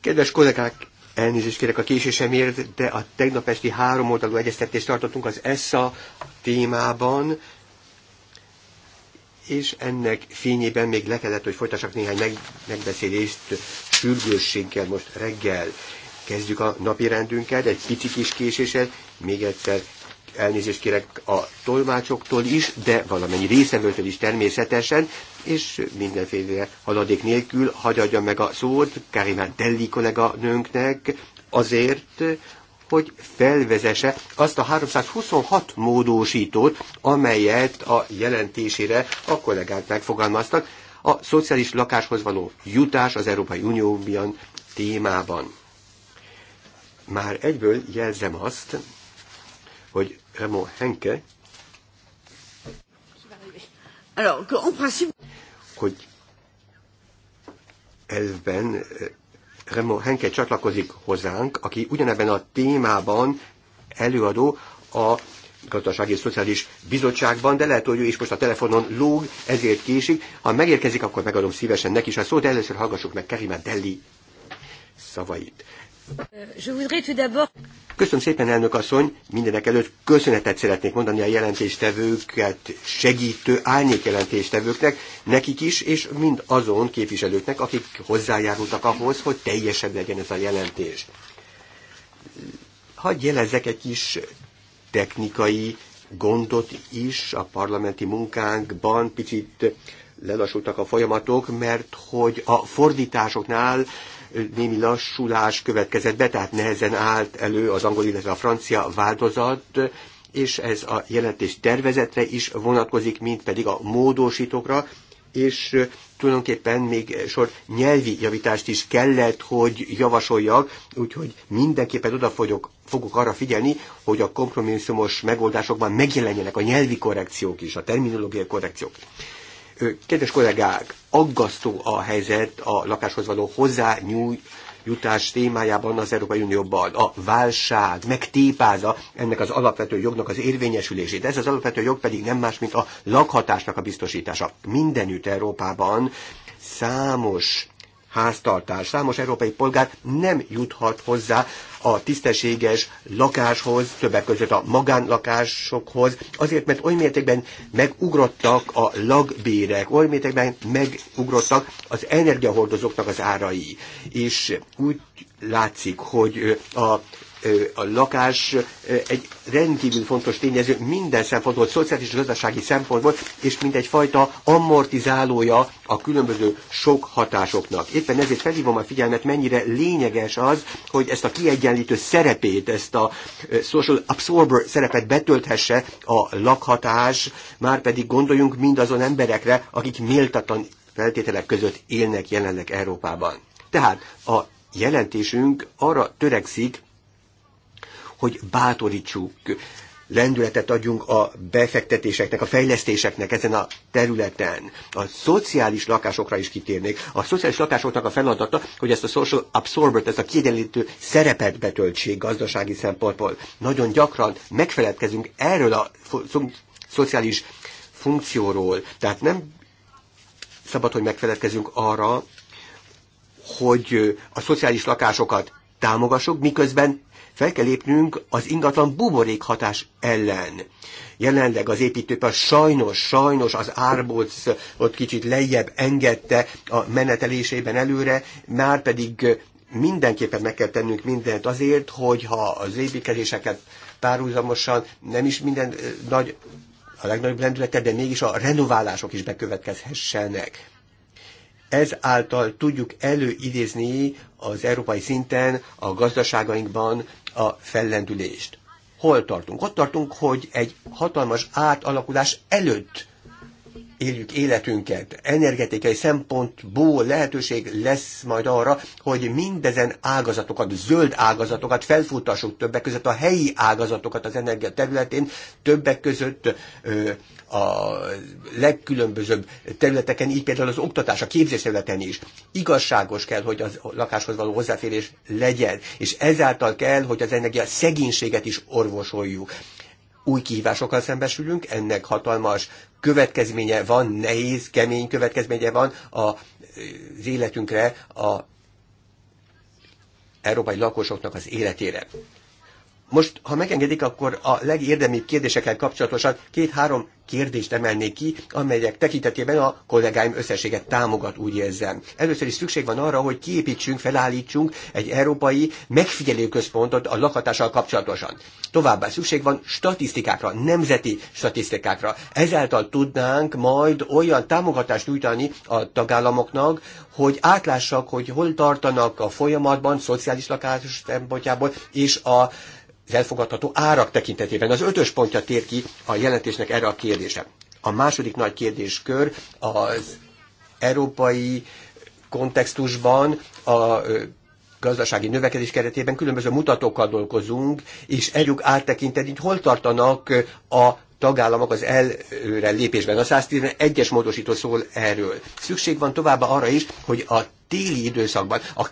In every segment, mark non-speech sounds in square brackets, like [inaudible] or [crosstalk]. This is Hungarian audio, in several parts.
Kedves kollégák, elnézést kérek a késésemért, de a tegnap esti három oldalú egyeztetést tartottunk az ESSA témában, és ennek fényében még le kellett, hogy folytassak néhány meg, megbeszélést sürgősséggel most reggel. Kezdjük a napi rendünket, egy pici kis késéssel, még egyszer elnézést kérek a tolmácsoktól is, de valamennyi részevőtől is természetesen, és mindenféle haladék nélkül hagyadja meg a szót Karimán Delli kollega nőnknek azért, hogy felvezese azt a 326 módosítót, amelyet a jelentésére a kollégák megfogalmaztak a szociális lakáshoz való jutás az Európai Unióban témában. Már egyből jelzem azt, hogy Ramon Henke, hogy elvben eh, Remo Henke csatlakozik hozzánk, aki ugyanebben a témában előadó a Gazdasági és Szociális Bizottságban, de lehet, hogy ő is most a telefonon lóg, ezért késik. Ha megérkezik, akkor megadom szívesen neki is a szót, de először hallgassuk meg Kerima Delli szavait. Köszönöm szépen, elnök asszony! Mindenek előtt köszönetet szeretnék mondani a jelentéstevőket segítő árnyék jelentéstevőknek, nekik is, és mind azon képviselőknek, akik hozzájárultak ahhoz, hogy teljesebb legyen ez a jelentés. Hadd jelezzek egy kis technikai gondot is a parlamenti munkánkban, picit lelassultak a folyamatok, mert hogy a fordításoknál némi lassulás következett be, tehát nehezen állt elő az angol, illetve a francia változat, és ez a jelentés tervezetre is vonatkozik, mint pedig a módosítókra, és tulajdonképpen még sor nyelvi javítást is kellett, hogy javasoljak, úgyhogy mindenképpen oda fogok, fogok arra figyelni, hogy a kompromisszumos megoldásokban megjelenjenek a nyelvi korrekciók is, a terminológiai korrekciók. Kedves kollégák, aggasztó a helyzet a lakáshoz való hozzányújt jutás témájában az Európai Unióban a válság megtépázza ennek az alapvető jognak az érvényesülését. Ez az alapvető jog pedig nem más, mint a lakhatásnak a biztosítása. Mindenütt Európában számos háztartás. Számos európai polgár nem juthat hozzá a tisztességes lakáshoz, többek között a magánlakásokhoz, azért, mert oly mértékben megugrottak a lagbérek, oly mértékben megugrottak az energiahordozóknak az árai. És úgy látszik, hogy a a lakás egy rendkívül fontos tényező minden szempontból, szociális és gazdasági szempontból, és mint egyfajta amortizálója a különböző sok hatásoknak. Éppen ezért felhívom a figyelmet, mennyire lényeges az, hogy ezt a kiegyenlítő szerepét, ezt a social absorber szerepet betölthesse a lakhatás, már pedig gondoljunk mindazon emberekre, akik méltatlan feltételek között élnek jelenleg Európában. Tehát a jelentésünk arra törekszik, hogy bátorítsuk, lendületet adjunk a befektetéseknek, a fejlesztéseknek ezen a területen. A szociális lakásokra is kitérnék. A szociális lakásoknak a feladata, hogy ezt a social absorbert, ezt a kiegyenlítő szerepet betöltsék gazdasági szempontból. Nagyon gyakran megfeledkezünk erről a szociális funkcióról. Tehát nem szabad, hogy megfeledkezünk arra, hogy a szociális lakásokat támogassuk, miközben fel kell lépnünk az ingatlan buborék hatás ellen. Jelenleg az építőipar sajnos, sajnos az árbóc ott kicsit lejjebb engedte a menetelésében előre, már pedig mindenképpen meg kell tennünk mindent azért, hogyha az építkezéseket párhuzamosan nem is minden eh, nagy, a legnagyobb lendülete, de mégis a renoválások is bekövetkezhessenek. Ez által tudjuk előidézni az európai szinten a gazdaságainkban a fellendülést. Hol tartunk? Ott tartunk, hogy egy hatalmas átalakulás előtt éljük életünket. Energetikai szempontból lehetőség lesz majd arra, hogy mindezen ágazatokat, zöld ágazatokat felfutassuk többek között a helyi ágazatokat az energia területén, többek között ö, a legkülönbözőbb területeken, így például az oktatás, a képzés területen is. Igazságos kell, hogy az lakáshoz való hozzáférés legyen, és ezáltal kell, hogy az energia szegénységet is orvosoljuk új kihívásokkal szembesülünk, ennek hatalmas következménye van, nehéz, kemény következménye van az életünkre, a európai lakosoknak az életére. Most, ha megengedik, akkor a legérdemibb kérdésekkel kapcsolatosan két-három kérdést emelnék ki, amelyek tekintetében a kollégáim összességet támogat, úgy érzem. Először is szükség van arra, hogy kiépítsünk, felállítsunk egy európai megfigyelőközpontot a lakhatással kapcsolatosan. Továbbá szükség van statisztikákra, nemzeti statisztikákra. Ezáltal tudnánk majd olyan támogatást nyújtani a tagállamoknak, hogy átlássak, hogy hol tartanak a folyamatban, szociális lakás szempontjából, és a az elfogadható árak tekintetében. Az ötös pontja tér ki a jelentésnek erre a kérdése. A második nagy kérdéskör az európai kontextusban a gazdasági növekedés keretében különböző mutatókkal dolgozunk, és együk áttekinteni, hogy hol tartanak a tagállamok az előre lépésben. A 111-es módosító szól erről. Szükség van továbbá arra is, hogy a téli időszakban a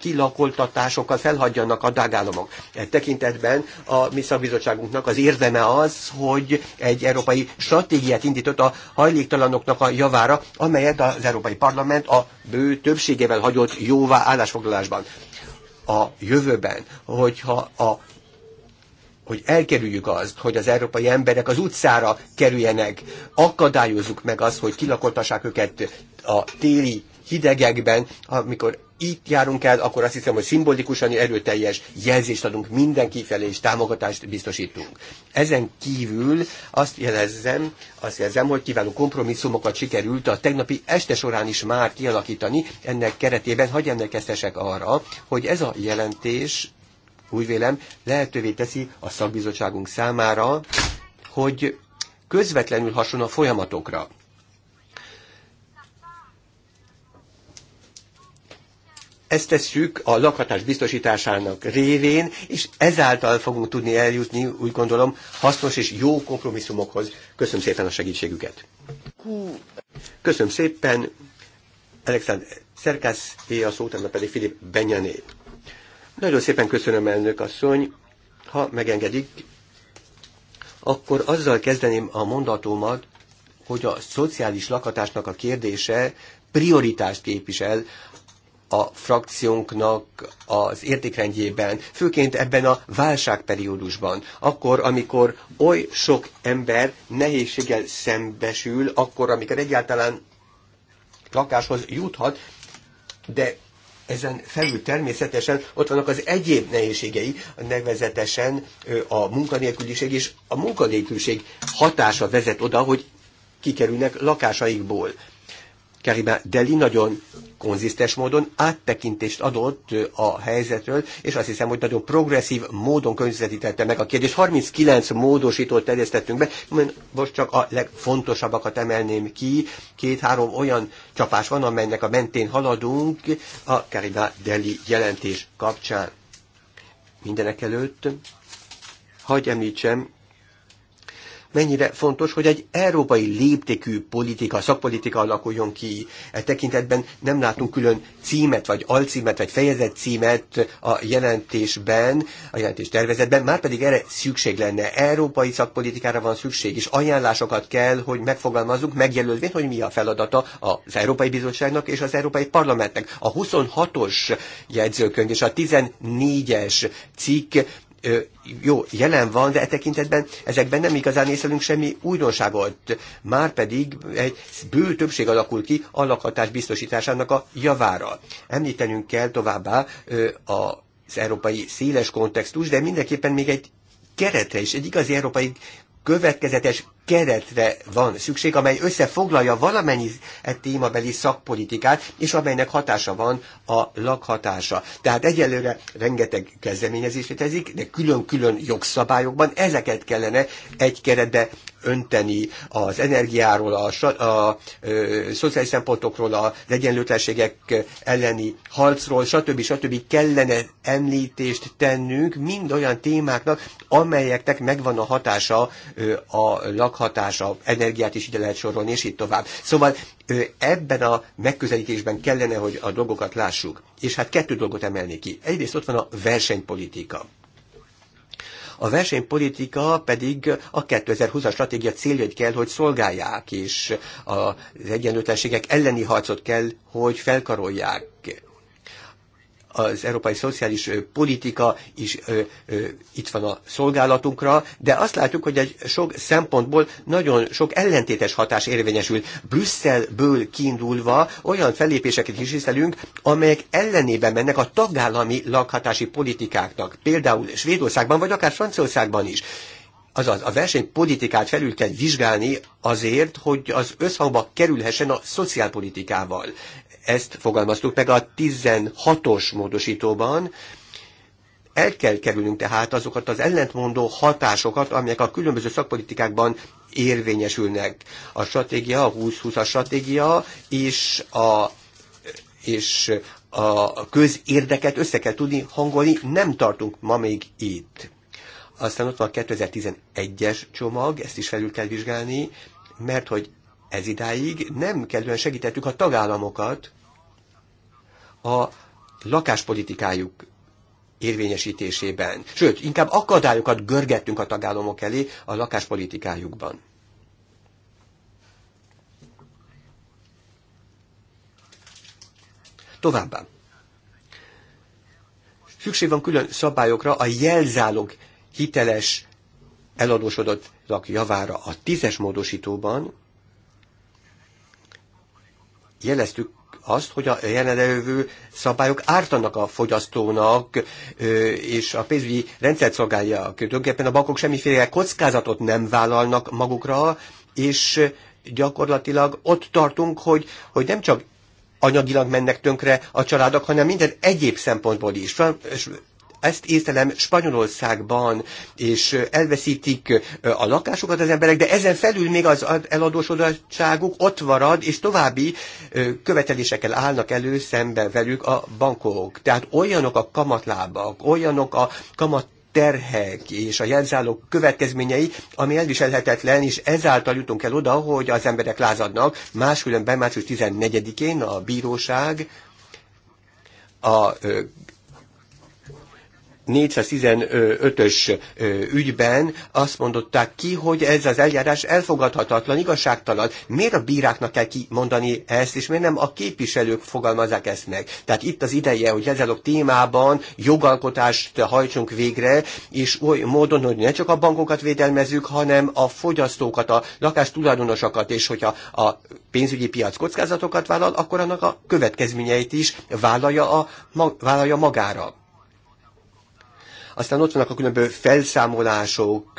kilakoltatásokkal felhagyjanak a tagállamok. E tekintetben a mi szakbizottságunknak az érdeme az, hogy egy európai stratégiát indított a hajléktalanoknak a javára, amelyet az Európai Parlament a bő többségével hagyott jóvá állásfoglalásban. A jövőben, hogyha a hogy elkerüljük azt, hogy az európai emberek az utcára kerüljenek, akadályozzuk meg azt, hogy kilakoltassák őket a téli hidegekben, amikor itt járunk el, akkor azt hiszem, hogy szimbolikusan erőteljes jelzést adunk mindenki felé, és támogatást biztosítunk. Ezen kívül azt jelezzem, azt jelzem, hogy kiváló kompromisszumokat sikerült a tegnapi este során is már kialakítani. Ennek keretében hagyj emlékeztesek arra, hogy ez a jelentés úgy vélem, lehetővé teszi a szakbizottságunk számára, hogy közvetlenül hason a folyamatokra. Ezt tesszük a lakhatás biztosításának révén, és ezáltal fogunk tudni eljutni, úgy gondolom, hasznos és jó kompromisszumokhoz. Köszönöm szépen a segítségüket. Köszönöm szépen. Alexander Szerkász, a szót, pedig Filip Benyané. Nagyon szépen köszönöm, elnök asszony. Ha megengedik, akkor azzal kezdeném a mondatomat, hogy a szociális lakatásnak a kérdése prioritást képvisel a frakciónknak az értékrendjében, főként ebben a válságperiódusban. Akkor, amikor oly sok ember nehézséggel szembesül, akkor, amikor egyáltalán lakáshoz juthat, de ezen felül természetesen ott vannak az egyéb nehézségei, nevezetesen a munkanélküliség és a munkanélküliség hatása vezet oda, hogy kikerülnek lakásaikból. Karima Deli nagyon konzisztens módon áttekintést adott a helyzetről, és azt hiszem, hogy nagyon progresszív módon közvetítette meg a kérdést. 39 módosítót terjesztettünk be, most csak a legfontosabbakat emelném ki. Két-három olyan csapás van, amelynek a mentén haladunk a Karima Deli jelentés kapcsán. Mindenek előtt, hagyj említsem mennyire fontos, hogy egy európai léptékű politika, szakpolitika alakuljon ki. E tekintetben nem látunk külön címet, vagy alcímet, vagy fejezett címet a jelentésben, a jelentés tervezetben, már pedig erre szükség lenne. Európai szakpolitikára van szükség, és ajánlásokat kell, hogy megfogalmazunk, megjelölvén, hogy mi a feladata az Európai Bizottságnak és az Európai Parlamentnek. A 26-os jegyzőkönyv és a 14-es cikk jó, jelen van, de e tekintetben ezekben nem igazán észlelünk semmi újdonságot. Márpedig egy bő többség alakul ki a lakhatás biztosításának a javára. Említenünk kell továbbá az európai széles kontextus, de mindenképpen még egy keretre is, egy igazi európai következetes keretre van szükség, amely összefoglalja valamennyi e témabeli szakpolitikát, és amelynek hatása van a lakhatása. Tehát egyelőre rengeteg kezdeményezés létezik, de külön-külön jogszabályokban ezeket kellene egy keretbe önteni az energiáról, a, a, a a szociális szempontokról, az egyenlőtlenségek elleni harcról, stb. stb. kellene említést tennünk mind olyan témáknak, amelyeknek megvan a hatása a lakhatása hatása, energiát is ide lehet sorolni, és így tovább. Szóval ebben a megközelítésben kellene, hogy a dolgokat lássuk. És hát kettő dolgot emelnék. ki. Egyrészt ott van a versenypolitika. A versenypolitika pedig a 2020-as stratégia céljait kell, hogy szolgálják, és az egyenlőtlenségek elleni harcot kell, hogy felkarolják az európai szociális politika is ö, ö, itt van a szolgálatunkra, de azt látjuk, hogy egy sok szempontból nagyon sok ellentétes hatás érvényesül. Brüsszelből kiindulva olyan fellépéseket is hiszelünk, amelyek ellenében mennek a tagállami lakhatási politikáknak, például Svédországban, vagy akár Franciaországban is azaz a versenypolitikát felül kell vizsgálni azért, hogy az összhangba kerülhessen a szociálpolitikával. Ezt fogalmaztuk meg a 16-os módosítóban, el kell kerülnünk tehát azokat az ellentmondó hatásokat, amelyek a különböző szakpolitikákban érvényesülnek. A stratégia, a 2020-as stratégia és a, és a közérdeket össze kell tudni hangolni, nem tartunk ma még itt. Aztán ott van a 2011-es csomag, ezt is felül kell vizsgálni, mert hogy ez idáig nem kellően segítettük a tagállamokat, a lakáspolitikájuk érvényesítésében. Sőt, inkább akadályokat görgettünk a tagállamok elé a lakáspolitikájukban. Továbbá. Szükség van külön szabályokra a jelzálog hiteles eladósodottak javára. A tízes módosítóban jeleztük azt, hogy a jelenlevő szabályok ártanak a fogyasztónak, és a pénzügyi rendszert szolgálja. Tulajdonképpen a bankok semmiféle kockázatot nem vállalnak magukra, és gyakorlatilag ott tartunk, hogy, hogy nem csak anyagilag mennek tönkre a családok, hanem minden egyéb szempontból is ezt észlelem Spanyolországban, és elveszítik a lakásokat az emberek, de ezen felül még az eladósodottságuk ott marad, és további követelésekkel állnak elő szembe velük a bankok. Tehát olyanok a kamatlábak, olyanok a kamat terhek és a jelzálók következményei, ami elviselhetetlen, és ezáltal jutunk el oda, hogy az emberek lázadnak. Máskülönben március 14-én a bíróság a 415-ös ügyben azt mondották ki, hogy ez az eljárás elfogadhatatlan, igazságtalan. Miért a bíráknak kell kimondani ezt, és miért nem a képviselők fogalmazzák ezt meg? Tehát itt az ideje, hogy ezzel a témában jogalkotást hajtsunk végre, és oly módon, hogy ne csak a bankokat védelmezzük, hanem a fogyasztókat, a lakástulajdonosokat, és hogyha a pénzügyi piac kockázatokat vállal, akkor annak a következményeit is vállalja, a, vállalja magára. Aztán ott vannak a különböző felszámolások.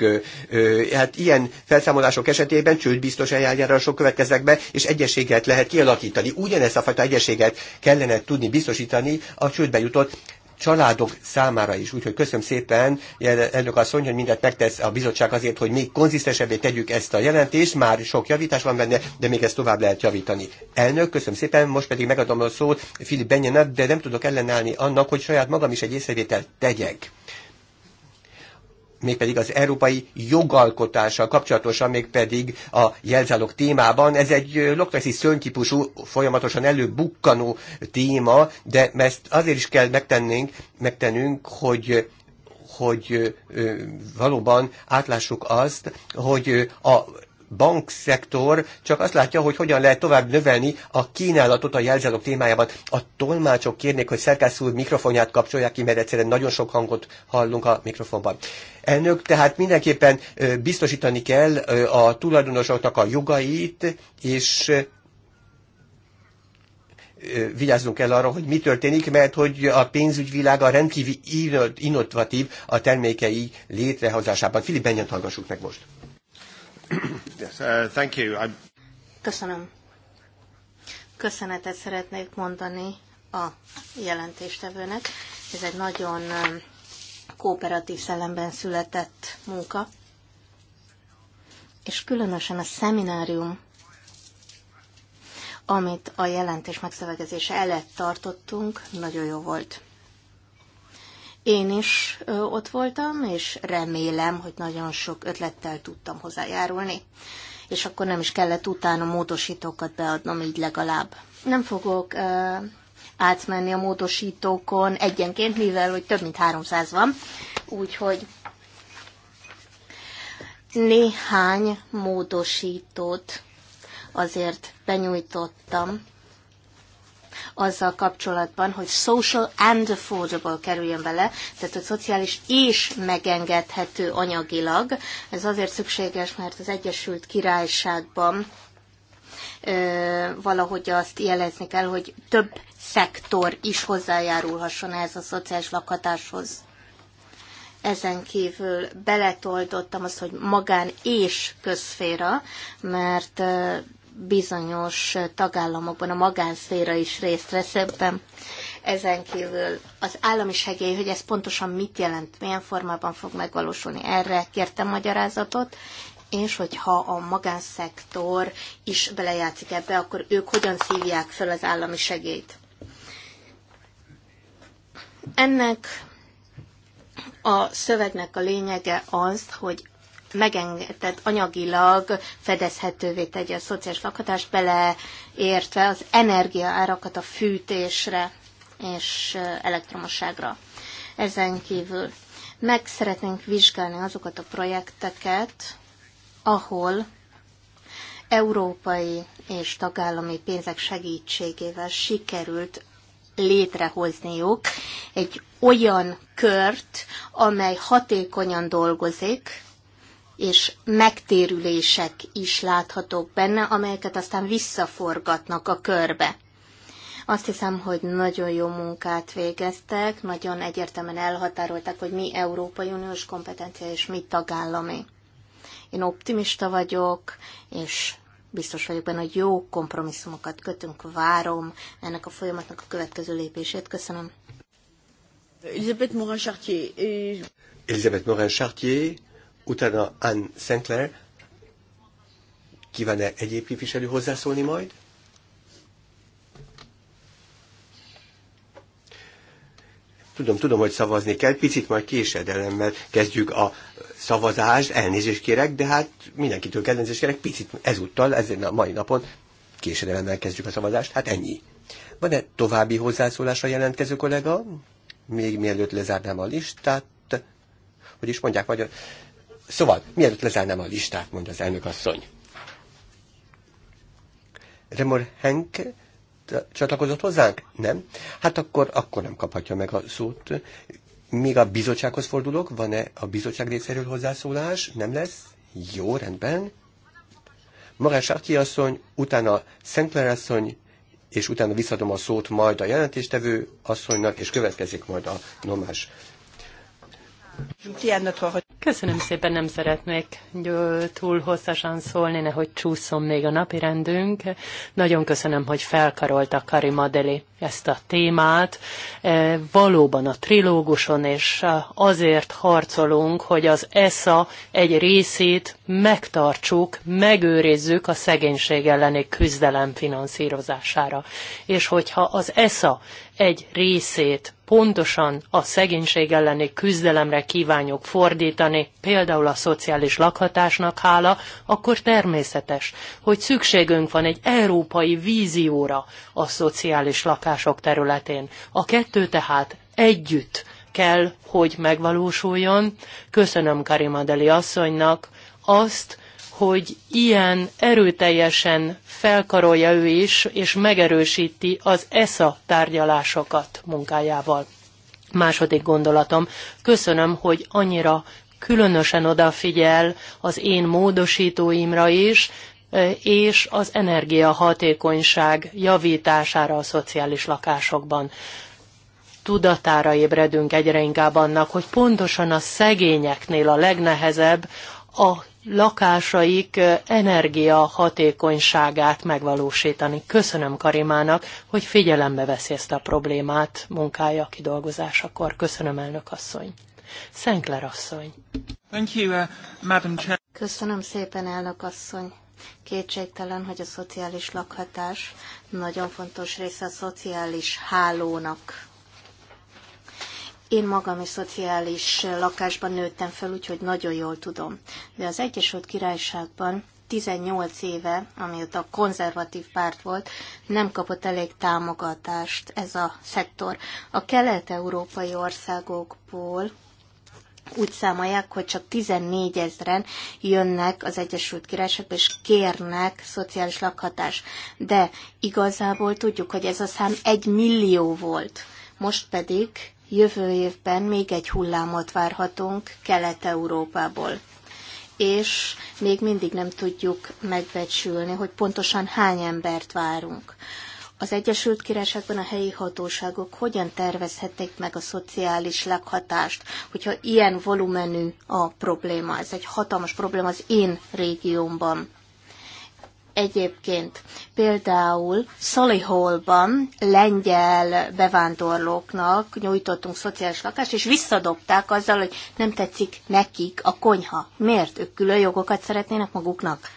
Hát ilyen felszámolások esetében csődbiztos eljárások következnek be, és egyességet lehet kialakítani. Ugyanezt a fajta egyességet kellene tudni biztosítani a csődbe jutott családok számára is. Úgyhogy köszönöm szépen, elnök asszony, hogy mindent megtesz a bizottság azért, hogy még konzisztensebbé tegyük ezt a jelentést. Már sok javítás van benne, de még ezt tovább lehet javítani. Elnök, köszönöm szépen, most pedig megadom a szót Filip Benyenet, de nem tudok ellenállni annak, hogy saját magam is egy észrevételt tegyek mégpedig az európai jogalkotással kapcsolatosan, mégpedig a jelzálog témában. Ez egy loktaszi szöntípusú, folyamatosan előbukkanó téma, de ezt azért is kell megtennünk, megtennünk hogy hogy valóban átlássuk azt, hogy a bankszektor csak azt látja, hogy hogyan lehet tovább növelni a kínálatot a jelzálók témájában. A tolmácsok kérnék, hogy Szerkász úr mikrofonját kapcsolják ki, mert egyszerűen nagyon sok hangot hallunk a mikrofonban. Elnök, tehát mindenképpen biztosítani kell a tulajdonosoknak a jogait, és vigyázzunk el arra, hogy mi történik, mert hogy a pénzügyvilága rendkívül innovatív a termékei létrehozásában. Filip Benyant hallgassuk meg most. Yes, uh, thank you. I... Köszönöm. Köszönetet szeretnék mondani a jelentéstevőnek. Ez egy nagyon um, kooperatív szellemben született munka, és különösen a szeminárium, amit a jelentés megszövegezése előtt tartottunk, nagyon jó volt. Én is ott voltam, és remélem, hogy nagyon sok ötlettel tudtam hozzájárulni. És akkor nem is kellett utána módosítókat beadnom, így legalább. Nem fogok átmenni a módosítókon egyenként, mivel hogy több mint 300 van, úgyhogy néhány módosítót azért benyújtottam, azzal kapcsolatban, hogy social and affordable kerüljön bele, tehát a szociális és megengedhető anyagilag. Ez azért szükséges, mert az Egyesült Királyságban valahogy azt jelezni kell, hogy több szektor is hozzájárulhasson ehhez a szociális lakhatáshoz. Ezen kívül beletoldottam azt, hogy magán és közféra, mert bizonyos tagállamokban a magánszféra is részt vesz ebben. Ezen kívül az állami segély, hogy ez pontosan mit jelent, milyen formában fog megvalósulni, erre kértem magyarázatot, és hogyha a magánszektor is belejátszik ebbe, akkor ők hogyan szívják fel az állami segélyt. Ennek a szövegnek a lényege az, hogy megengedett anyagilag fedezhetővé tegye a szociális lakhatás, beleértve az energiaárakat a fűtésre és elektromosságra. Ezen kívül meg szeretnénk vizsgálni azokat a projekteket, ahol európai és tagállami pénzek segítségével sikerült létrehozniuk egy olyan kört, amely hatékonyan dolgozik, és megtérülések is láthatók benne, amelyeket aztán visszaforgatnak a körbe. Azt hiszem, hogy nagyon jó munkát végeztek, nagyon egyértelműen elhatárolták, hogy mi Európai Uniós kompetencia és mi tagállami. Én optimista vagyok, és biztos vagyok benne, hogy jó kompromisszumokat kötünk, várom ennek a folyamatnak a következő lépését. köszönöm. Elisabeth Morin-Chartier. Elisabeth Morin-Chartier Utána Ann Sinclair, kíván-e egyéb képviselő hozzászólni majd? Tudom, tudom, hogy szavazni kell, picit majd késedelemmel kezdjük a szavazást, elnézést kérek, de hát mindenkitől elnézést kérek, picit ezúttal, ezért a mai napon késedelemmel kezdjük a szavazást, hát ennyi. Van-e további hozzászólásra jelentkező kollega? Még mielőtt lezárnám a listát, hogy is mondják magyar, Szóval, mielőtt lezárnám a listát, mondja az elnök asszony. Remor Henk csatlakozott hozzánk? Nem? Hát akkor, akkor nem kaphatja meg a szót. Még a bizottsághoz fordulok, van-e a bizottság részéről hozzászólás? Nem lesz? Jó, rendben. Magán Sarki asszony, utána Szent asszony, és utána visszadom a szót majd a jelentéstevő asszonynak, és következik majd a nomás Köszönöm szépen, nem szeretnék túl hosszasan szólni, nehogy csúszom még a napi rendünk. Nagyon köszönöm, hogy felkarolta Karim Adeli ezt a témát. E, valóban a trilóguson, és azért harcolunk, hogy az ESA egy részét megtartsuk, megőrizzük a szegénység elleni küzdelem finanszírozására. És hogyha az ESA egy részét pontosan a szegénység elleni küzdelemre kívánjuk fordítani, például a szociális lakhatásnak hála, akkor természetes, hogy szükségünk van egy európai vízióra a szociális lakások területén. A kettő tehát együtt kell, hogy megvalósuljon. Köszönöm Karimadeli asszonynak azt, hogy ilyen erőteljesen felkarolja ő is, és megerősíti az ESA tárgyalásokat munkájával. Második gondolatom, köszönöm, hogy annyira különösen odafigyel az én módosítóimra is, e, és az energiahatékonyság javítására a szociális lakásokban. Tudatára ébredünk egyre inkább annak, hogy pontosan a szegényeknél a legnehezebb a lakásaik energia hatékonyságát megvalósítani. Köszönöm Karimának, hogy figyelembe veszi ezt a problémát munkája kidolgozásakor. Köszönöm, elnök asszony. Szenkler asszony. Thank you, uh, Madam Chair. Köszönöm szépen, elnök asszony. Kétségtelen, hogy a szociális lakhatás nagyon fontos része a szociális hálónak én magam is szociális lakásban nőttem fel, úgyhogy nagyon jól tudom. De az Egyesült Királyságban 18 éve, ott a konzervatív párt volt, nem kapott elég támogatást ez a szektor. A kelet-európai országokból úgy számolják, hogy csak 14 ezeren jönnek az Egyesült Királyságba, és kérnek szociális lakhatást. De igazából tudjuk, hogy ez a szám egy millió volt. Most pedig jövő évben még egy hullámot várhatunk Kelet-Európából. És még mindig nem tudjuk megbecsülni, hogy pontosan hány embert várunk. Az Egyesült Királyságban a helyi hatóságok hogyan tervezhetik meg a szociális leghatást, hogyha ilyen volumenű a probléma? Ez egy hatalmas probléma az én régiómban. Egyébként például Hallban lengyel bevándorlóknak nyújtottunk szociális lakást, és visszadobták azzal, hogy nem tetszik nekik a konyha. Miért? Ők külön jogokat szeretnének maguknak.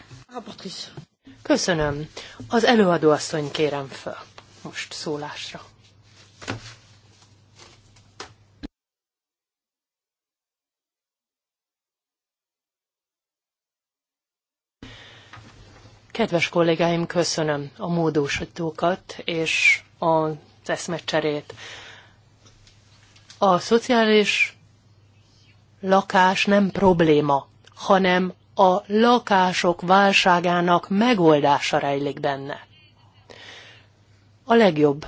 Köszönöm. Az előadóasszony kérem föl most szólásra. Kedves kollégáim, köszönöm a módosítókat és az eszmecserét. A szociális lakás nem probléma, hanem a lakások válságának megoldása rejlik benne a legjobb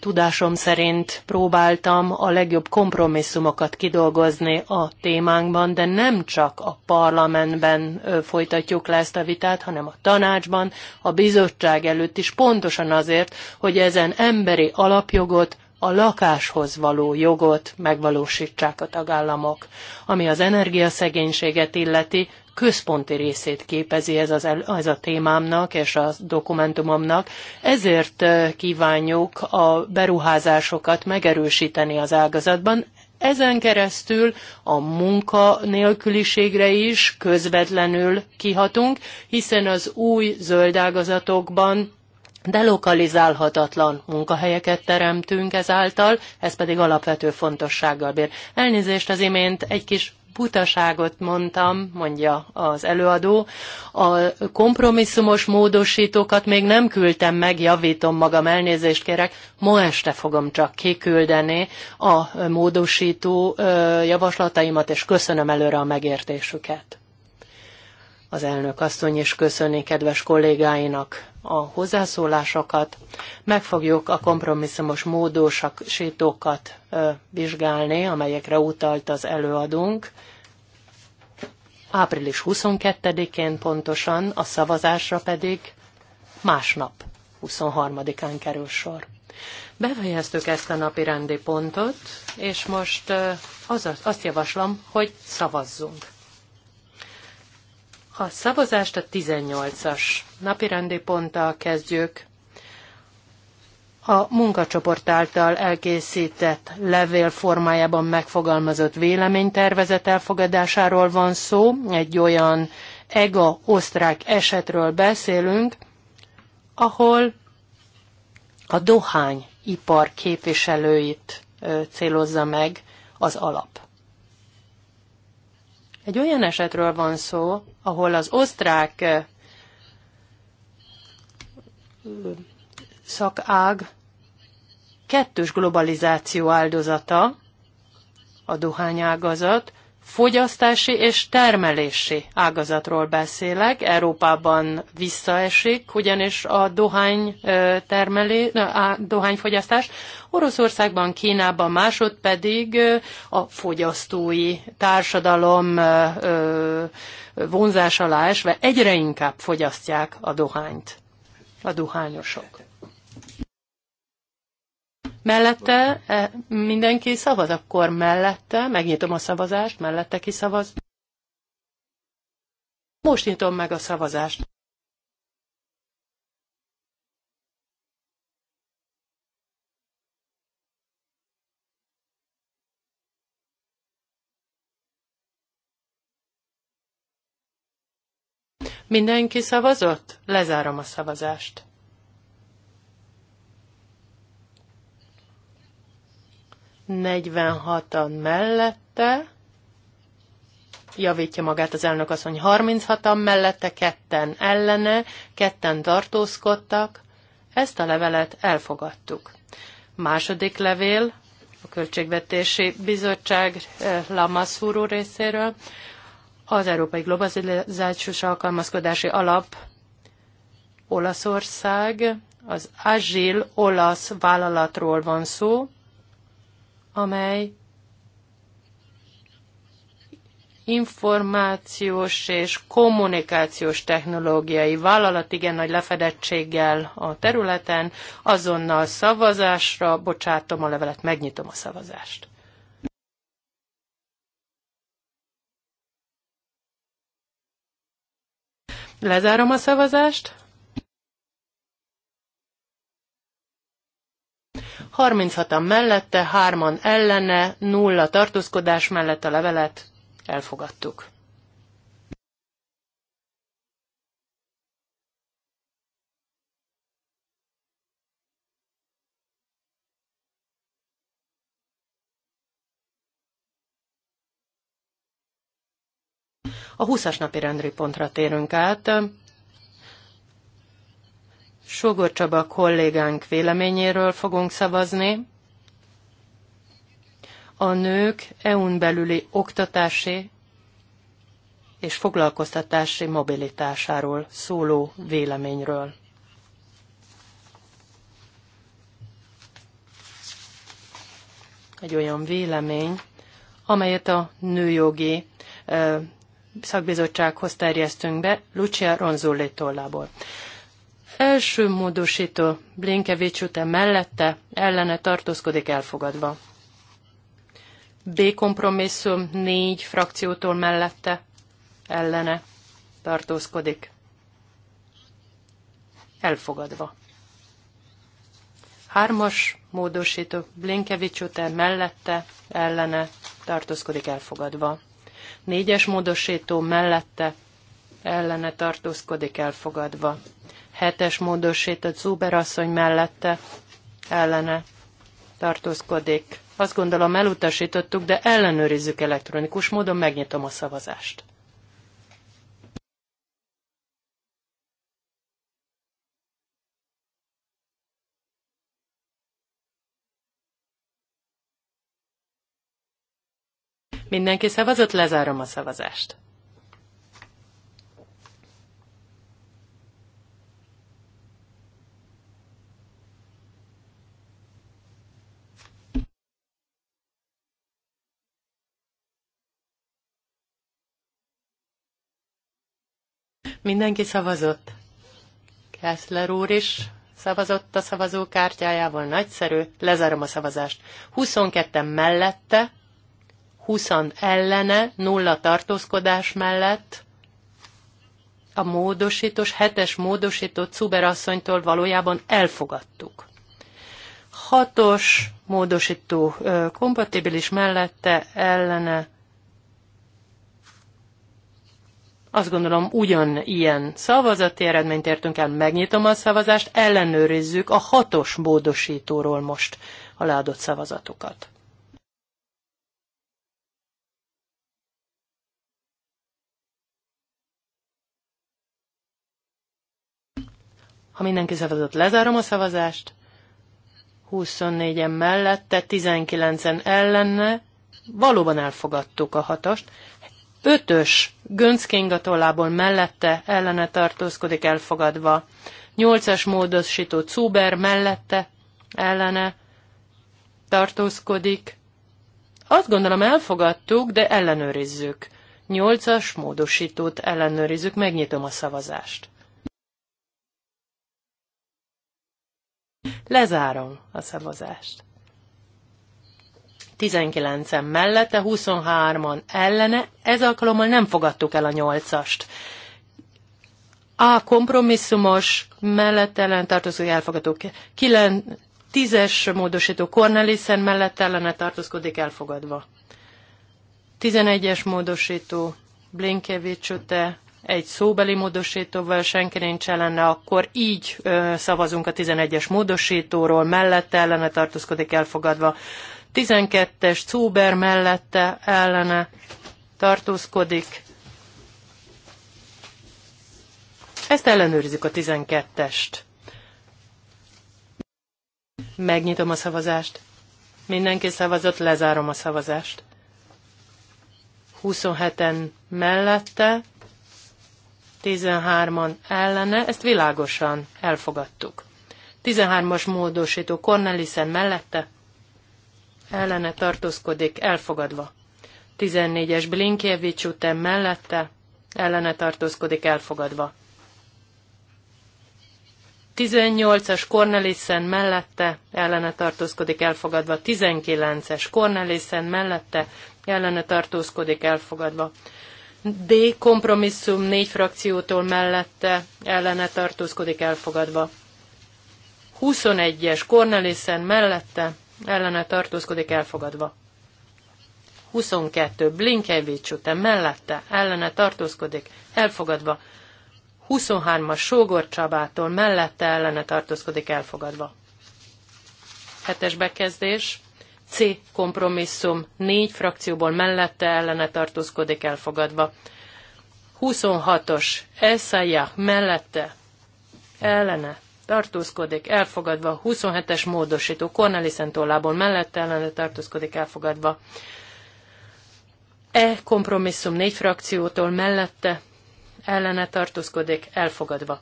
tudásom szerint próbáltam a legjobb kompromisszumokat kidolgozni a témánkban, de nem csak a parlamentben folytatjuk le ezt a vitát, hanem a tanácsban, a bizottság előtt is, pontosan azért, hogy ezen emberi alapjogot a lakáshoz való jogot megvalósítsák a tagállamok. Ami az energiaszegénységet illeti, központi részét képezi ez, az, ez a témámnak és a dokumentumomnak. Ezért kívánjuk a beruházásokat megerősíteni az ágazatban, ezen keresztül a munkanélküliségre is közvetlenül kihatunk, hiszen az új zöld ágazatokban delokalizálhatatlan munkahelyeket teremtünk ezáltal, ez pedig alapvető fontossággal bír. Elnézést az imént egy kis butaságot mondtam, mondja az előadó. A kompromisszumos módosítókat még nem küldtem meg, javítom magam, elnézést kérek. Ma este fogom csak kiküldeni a módosító javaslataimat, és köszönöm előre a megértésüket. Az elnök asszony is köszöni kedves kollégáinak a hozzászólásokat. Meg fogjuk a kompromisszumos módosítókat vizsgálni, amelyekre utalt az előadónk. Április 22-én pontosan, a szavazásra pedig másnap, 23-án kerül sor. Befejeztük ezt a napi rendi pontot, és most az, azt javaslom, hogy szavazzunk. A szavazást a 18-as napirendi ponttal kezdjük. A munkacsoport által elkészített levél formájában megfogalmazott véleménytervezet elfogadásáról van szó. Egy olyan EGA osztrák esetről beszélünk, ahol a dohányipar képviselőit célozza meg az alap. Egy olyan esetről van szó, ahol az osztrák szakág kettős globalizáció áldozata, a dohányágazat, fogyasztási és termelési ágazatról beszélek. Európában visszaesik, ugyanis a dohány termelé, a dohányfogyasztás. Oroszországban, Kínában másod pedig a fogyasztói társadalom vonzás alá esve egyre inkább fogyasztják a dohányt a dohányosok. Mellette e, mindenki szavaz, akkor mellette, megnyitom a szavazást, mellette ki szavaz. Most nyitom meg a szavazást. Mindenki szavazott? Lezárom a szavazást. 46-an mellette, javítja magát az elnök asszony, 36-an mellette, ketten ellene, ketten tartózkodtak, ezt a levelet elfogadtuk. Második levél a Költségvetési Bizottság eh, Lamaszúró részéről az Európai Globalizációs Alkalmazkodási Alap Olaszország, az Agil olasz vállalatról van szó, amely információs és kommunikációs technológiai vállalat igen nagy lefedettséggel a területen, azonnal szavazásra bocsátom a levelet, megnyitom a szavazást. Lezárom a szavazást. 36-an mellette, 3-an ellene, 0 tartózkodás mellett a levelet elfogadtuk. A 20-as napi rendőri pontra térünk át. Sogor Csaba kollégánk véleményéről fogunk szavazni. A nők EU-n belüli oktatási és foglalkoztatási mobilitásáról szóló véleményről. Egy olyan vélemény, amelyet a nőjogi szakbizottsághoz terjesztünk be Lucia Ronzulli tollából. Első módosító Blinkevics után mellette ellene tartózkodik elfogadva. B kompromisszum négy frakciótól mellette ellene tartózkodik. Elfogadva. Hármas módosító Blinkevics után mellette ellene tartózkodik elfogadva. Négyes módosító mellette ellene tartózkodik elfogadva hetes módosított Zuber asszony mellette ellene tartózkodik. Azt gondolom elutasítottuk, de ellenőrizzük elektronikus módon, megnyitom a szavazást. Mindenki szavazott, lezárom a szavazást. Mindenki szavazott. Kessler úr is szavazott a szavazókártyájával, nagyszerű, lezárom a szavazást. 22 mellette, 20 ellene, nulla tartózkodás mellett, a módosítós, hetes módosított Cuber asszonytól valójában elfogadtuk. Hatos módosító kompatibilis mellette ellene Azt gondolom, ugyanilyen szavazati eredményt értünk el, megnyitom a szavazást, ellenőrizzük a hatos módosítóról most a leadott szavazatokat. Ha mindenki szavazott, lezárom a szavazást. 24-en mellette, 19-en ellenne. Valóban elfogadtuk a hatost. Ötös Gönc Kinga tollából mellette ellene tartózkodik elfogadva. Nyolcas módosító Cuber mellette ellene tartózkodik. Azt gondolom elfogadtuk, de ellenőrizzük. Nyolcas módosítót ellenőrizzük, megnyitom a szavazást. Lezárom a szavazást. 19-en mellette, 23-an ellene, ez alkalommal nem fogadtuk el a 8-ast. A kompromisszumos mellett ellen tartozó elfogadók 9, 10-es módosító Cornelissen mellett ellene tartózkodik elfogadva. 11-es módosító Blinkevics te egy szóbeli módosítóval senki nincs ellene, akkor így ö, szavazunk a 11-es módosítóról, mellette ellene tartózkodik elfogadva. 12-es Cúber mellette ellene tartózkodik. Ezt ellenőrizzük a 12-est. Megnyitom a szavazást. Mindenki szavazott, lezárom a szavazást. 27-en mellette, 13-an ellene, ezt világosan elfogadtuk. 13-as módosító Cornelissen mellette, ellene tartózkodik, elfogadva. 14-es Blinkjevics után mellette, ellene tartózkodik, elfogadva. 18-as Cornelissen mellette, ellene tartózkodik, elfogadva. 19-es Cornelissen mellette, ellene tartózkodik, elfogadva. D. Kompromisszum négy frakciótól mellette, ellene tartózkodik, elfogadva. 21-es Cornelissen mellette, ellene tartózkodik elfogadva. 22. Blinkevics után mellette ellene tartózkodik elfogadva. 23-as Sógor Csabától mellette ellene tartózkodik elfogadva. Hetes bekezdés. C. Kompromisszum. Négy frakcióból mellette ellene tartózkodik elfogadva. 26-os Eszája mellette ellene tartózkodik, elfogadva, 27-es módosító, Cornelissen tollából mellette ellene tartózkodik, elfogadva. E kompromisszum négy frakciótól mellette ellene tartózkodik, elfogadva.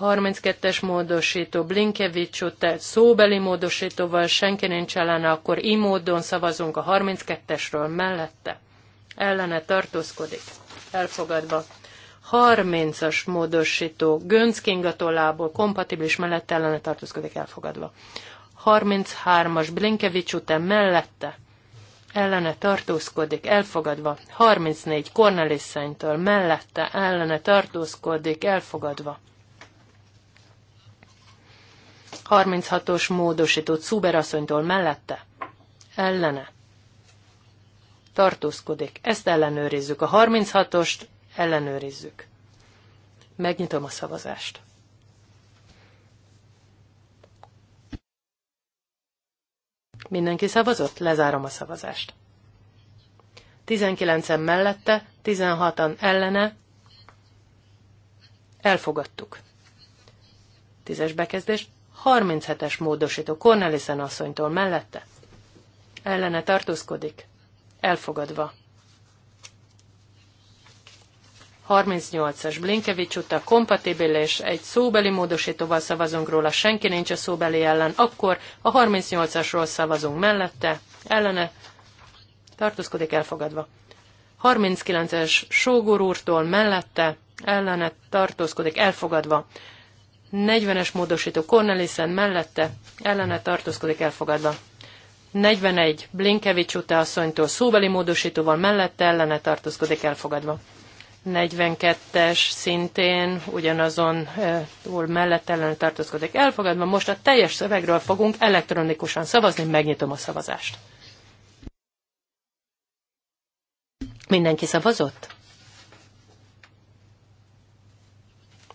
32-es módosító, Blinkevics szóbeli módosítóval senki nincs ellene, akkor így módon szavazunk a 32-esről mellette. Ellene tartózkodik. Elfogadva. 30-as módosító Gönc tollából kompatibilis mellett ellene tartózkodik elfogadva. 33-as Blinkevics után mellette ellene tartózkodik elfogadva. 34 Cornelissen-től mellette ellene tartózkodik elfogadva. 36-os módosító Cuberasszonytól mellette ellene tartózkodik. Ezt ellenőrizzük. A 36-ost ellenőrizzük. Megnyitom a szavazást. Mindenki szavazott? Lezárom a szavazást. 19 mellette, 16-an ellene. Elfogadtuk. Tízes bekezdés. 37-es módosító Cornelissen asszonytól mellette. Ellene tartózkodik. Elfogadva. 38-as Blinkevics uta kompatibilis, egy szóbeli módosítóval szavazunk róla, senki nincs a szóbeli ellen, akkor a 38-asról szavazunk mellette, ellene, tartózkodik elfogadva. 39-es Sógor úrtól mellette, ellene, tartózkodik elfogadva. 40-es módosító Cornelissen mellette, ellene, tartózkodik elfogadva. 41. Blinkevics uta asszonytól szóbeli módosítóval mellette, ellene tartózkodik elfogadva. 42-es szintén ugyanazon túl mellett ellen tartózkodik elfogadva. Most a teljes szövegről fogunk elektronikusan szavazni, megnyitom a szavazást. Mindenki szavazott?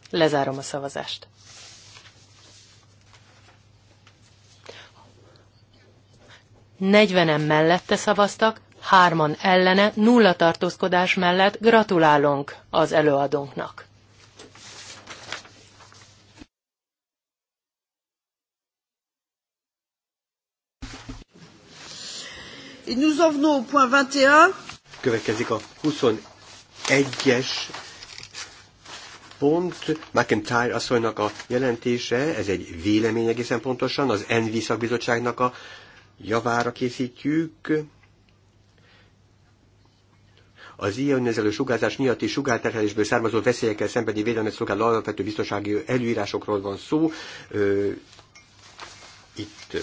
Lezárom a szavazást. Negyvenen mellette szavaztak, hárman ellene, nulla tartózkodás mellett gratulálunk az előadónknak. Et nous en venons au point 21. Következik a 21-es pont, McIntyre asszonynak a jelentése, ez egy vélemény egészen pontosan, az Envi szakbizottságnak a javára készítjük. Az ionizáló sugárzás miatti sugárterhelésből származó veszélyekkel szembeni védelmet szolgáló alapvető biztonsági előírásokról van szó. Itt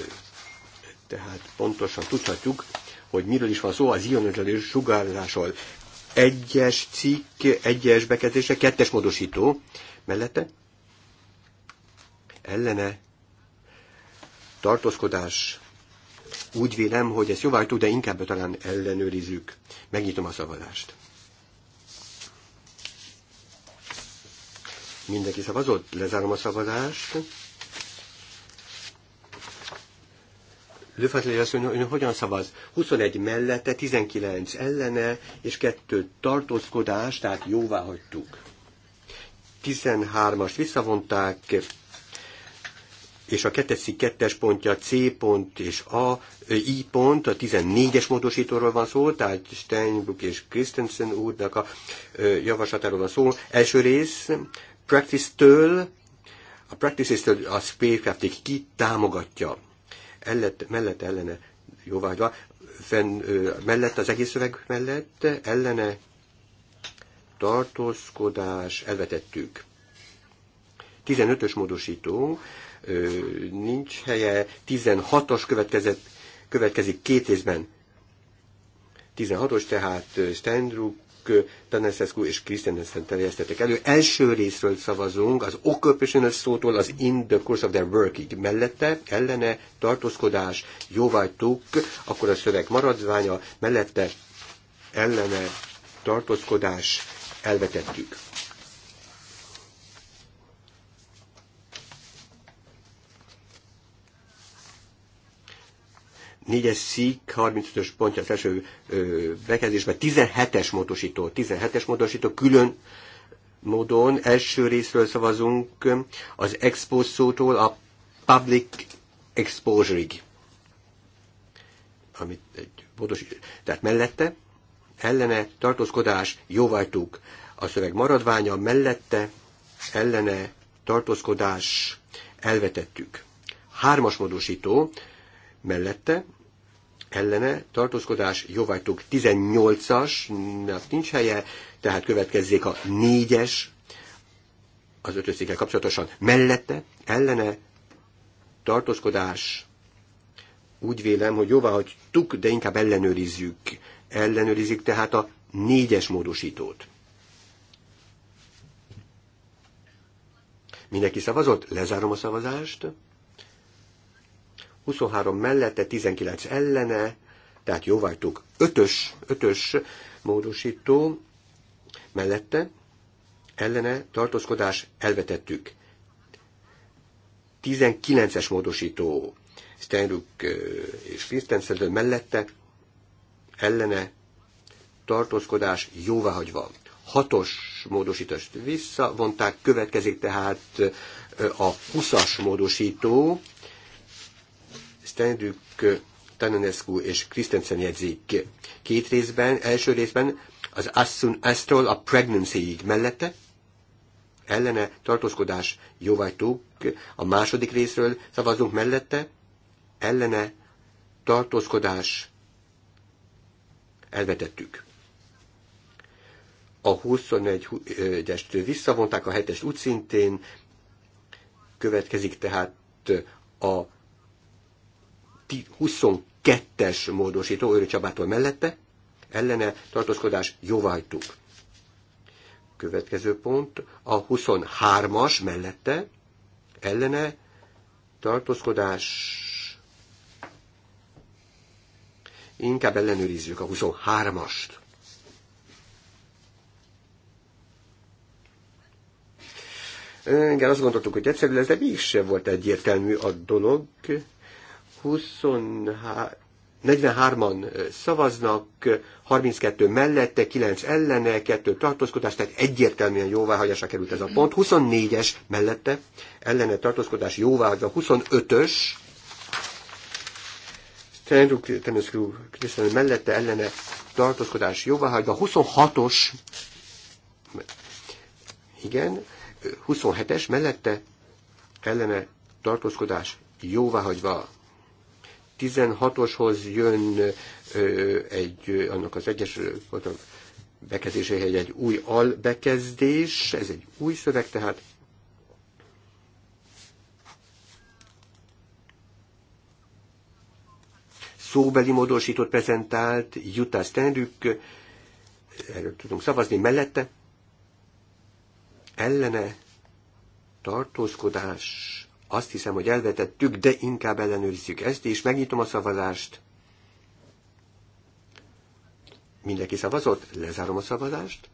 tehát pontosan tudhatjuk, hogy miről is van szó az ionizáló sugárzásról. Egyes cikk, egyes bekezdése, kettes módosító mellette ellene tartózkodás úgy vélem, hogy ezt jóváhagytuk, de inkább talán ellenőrizzük. Megnyitom a szavazást. Mindenki szavazott? Lezárom a szavazást. Lőfeltelé azt mondja, hogy hogyan szavaz? 21 mellette, 19 ellene, és 2 tartózkodás, tehát jóvá hagytuk. 13-ast visszavonták, és a 22 kettes pontja C pont és A, I pont, a 14-es módosítóról van szó, tehát Steinbrück és Christensen úrnak a javaslatáról van szó. Első rész, practice-től, a practice től a spacecraftig ki támogatja. Ellet, mellett ellene jóvágyva, fenn, mellett az egész szöveg mellett ellene tartózkodás elvetettük. 15-ös módosító, nincs helye, 16-os következett, következik két részben. 16-os tehát stendruk Taneszeszkú és Krisztenesen terjesztettek elő. Első részről szavazunk, az occupational szótól az in the course of their working mellette, ellene, tartózkodás, jóvágytuk, akkor a szöveg maradványa, mellette, ellene, tartózkodás, elvetettük. 4-es szik, 35-ös pontja az első bekezdésben, 17-es módosító, 17-es módosító külön módon első részről szavazunk az expo szótól a public exposure-ig. Amit egy módosító. Tehát mellette, ellene, tartózkodás, jóvajtuk. A szöveg maradványa mellette, ellene, tartózkodás, elvetettük. Hármas módosító, mellette, ellene, tartózkodás, jóvágytuk 18-as, az nincs helye, tehát következzék a 4-es, az ötöszékkel kapcsolatosan mellette, ellene, tartózkodás, úgy vélem, hogy jóvá hagytuk, de inkább ellenőrizzük. Ellenőrizik tehát a négyes módosítót. Mindenki szavazott? Lezárom a szavazást. 23 mellette, 19 ellene, tehát 5-ös, Ötös, ötös módosító mellette, ellene tartózkodás elvetettük. 19-es módosító Steinruck és Christensen mellette, ellene tartózkodás jóváhagyva. Hatos módosítást visszavonták, következik tehát a 20-as módosító Steinrück, Tananescu és Christensen jegyzik két részben, első részben az Assun Astrol a Pregnancy-ig mellette, ellene tartózkodás jóvágytók, a második részről szavazunk mellette, ellene tartózkodás elvetettük. A 21-est visszavonták, a 7-est úgy szintén, következik tehát a 22-es módosító Őri Csabától mellette, ellene tartózkodás jóvájtuk. Következő pont a 23-as mellette, ellene tartózkodás inkább ellenőrizzük a 23-ast. Igen, azt gondoltuk, hogy egyszerű lesz, de mégsem volt egyértelmű a dolog. 43-an szavaznak, 32 mellette, 9 ellene, 2 tartózkodás, tehát egyértelműen jóváhagyásra került ez a pont. 24-es mellette, ellene tartózkodás jóváhagyva, 25-ös, mellette ellene tartózkodás jóváhagyva, 26-os, igen, 27-es mellette ellene tartózkodás jóváhagyva, 16-oshoz jön egy, annak az egyes bekezdéséhez egy új albekezdés, ez egy új szöveg, tehát szóbeli módosított prezentált Jutta Stendrück, erről tudunk szavazni, mellette ellene tartózkodás azt hiszem, hogy elvetettük, de inkább ellenőrizzük ezt, és megnyitom a szavazást. Mindenki szavazott? Lezárom a szavazást.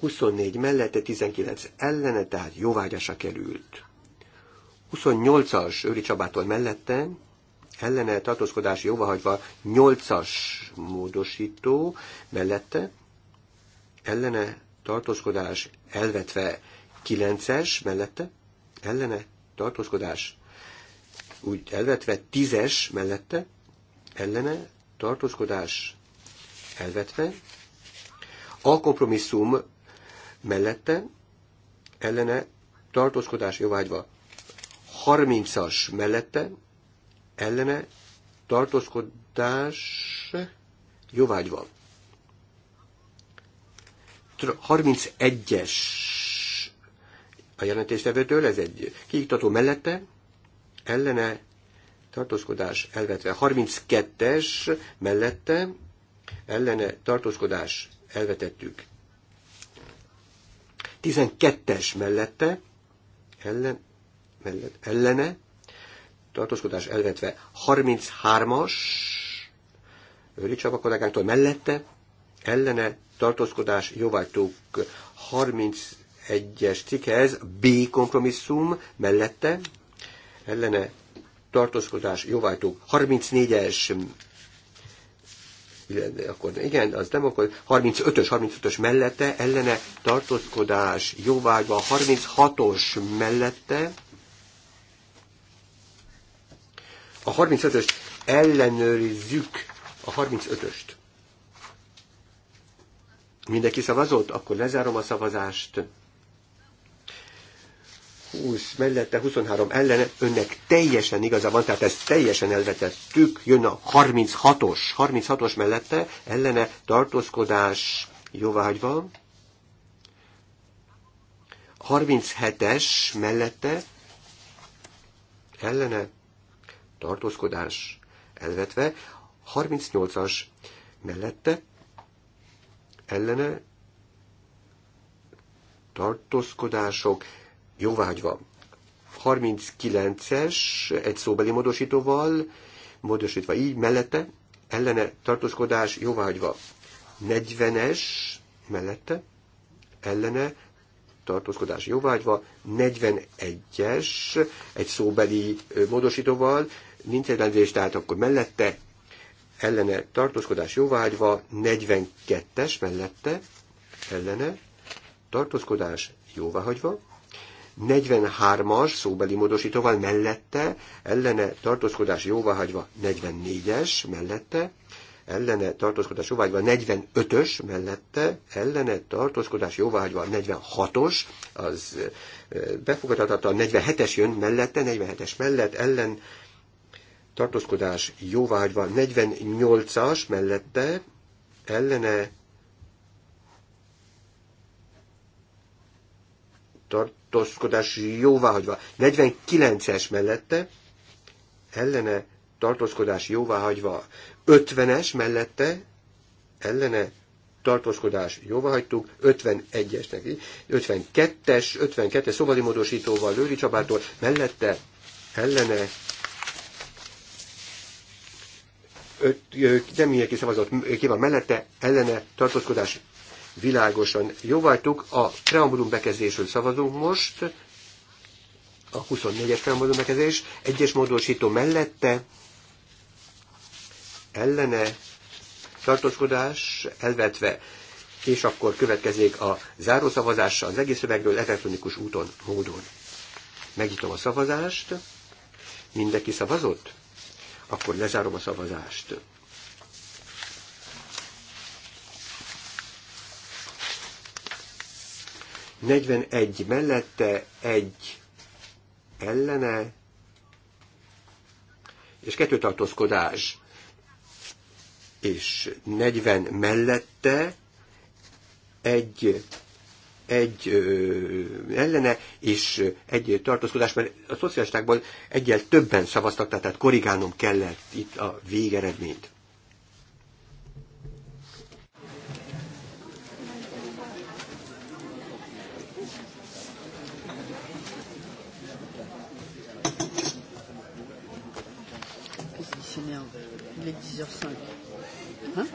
24 mellette 19 ellene, tehát jóvágyása került. 28-as Őri Csabától mellette, ellene tartózkodás jóváhagyva 8-as módosító mellette, ellene tartózkodás elvetve 9-es mellette, ellene, tartózkodás úgy elvetve, 10-es mellette, ellene, tartózkodás elvetve, a kompromisszum mellette, ellene, tartózkodás jóvágyva, 30-as mellette, ellene, tartózkodás jóvágyva. 31-es a jelentéstevőtől, ez egy kiiktató mellette, ellene tartózkodás elvetve. 32-es mellette, ellene tartózkodás elvetettük. 12-es mellette, ellen, mellett, ellene, tartózkodás elvetve 33-as, Őri Csaba kollégánktól mellette, ellene tartózkodás jóváltók 30 egyes cikkhez B kompromisszum mellette ellene tartózkodás jóváltó 34-es akkor igen, az nem akkor 35-ös, 35-ös mellette ellene tartózkodás jóvágyva 36-os mellette a 35 ös ellenőrizzük a 35-öst. Mindenki szavazott? Akkor lezárom a szavazást. 20 mellette, 23 ellene, önnek teljesen igaza van, tehát ezt teljesen elvetettük, jön a 36-os, 36-os mellette, ellene tartózkodás jóváhagyva, 37-es mellette, ellene tartózkodás elvetve, 38-as mellette, ellene tartózkodások jóváhagyva. 39-es, egy szóbeli módosítóval, módosítva így, mellette, ellene tartózkodás jóváhagyva. 40-es, mellette, ellene tartózkodás jóvágyva, 41-es, egy szóbeli módosítóval, nincs ellenőrzés, tehát akkor mellette ellene tartózkodás jóvágyva, 42-es mellette ellene tartózkodás jóváhagyva, 43-as szóbeli módosítóval mellette, ellene tartózkodás jóváhagyva 44-es mellette, ellene tartózkodás jóváhagyva 45-ös mellette, ellene tartózkodás jóváhagyva 46-os, az befogadhatatlan 47-es jön mellette, 47-es mellett, ellen tartózkodás jóváhagyva 48-as mellette, ellene tartózkodás jóváhagyva. 49-es mellette ellene tartózkodás jóváhagyva. 50-es mellette ellene tartózkodás jóváhagytuk, 51-es neki, 52-es, 52-es szobadi módosítóval Lőri Csabától, mellette ellene öt, nem mindenki szavazott, ki van mellette, ellene tartózkodás világosan jóváltuk. A preambulum bekezdésről szavazunk most, a 24-es preambulum bekezdés, egyes módosító mellette, ellene, tartózkodás elvetve, és akkor következik a zárószavazása az egész szövegről elektronikus úton, módon. Megnyitom a szavazást, mindenki szavazott? Akkor lezárom a szavazást. 41 mellette, 1 ellene, és kettő tartózkodás, és 40 mellette, egy, egy ö, ellene, és egy tartózkodás, mert a szocialistákban egyel többen szavaztak, tehát korrigálnom kellett itt a végeredményt. 10h05. Hein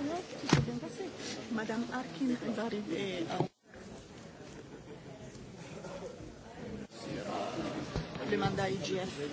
Tout Madame Harkin est arrivée eh, Le euh, mandat IGF.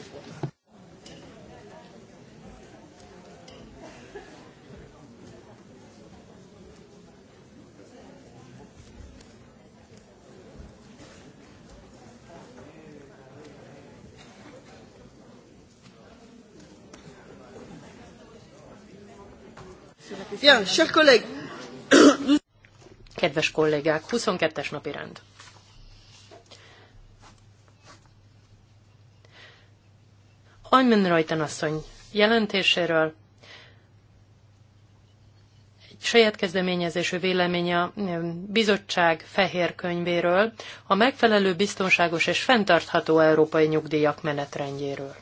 Kedves kollégák, 22-es napi rend. Ajmen Rajten asszony jelentéséről saját kezdeményezésű vélemény a bizottság fehér könyvéről, a megfelelő biztonságos és fenntartható európai nyugdíjak menetrendjéről.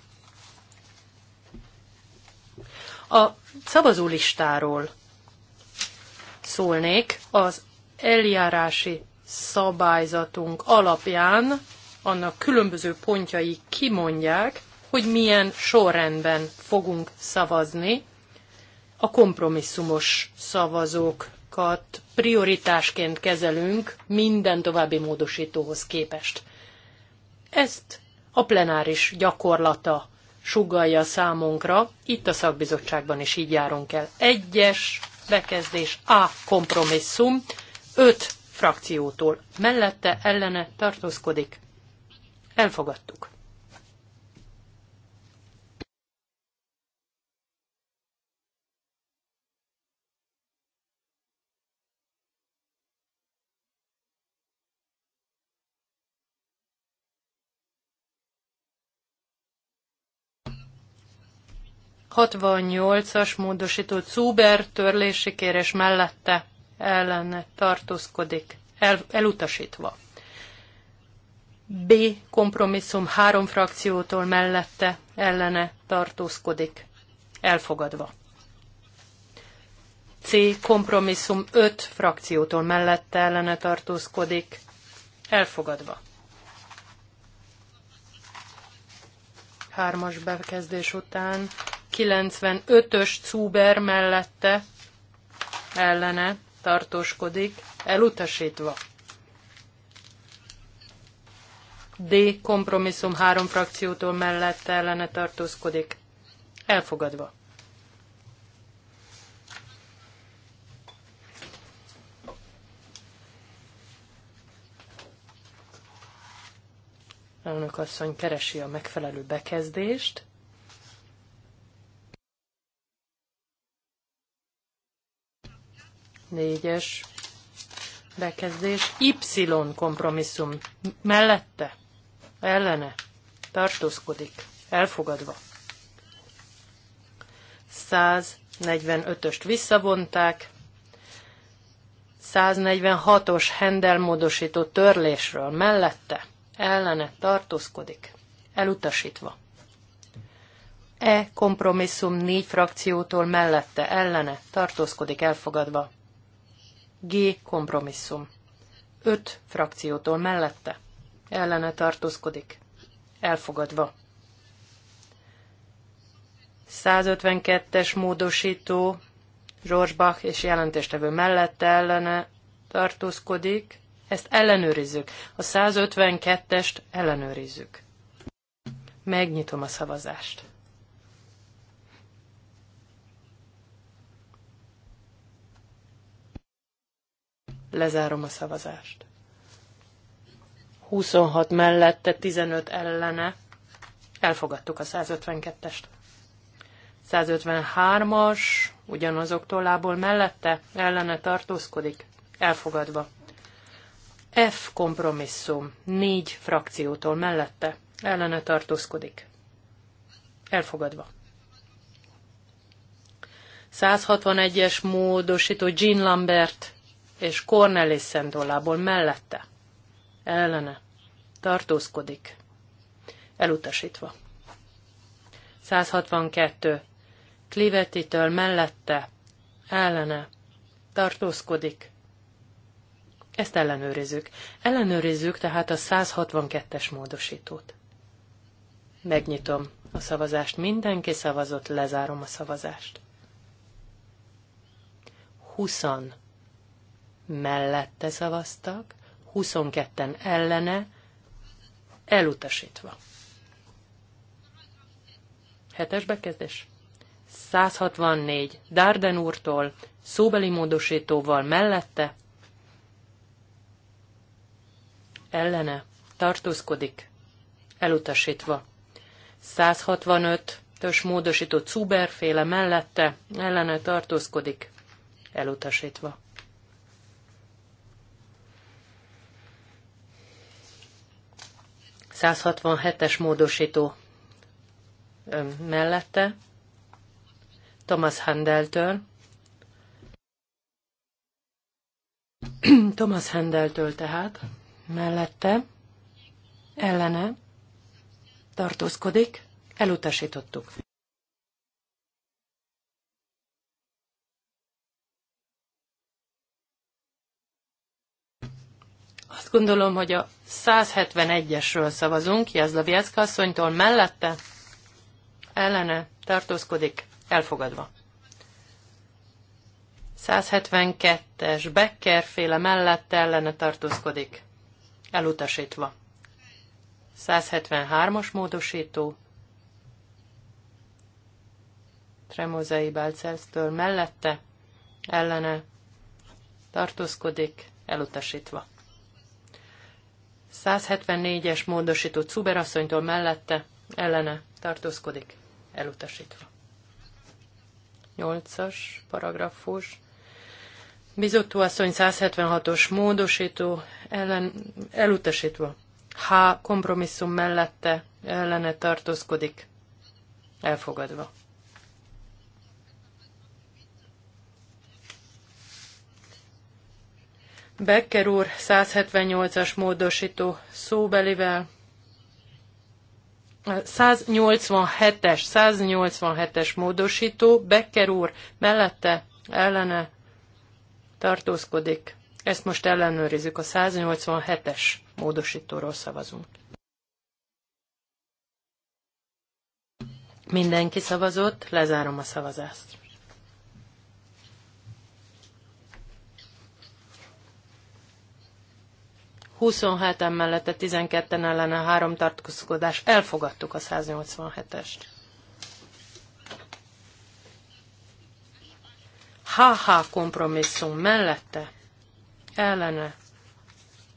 A szavazólistáról szólnék az eljárási szabályzatunk alapján annak különböző pontjai kimondják, hogy milyen sorrendben fogunk szavazni. A kompromisszumos szavazókat prioritásként kezelünk minden további módosítóhoz képest. Ezt a plenáris gyakorlata sugalja számunkra, itt a szakbizottságban is így járunk el. Egyes bekezdés A kompromisszum, öt frakciótól mellette ellene tartózkodik. Elfogadtuk. 68-as módosító Zuber törlési kérés mellette ellen tartózkodik, el, elutasítva. B. Kompromisszum három frakciótól mellette ellene tartózkodik, elfogadva. C. Kompromisszum öt frakciótól mellette ellene tartózkodik, elfogadva. Hármas bekezdés után 95-ös Cuber mellette ellene tartóskodik, elutasítva. D. Kompromisszum három frakciótól mellette ellene tartózkodik. Elfogadva. Elnök asszony keresi a megfelelő bekezdést. négyes bekezdés, Y kompromisszum mellette, ellene, tartózkodik, elfogadva. 145-öst visszavonták, 146-os hendelmódosító törlésről mellette, ellene tartózkodik, elutasítva. E kompromisszum négy frakciótól mellette, ellene tartózkodik elfogadva. G kompromisszum. Öt frakciótól mellette. Ellene tartózkodik. Elfogadva. 152-es módosító George Bach és jelentéstevő mellette ellene tartózkodik. Ezt ellenőrizzük. A 152-est ellenőrizzük. Megnyitom a szavazást. Lezárom a szavazást. 26 mellette, 15 ellene. Elfogadtuk a 152-est. 153-as, ugyanazok tollából mellette, ellene tartózkodik. Elfogadva. F kompromisszum, négy frakciótól mellette, ellene tartózkodik. Elfogadva. 161-es módosító Jean Lambert és Cornelissen Szentollából mellette, ellene, tartózkodik, elutasítva. 162. Klivetitől mellette, ellene, tartózkodik. Ezt ellenőrizzük. Ellenőrizzük tehát a 162-es módosítót. Megnyitom a szavazást. Mindenki szavazott, lezárom a szavazást. 20 mellette szavaztak, 22-en ellene, elutasítva. Hetes bekezdés. 164. Darden úrtól, szóbeli módosítóval mellette, ellene, tartózkodik, elutasítva. 165. Tös módosító Zuberféle mellette, ellene tartózkodik, elutasítva. 167-es módosító mellette, Thomas Handeltől. Thomas Handeltől tehát mellette, ellene tartózkodik, elutasítottuk. Azt gondolom, hogy a 171-esről szavazunk, Vieszka asszonytól mellette, ellene tartózkodik, elfogadva. 172-es Becker féle mellette ellene tartózkodik, elutasítva. 173-as módosító Tremozei Balcelsztől mellette ellene tartózkodik, elutasítva. 174-es módosított szuberasszonytól mellette ellene tartózkodik, elutasítva. 8-as paragrafus. Bizottó asszony 176-os módosító ellen, elutasítva. H kompromisszum mellette ellene tartózkodik, elfogadva. Becker úr 178-as módosító szóbelivel, 187-es, 187-es módosító, Becker úr mellette, ellene tartózkodik. Ezt most ellenőrizzük, a 187-es módosítóról szavazunk. Mindenki szavazott, lezárom a szavazást. 27-en mellette, 12-en ellene, három tartózkodás. Elfogadtuk a 187-est. HH kompromisszum mellette, ellene,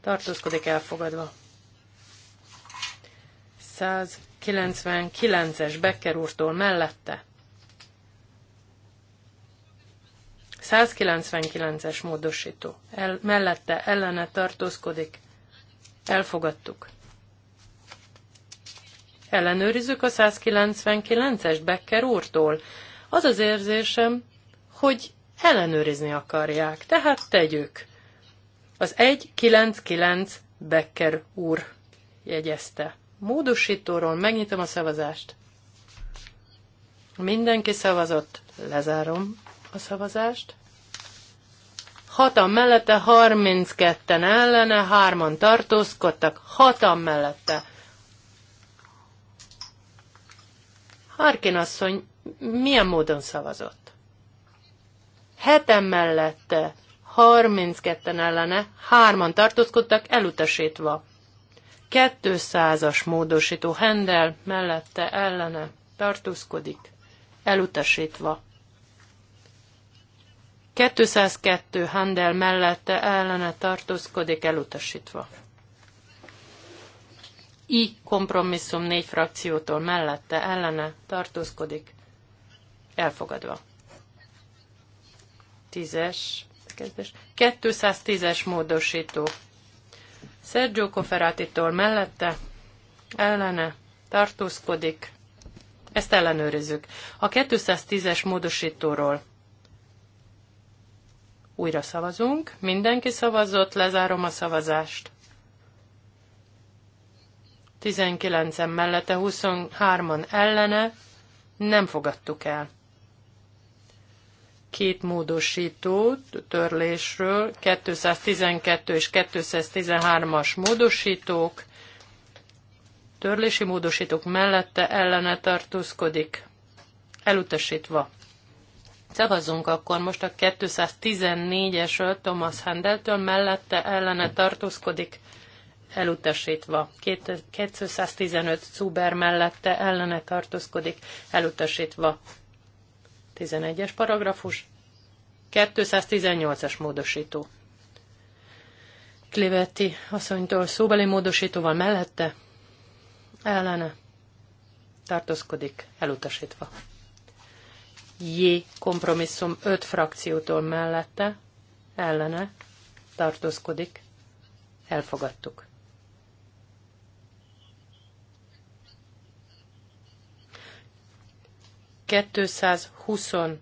tartózkodik elfogadva. 199-es Becker úrtól mellette. 199-es módosító. El, mellette ellene tartózkodik. Elfogadtuk. Ellenőrizzük a 199-es Becker úrtól. Az az érzésem, hogy ellenőrizni akarják, tehát tegyük. Az 199 Becker úr jegyezte. Módosítóról megnyitom a szavazást. Mindenki szavazott, lezárom a szavazást hatan mellette, 32-en ellene, hárman tartózkodtak, hatan mellette. Harkin asszony milyen módon szavazott? Heten mellette, 32-en ellene, hárman tartózkodtak, elutasítva. 200-as módosító Hendel mellette ellene tartózkodik, elutasítva. 202 Handel mellette ellene tartózkodik elutasítva. I kompromisszum négy frakciótól mellette ellene tartózkodik elfogadva. Tízes, kezdés. 210-es módosító. Sergio Koferátitól mellette ellene tartózkodik. Ezt ellenőrizzük. A 210-es módosítóról újra szavazunk. Mindenki szavazott, lezárom a szavazást. 19-en mellette, 23-an ellene nem fogadtuk el. Két módosító törlésről, 212 és 213-as módosítók, törlési módosítók mellette ellene tartózkodik, elutasítva. Szavazzunk akkor most a 214 es Thomas Handeltől, mellette ellene tartózkodik elutasítva. 215 Zuber mellette ellene tartózkodik elutasítva. 11-es paragrafus. 218-as módosító. Klivetti asszonytól szóbeli módosítóval mellette ellene tartózkodik elutasítva. J kompromisszum öt frakciótól mellette, ellene tartózkodik, elfogadtuk. Kettőszázhuszonhat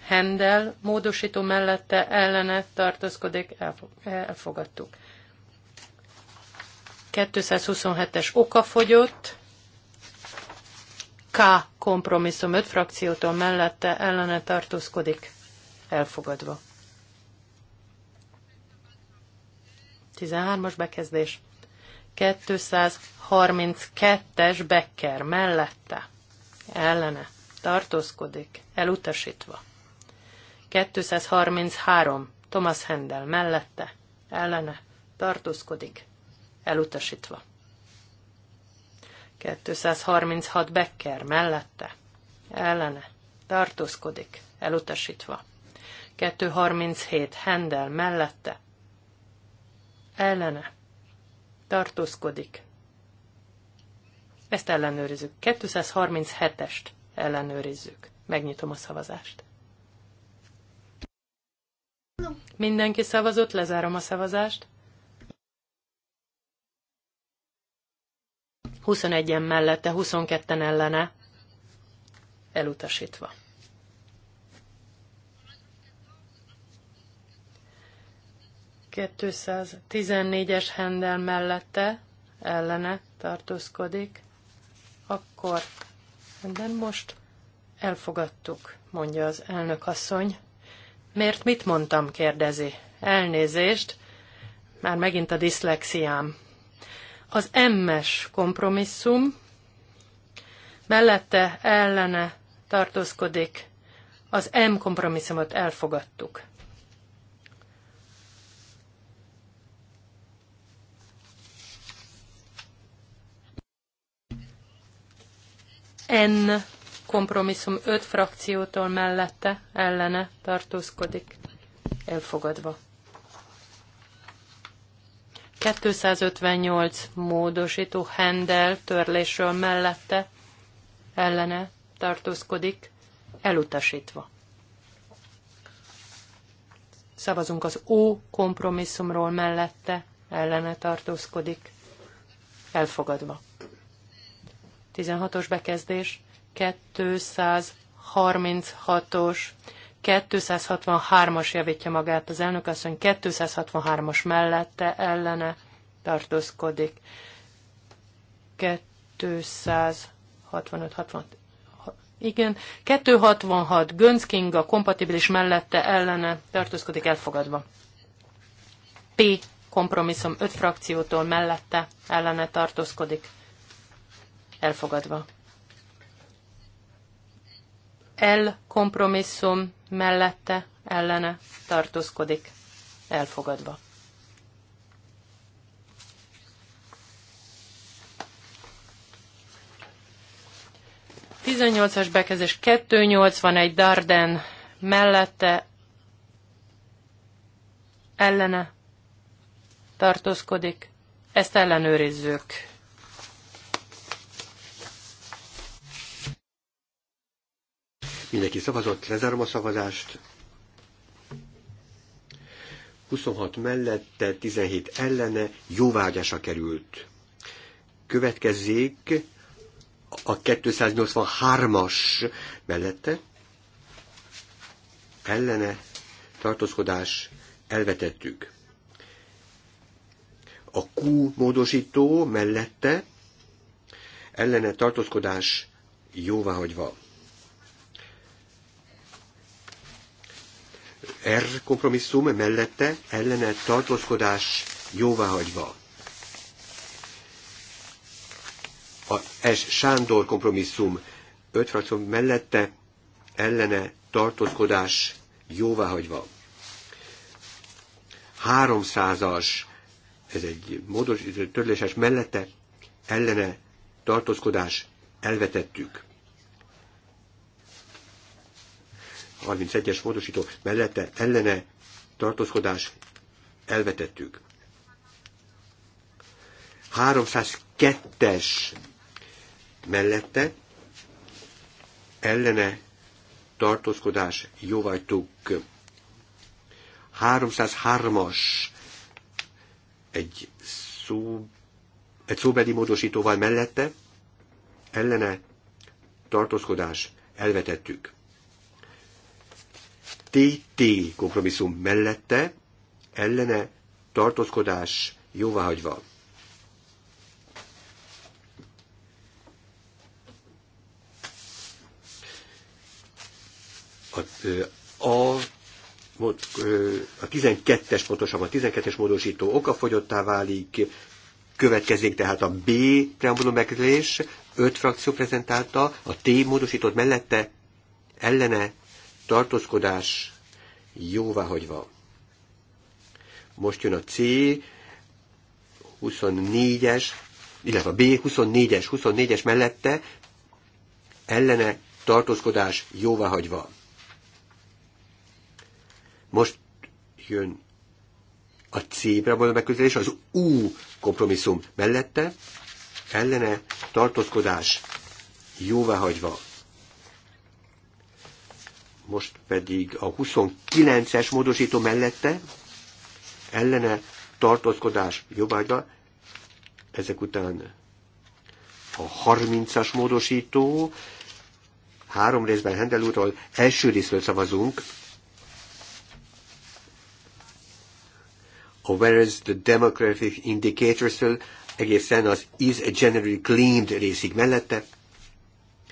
Hendel módosító mellette ellene tartózkodik, elfogadtuk. 227-es okafogyott, K kompromisszum öt frakciótól mellette ellene tartózkodik. Elfogadva. 13-as bekezdés. 232-es Becker mellette ellene tartózkodik, elutasítva. 233 Thomas Hendel mellette ellene tartózkodik, elutasítva. 236 Becker mellette, ellene, tartózkodik, elutasítva. 237 Hendel mellette, ellene, tartózkodik. Ezt ellenőrizzük. 237-est ellenőrizzük. Megnyitom a szavazást. Mindenki szavazott, lezárom a szavazást. 21-en mellette, 22-en ellene elutasítva. es Hendel mellette ellene tartózkodik, akkor de most elfogadtuk, mondja az elnök asszony. Miért mit mondtam, kérdezi. Elnézést, már megint a diszlexiám. Az emmes kompromisszum mellette ellene tartózkodik, az M kompromisszumot elfogadtuk. N kompromisszum öt frakciótól mellette ellene tartózkodik, elfogadva. 258 módosító Hendel törlésről mellette ellene tartózkodik, elutasítva. Szavazunk az ó kompromisszumról mellette ellene tartózkodik, elfogadva. 16-os bekezdés, 236-os 263-as javítja magát az elnök asszony, 263-as mellette ellene tartózkodik. 265 66 igen, 266 Gönc Kinga kompatibilis mellette ellene tartózkodik elfogadva. P kompromisszum 5 frakciótól mellette ellene tartózkodik elfogadva. El kompromisszum mellette ellene tartózkodik elfogadva. Tizennyolcas bekezdés 281 Darden mellette ellene tartózkodik. Ezt ellenőrizzük. Mindenki szavazott, lezárom a szavazást. 26 mellette, 17 ellene jóvágyása került. Következzék a 283-as mellette ellene tartózkodás elvetettük. A Q módosító mellette ellene tartózkodás jóváhagyva. R kompromisszum mellette ellene tartózkodás jóváhagyva. A S Sándor kompromisszum 5 frakció mellette ellene tartózkodás jóváhagyva. 300-as, ez egy módos törléses mellette ellene tartózkodás elvetettük. 31-es módosító mellette ellene tartózkodás elvetettük. 302-es mellette ellene tartózkodás jóvajtuk. 303-as egy, szó, egy szóbeli módosítóval mellette ellene tartózkodás elvetettük. TT kompromisszum mellette ellene tartózkodás jóváhagyva. A, a a 12-es pontosabban, a 12-es módosító okafogyottá válik, következik tehát a B preambulum megkérdés, 5 frakció prezentálta, a T módosított mellette ellene tartózkodás jóváhagyva. Most jön a C, 24-es, illetve a B, 24-es, 24-es mellette ellene tartózkodás jóváhagyva. Most jön a C-re való megközelítés, az U kompromisszum mellette ellene tartózkodás jóváhagyva. Most pedig a 29-es módosító mellette ellene tartózkodás jobbágyra, ezek után a 30-as módosító, három részben Hendel úrról, első részről szavazunk, a is the Demographic indicators egészen az Is a Generally Cleaned részig mellette,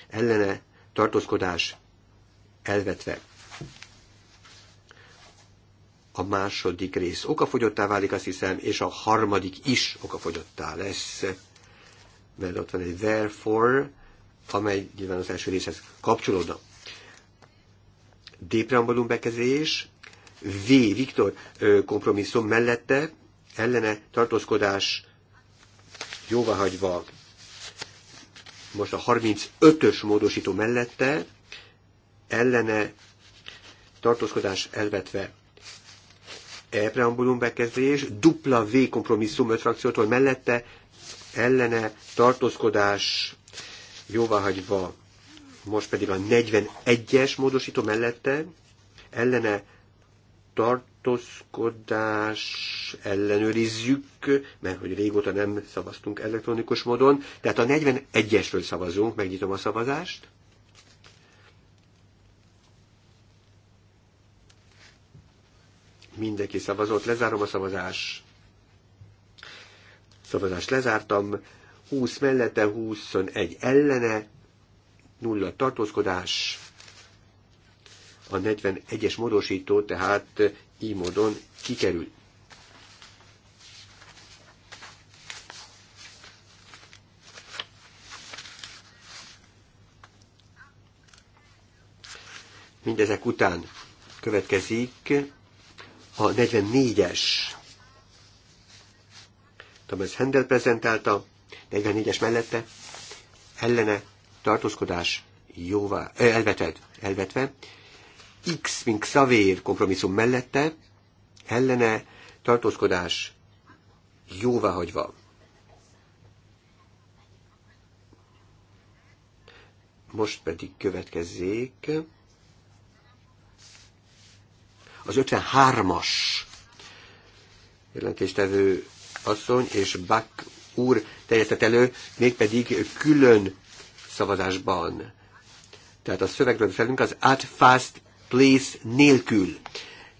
ellene tartózkodás elvetve. A második rész okafogyottá válik, azt hiszem, és a harmadik is okafogyottá lesz. Mert ott van egy therefore, amely nyilván az első részhez kapcsolódna. D preambulum bekezés, V. Viktor kompromisszum mellette ellene tartózkodás jóváhagyva most a 35-ös módosító mellette ellene tartózkodás elvetve E preambulum bekezdés, dupla V kompromisszum öt frakciótól mellette ellene tartózkodás jóváhagyva, most pedig a 41-es módosító mellette ellene tartózkodás ellenőrizzük, mert hogy régóta nem szavaztunk elektronikus módon, tehát a 41-esről szavazunk, megnyitom a szavazást. Mindenki szavazott, lezárom a szavazás. Szavazást lezártam, 20 mellette, 21 ellene, nulla tartózkodás. A 41-es módosító tehát így módon kikerül. Mindezek után következik a 44-es. Thomas Hendel prezentálta, 44-es mellette, ellene tartózkodás jóvá, elvetett, elvetve, X, mint szavér kompromisszum mellette, ellene tartózkodás jóváhagyva. Most pedig következzék az 53-as jelentéstevő asszony és Bak úr terjesztett elő, mégpedig külön szavazásban. Tehát a szövegről beszélünk az at fast place nélkül.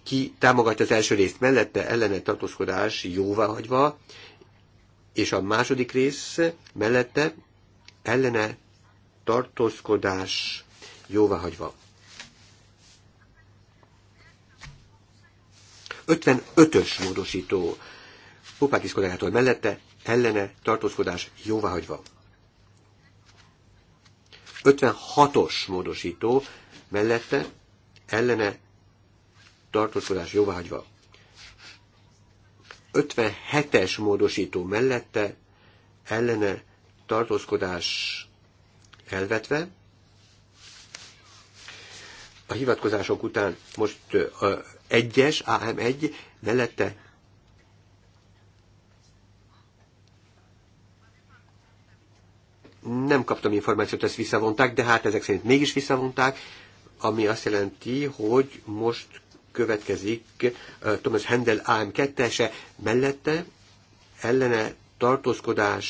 Ki támogatja az első részt mellette ellene tartózkodás jóváhagyva, és a második rész mellette ellene tartózkodás jóváhagyva. 55-ös módosító Popákis kollégától mellette, ellene tartózkodás jóváhagyva. 56-os módosító mellette, ellene tartózkodás jóváhagyva. 57-es módosító mellette, ellene tartózkodás elvetve. A hivatkozások után most 1-es, AM1 mellette nem kaptam információt, ezt visszavonták, de hát ezek szerint mégis visszavonták, ami azt jelenti, hogy most következik Thomas Handel AM2-ese mellette ellene tartózkodás,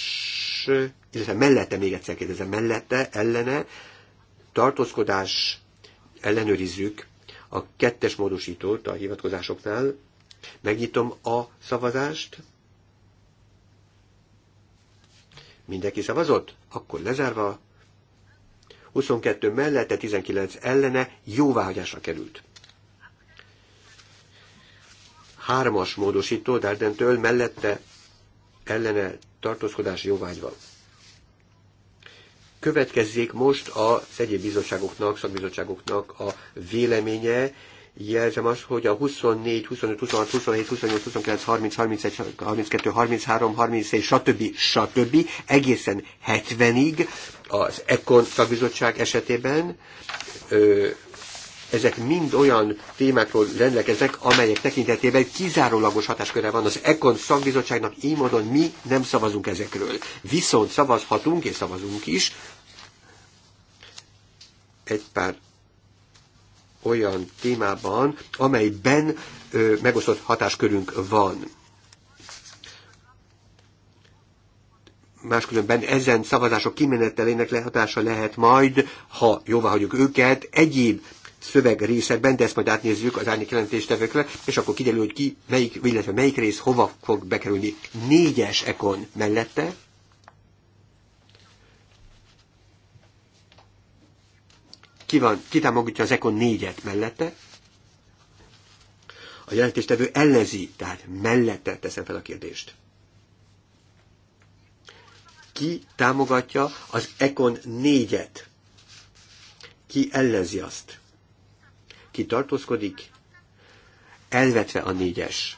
illetve mellette, még egyszer kérdezem, mellette ellene tartózkodás ellenőrizzük, a kettes módosítót a hivatkozásoknál. Megnyitom a szavazást. Mindenki szavazott? Akkor lezárva. 22 mellette, 19 ellene jóváhagyásra került. Hármas módosító Dárdentől mellette ellene tartózkodás jóvágy van. Következzék most az egyéb bizottságoknak, szakbizottságoknak a véleménye, jelzem azt, hogy a 24, 25, 26, 27, 28, 29, 30, 31, 32, 33, 34, stb. stb. egészen 70-ig az Ekon szakbizottság esetében ö, ezek mind olyan témákról rendelkeznek, amelyek tekintetében kizárólagos hatásköre van az Ekon szakbizottságnak, így módon mi nem szavazunk ezekről. Viszont szavazhatunk, és szavazunk is egy pár olyan témában, amelyben ö, megosztott hatáskörünk van. Máskülönben ezen szavazások kimenetelének lehatása lehet majd, ha jóvá hagyjuk őket, egyéb szövegrészekben, de ezt majd átnézzük az árnyék jelentéstevőkre, és akkor kiderül, hogy ki, melyik, illetve melyik rész hova fog bekerülni. Négyes ekon mellette, Ki, van, kitámogatja az Ekon négyet mellette? A jelentéstevő ellenzi, tehát mellette teszem fel a kérdést. Ki támogatja az Ekon négyet? Ki ellenzi azt? Ki tartózkodik? Elvetve a négyes.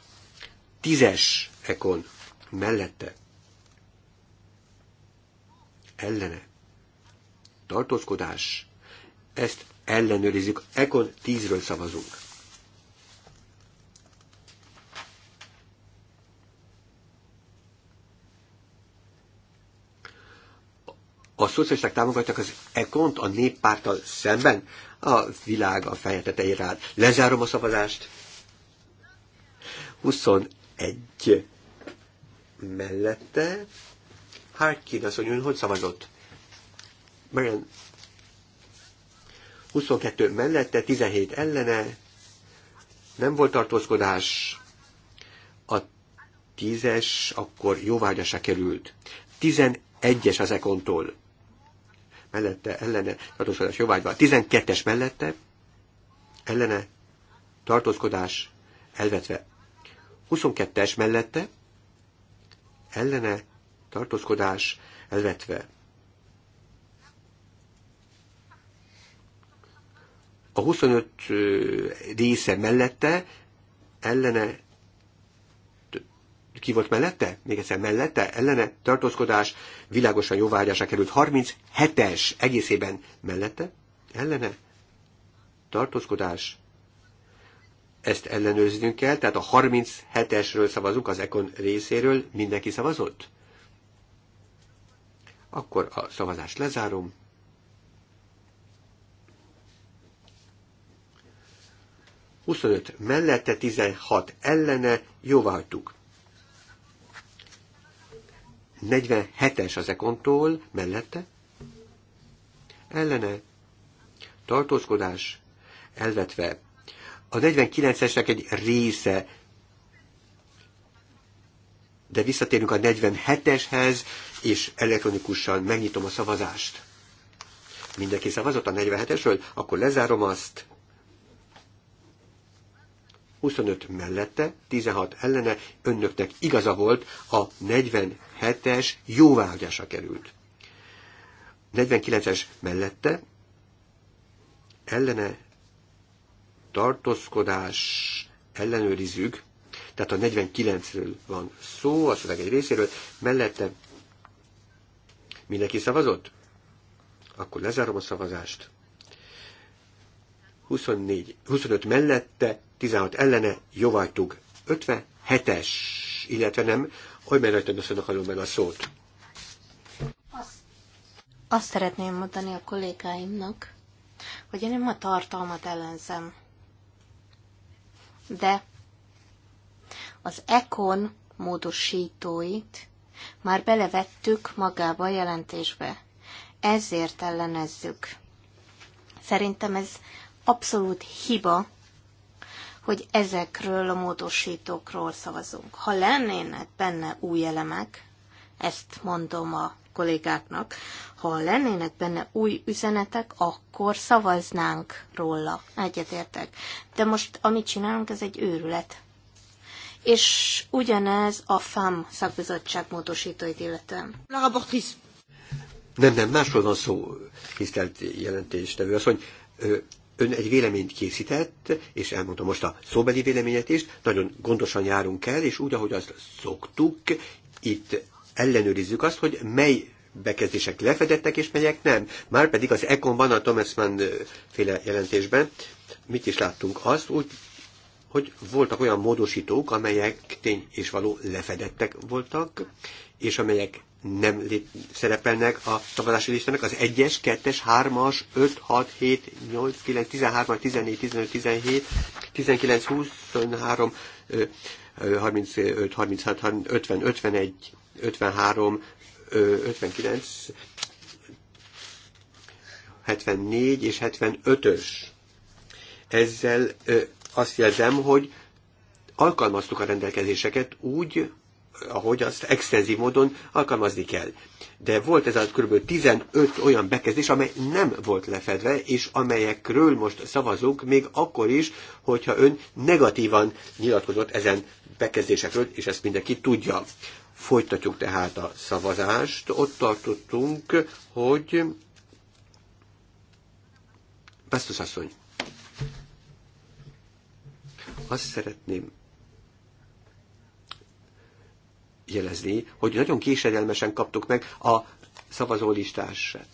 Tízes Ekon mellette. Ellene. Tartózkodás ezt ellenőrizzük. Ekon 10-ről szavazunk. A szocialisták támogatják az Ekont a néppárttal szemben? A világ a feje tetejére Lezárom a szavazást. 21 mellette. Harkin azt mondja, hogy szavazott. Marian 22 mellette, 17 ellene, nem volt tartózkodás, a 10-es akkor jóvágyásra került. 11-es az ekontól mellette, ellene, tartózkodás jóvágyva. 12-es mellette, ellene, tartózkodás elvetve. 22-es mellette, ellene, tartózkodás elvetve. a 25 része mellette, ellene ki volt mellette? Még egyszer mellette, ellene tartózkodás, világosan jóvágyásra került 37-es egészében mellette, ellene tartózkodás, ezt ellenőriznünk kell, tehát a 37-esről szavazunk, az Ekon részéről mindenki szavazott? Akkor a szavazást lezárom. 25 mellette, 16 ellene, jóvá hagytuk. 47-es az ekontól, mellette, ellene, tartózkodás, elvetve. A 49-esnek egy része, de visszatérünk a 47-eshez, és elektronikusan megnyitom a szavazást. Mindenki szavazott a 47-esről, akkor lezárom azt. 25 mellette, 16 ellene, önnöknek igaza volt, a 47-es jóvágyása került. 49-es mellette, ellene tartózkodás ellenőrizzük, tehát a 49-ről van szó, a szöveg egy részéről, mellette mindenki szavazott? Akkor lezárom a szavazást. 24, 25 mellette, 16 ellene, jóvágytuk 57-es, illetve nem, hogy merőjtön asszonynak adom meg a szót. Azt, azt szeretném mondani a kollégáimnak, hogy én nem a tartalmat ellenzem, de az Econ módosítóit már belevettük magába a jelentésbe. Ezért ellenezzük. Szerintem ez abszolút hiba, hogy ezekről a módosítókról szavazunk. Ha lennének benne új elemek, ezt mondom a kollégáknak, ha lennének benne új üzenetek, akkor szavaznánk róla. Egyetértek. De most, amit csinálunk, ez egy őrület. És ugyanez a FAM szakbizottság módosítóit illetően. La rapportrice. Nem, nem, másról van szó, tisztelt jelentéstevő. Az, mondja, ön egy véleményt készített, és elmondta most a szóbeli véleményet is, nagyon gondosan járunk el, és úgy, ahogy azt szoktuk, itt ellenőrizzük azt, hogy mely bekezdések lefedettek, és melyek nem. Márpedig az Econban, a Thomas Mann féle jelentésben mit is láttunk azt, úgy, hogy voltak olyan módosítók, amelyek tény és való lefedettek voltak, és amelyek nem lép, szerepelnek a szabadási listának. Az 1-es, 2-es, 3-as, 5, 6, 7, 8, 9, 13, 14, 15, 17, 19, 20, 23, 35, 36, 50, 51, 53, 59, 74 és 75-ös. Ezzel azt jelzem, hogy alkalmaztuk a rendelkezéseket úgy, ahogy azt extenzív módon alkalmazni kell. De volt ez a kb. 15 olyan bekezdés, amely nem volt lefedve, és amelyekről most szavazunk, még akkor is, hogyha ön negatívan nyilatkozott ezen bekezdésekről, és ezt mindenki tudja. Folytatjuk tehát a szavazást. Ott tartottunk, hogy... Pasztus asszony. Azt szeretném jelezni, hogy nagyon késedelmesen kaptuk meg a szavazólistását.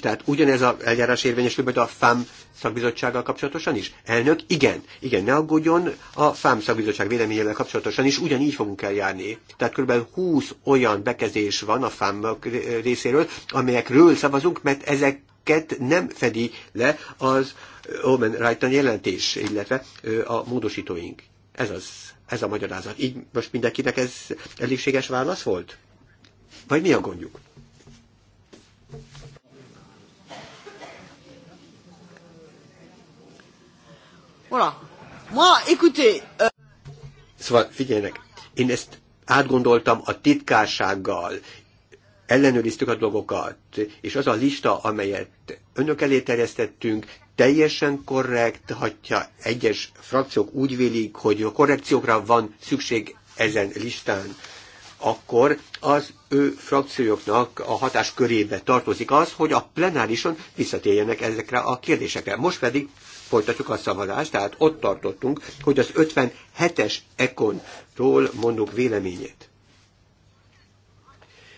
Tehát ugyanez az eljárás érvényesül majd a FAM szakbizottsággal kapcsolatosan is? Elnök, igen, igen, ne aggódjon, a FAM szakbizottság véleményével kapcsolatosan is ugyanígy fogunk eljárni. Tehát kb. 20 olyan bekezés van a FAM részéről, amelyekről szavazunk, mert ezeket nem fedi le az Omen Rajtan jelentés, illetve a módosítóink. Ez az. Ez a magyarázat. Így most mindenkinek ez elégséges válasz volt? Vagy mi a gondjuk? Hola, Ma, écoutez... uh... Szóval figyeljenek, én ezt átgondoltam a titkársággal, ellenőriztük a dolgokat, és az a lista, amelyet önök elé terjesztettünk, teljesen korrekt, hogyha egyes frakciók úgy vélik, hogy a korrekciókra van szükség ezen listán, akkor az ő frakcióknak a hatás körébe tartozik az, hogy a plenárison visszatérjenek ezekre a kérdésekre. Most pedig folytatjuk a szavazást, tehát ott tartottunk, hogy az 57-es ekonról mondunk véleményét.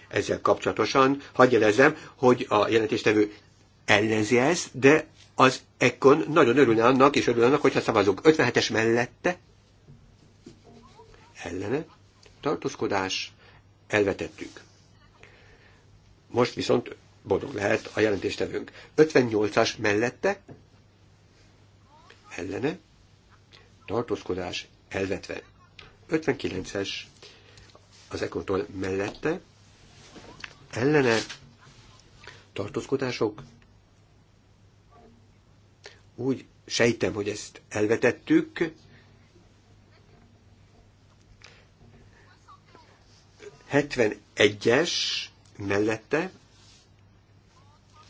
Ezzel kapcsolatosan hagyjelezem, hogy a jelentéstevő ellenzi ezt, de az Ekkon nagyon örülne annak, és örülne annak, hogyha szavazunk 57-es mellette, ellene, tartózkodás, elvetettük. Most viszont boldog lehet a jelentéstevőnk. 58-as mellette, ellene, tartózkodás, elvetve. 59-es az Ekontól mellette, ellene, tartózkodások, úgy sejtem, hogy ezt elvetettük. 71 egyes mellette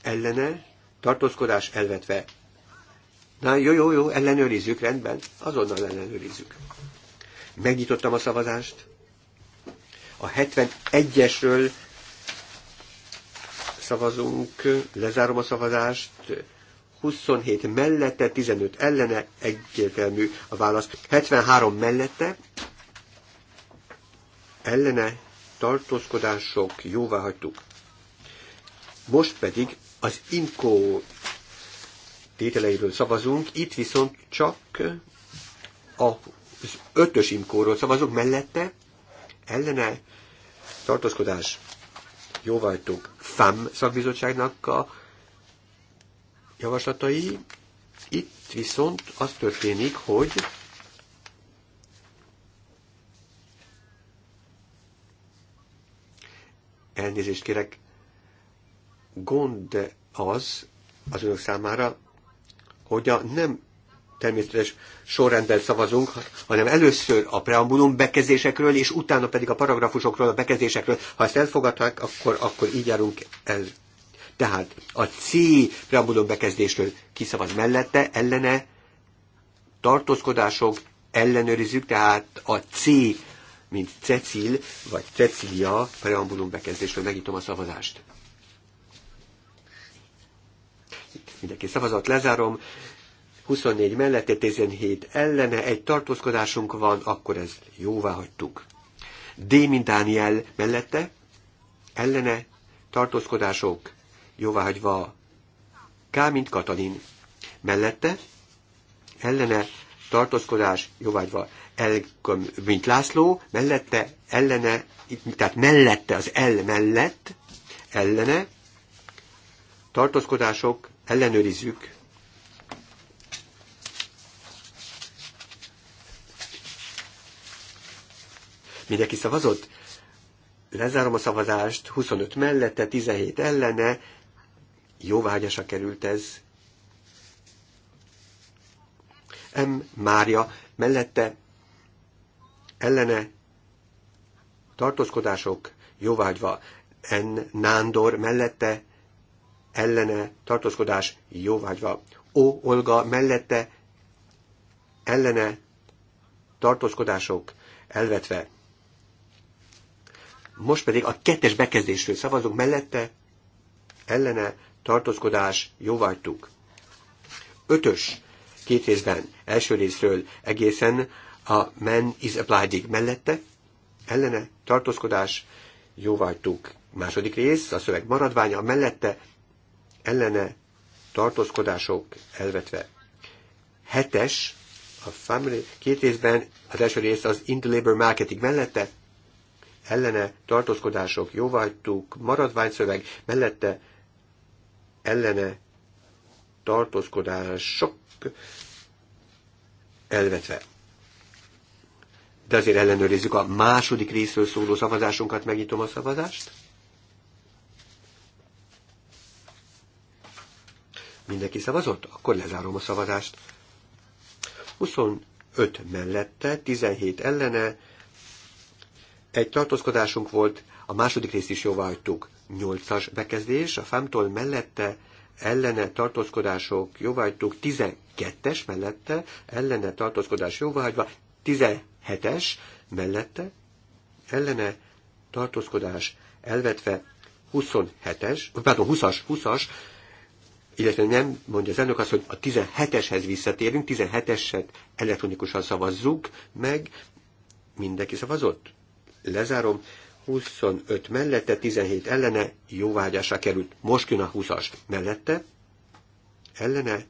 ellene tartózkodás elvetve. Na jó, jó, jó, ellenőrizzük, rendben, azonnal ellenőrizzük. Megnyitottam a szavazást. A 71-esről szavazunk, lezárom a szavazást, 27 mellette, 15 ellene, egyértelmű a válasz. 73 mellette, ellene tartózkodások jóvá hagytuk. Most pedig az INKO tételeiről szavazunk, itt viszont csak az ötös inkóról szavazunk, mellette ellene tartózkodás hagytuk. FAM szakbizottságnak a javaslatai. Itt viszont az történik, hogy elnézést kérek, gond az az önök számára, hogy a nem természetes sorrendben szavazunk, hanem először a preambulum bekezdésekről, és utána pedig a paragrafusokról, a bekezdésekről. Ha ezt elfogadták, akkor, akkor így járunk el tehát a C preambulum bekezdésről kiszavaz mellette, ellene tartózkodások ellenőrizzük, tehát a C, mint Cecil, vagy Cecilia preambulum bekezdésről megítom a szavazást. Mindenki szavazat lezárom. 24 mellette, 17 ellene, egy tartózkodásunk van, akkor ezt jóvá hagytuk. D, mint Dániel mellette, ellene, tartózkodások, jóváhagyva K, mint Katalin. Mellette ellene tartózkodás jóváhagyva L, mint László, mellette ellene, tehát mellette az L mellett ellene tartózkodások ellenőrizzük. Mindenki szavazott? Lezárom a szavazást, 25 mellette, 17 ellene, jóvágyasa került ez. M. Mária mellette ellene tartózkodások jóvágyva, N. Nándor mellette ellene tartózkodás jóvágyva, O. Olga mellette ellene tartózkodások elvetve. Most pedig a kettes bekezdésről szavazunk mellette, ellene tartózkodás, jóvágytuk. Ötös, két részben, első részről egészen a men is applied mellette, ellene, tartózkodás, jóvágytuk. Második rész, a szöveg maradványa, mellette, ellene, tartózkodások elvetve. Hetes, a family, két részben, az első rész az in the labor marketing mellette, ellene tartózkodások, jóvágytuk, maradványszöveg, mellette ellene tartózkodások elvetve. De azért ellenőrizzük a második részről szóló szavazásunkat, megnyitom a szavazást. Mindenki szavazott? Akkor lezárom a szavazást. 25 mellette, 17 ellene, egy tartózkodásunk volt, a második részt is jóvá hagytuk. Nyolcas bekezdés, a fámtól mellette ellene tartózkodások jóváhagytuk, 12-es mellette ellene tartózkodás jóváhagyva, 17-es mellette ellene tartózkodás elvetve 27-es, pardon, 20-as, 20-as, illetve nem mondja az elnök azt, hogy a 17-eshez visszatérünk, 17-eset elektronikusan szavazzuk, meg mindenki szavazott. Lezárom, 25 mellette, 17 ellene, jóvágyásra került. Most jön a 20-as mellette, ellene,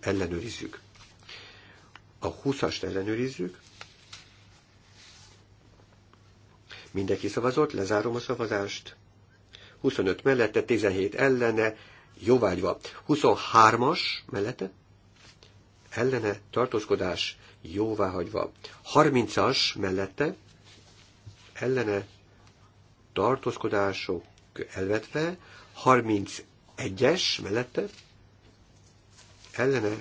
ellenőrizzük. A 20-ast ellenőrizzük. Mindenki szavazott, lezárom a szavazást. 25 mellette, 17 ellene, jóvágyva. 23-as mellette, ellene, tartózkodás, jóváhagyva. 30-as mellette, ellene tartózkodások elvetve, 31-es mellette ellene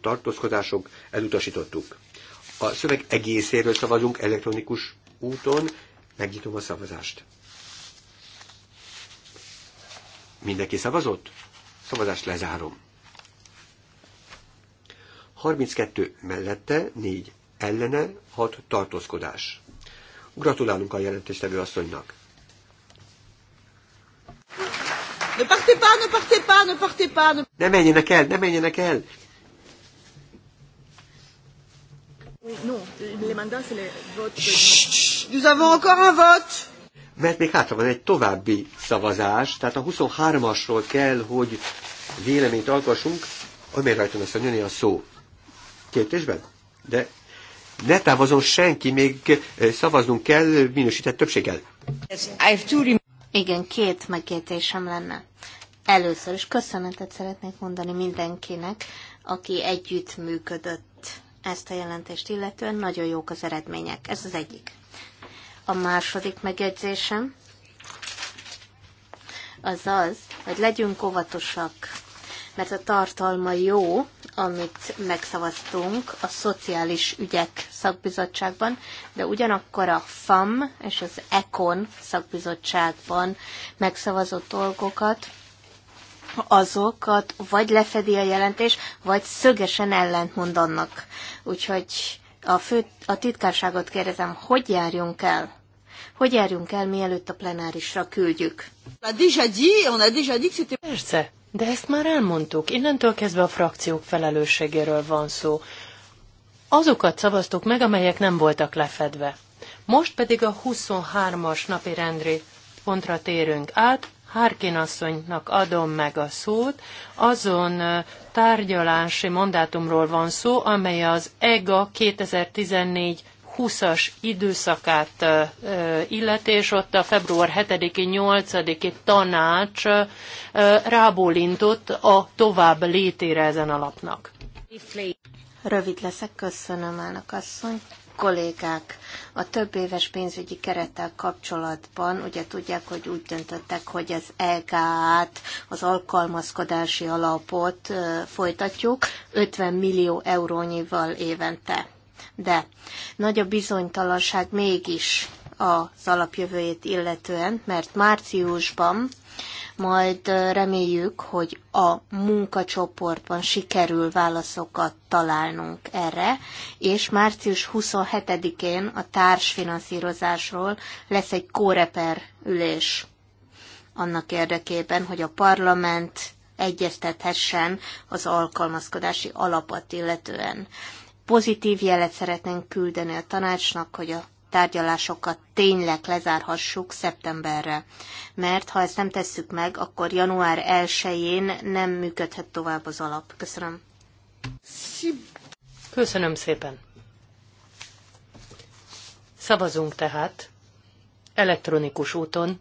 tartózkodások elutasítottuk. A szöveg egészéről szavazunk elektronikus úton, megnyitom a szavazást. Mindenki szavazott? Szavazást lezárom. 32 mellette, 4 ellene, 6 tartózkodás. Gratulálunk a jelentéstevő asszonynak. Ne partez pas, ne partez pas, ne partez pas. Ne... ne menjenek el, ne menjenek el. Nous avons encore un vote. Mert még hátra van egy további szavazás, tehát a 23-asról kell, hogy véleményt alkossunk, amely rajta lesz a a szó. Kérdésben? De ne távozon senki, még eh, szavaznunk kell minősített többséggel. Igen, két megjegyzésem lenne. Először is köszönetet szeretnék mondani mindenkinek, aki együtt működött ezt a jelentést illetően. Nagyon jók az eredmények. Ez az egyik. A második megjegyzésem az az, hogy legyünk óvatosak, mert a tartalma jó, amit megszavaztunk a Szociális Ügyek Szakbizottságban, de ugyanakkor a FAM és az ECON Szakbizottságban megszavazott dolgokat, azokat vagy lefedi a jelentés, vagy szögesen ellentmond annak. Úgyhogy a, fő, a titkárságot kérdezem, hogy járjunk el? Hogy járjunk el, mielőtt a plenárisra küldjük? Persze, de ezt már elmondtuk. Innentől kezdve a frakciók felelősségéről van szó. Azokat szavaztuk meg, amelyek nem voltak lefedve. Most pedig a 23-as napi rendri pontra térünk át. Hárkin asszonynak adom meg a szót. Azon tárgyalási mandátumról van szó, amely az EGA 2014 20-as időszakát illeti, és ott a február 7-i, 8-i tanács rábólintott a tovább létére ezen a lapnak. Rövid leszek, köszönöm elnök asszony. Kollégák, a több éves pénzügyi kerettel kapcsolatban ugye tudják, hogy úgy döntöttek, hogy az EGA-t, az alkalmazkodási alapot folytatjuk 50 millió eurónyival évente de nagy a bizonytalanság mégis az alapjövőjét illetően, mert márciusban majd reméljük, hogy a munkacsoportban sikerül válaszokat találnunk erre, és március 27-én a társfinanszírozásról lesz egy kóreper ülés annak érdekében, hogy a parlament egyeztethessen az alkalmazkodási alapot illetően pozitív jelet szeretnénk küldeni a tanácsnak, hogy a tárgyalásokat tényleg lezárhassuk szeptemberre. Mert ha ezt nem tesszük meg, akkor január 1-én nem működhet tovább az alap. Köszönöm. Köszönöm szépen. Szavazunk tehát elektronikus úton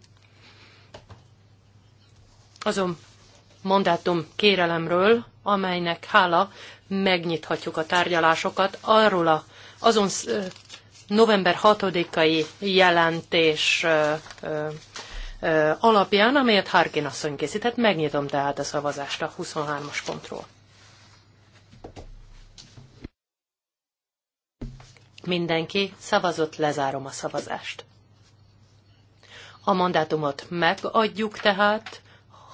azon mandátum kérelemről, amelynek hála megnyithatjuk a tárgyalásokat arról a, azon november 6-ai jelentés alapján, amelyet Harkin asszony készített. Megnyitom tehát a szavazást a 23-as pontról. Mindenki szavazott, lezárom a szavazást. A mandátumot megadjuk tehát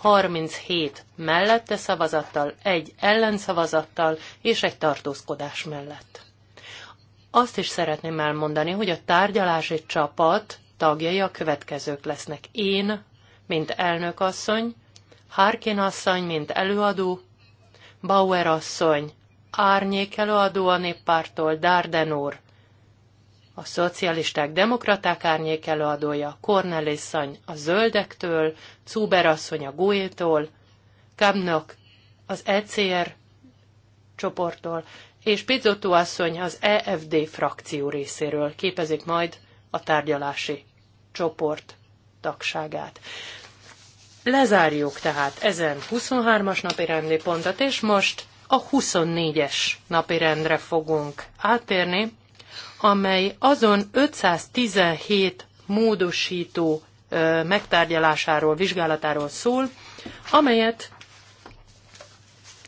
37 mellette szavazattal, egy ellenszavazattal és egy tartózkodás mellett. Azt is szeretném elmondani, hogy a tárgyalási csapat tagjai a következők lesznek. Én, mint elnökasszony, Harkin asszony, mint előadó, Bauer asszony, árnyék előadó a néppártól, Darden úr, a szocialisták demokraták árnyék előadója, Cornelis a zöldektől, Cúber asszony a gue Kamnok az ECR csoporttól, és Pizzotto asszony az EFD frakció részéről képezik majd a tárgyalási csoport tagságát. Lezárjuk tehát ezen 23-as napi rendi pontot, és most a 24-es napi rendre fogunk átérni amely azon 517 módosító megtárgyalásáról, vizsgálatáról szól, amelyet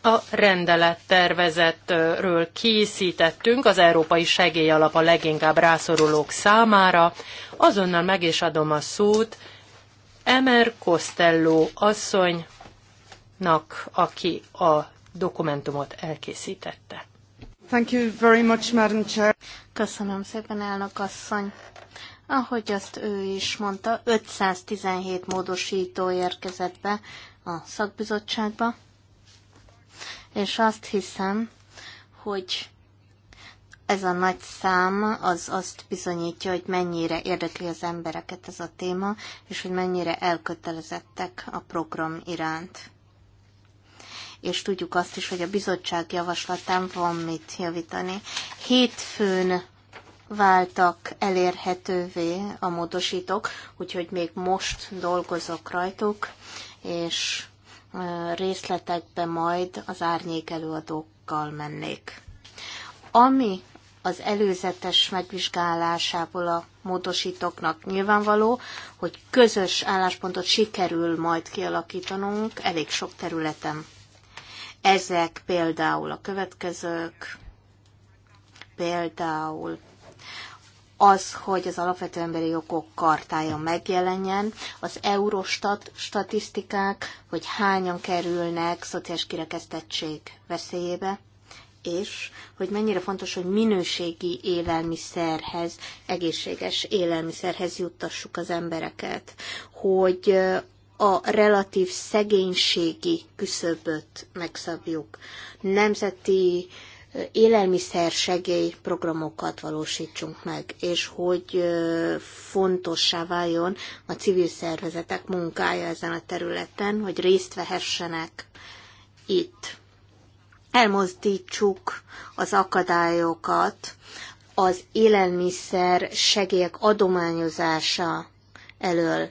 a rendelettervezetről készítettünk az Európai Segélyalap a leginkább rászorulók számára. Azonnal meg is adom a szót Emer Costello asszonynak, aki a dokumentumot elkészítette. Thank you very much, Madam Chair. Köszönöm szépen, elnök asszony. Ahogy azt ő is mondta, 517 módosító érkezett be a szakbizottságba, és azt hiszem, hogy ez a nagy szám az azt bizonyítja, hogy mennyire érdekli az embereket ez a téma, és hogy mennyire elkötelezettek a program iránt és tudjuk azt is, hogy a bizottság javaslatán van mit javítani. Hétfőn váltak elérhetővé a módosítók, úgyhogy még most dolgozok rajtuk, és részletekbe majd az árnyék előadókkal mennék. Ami az előzetes megvizsgálásából a módosítóknak nyilvánvaló, hogy közös álláspontot sikerül majd kialakítanunk elég sok területen. Ezek például a következők, például az, hogy az alapvető emberi jogok kartája megjelenjen, az Eurostat statisztikák, hogy hányan kerülnek szociális kirekesztettség veszélyébe, és hogy mennyire fontos, hogy minőségi élelmiszerhez, egészséges élelmiszerhez juttassuk az embereket, hogy a relatív szegénységi küszöböt megszabjuk, nemzeti élelmiszer programokat valósítsunk meg, és hogy fontossá váljon a civil szervezetek munkája ezen a területen, hogy részt vehessenek itt. Elmozdítsuk az akadályokat az élelmiszer segélyek adományozása elől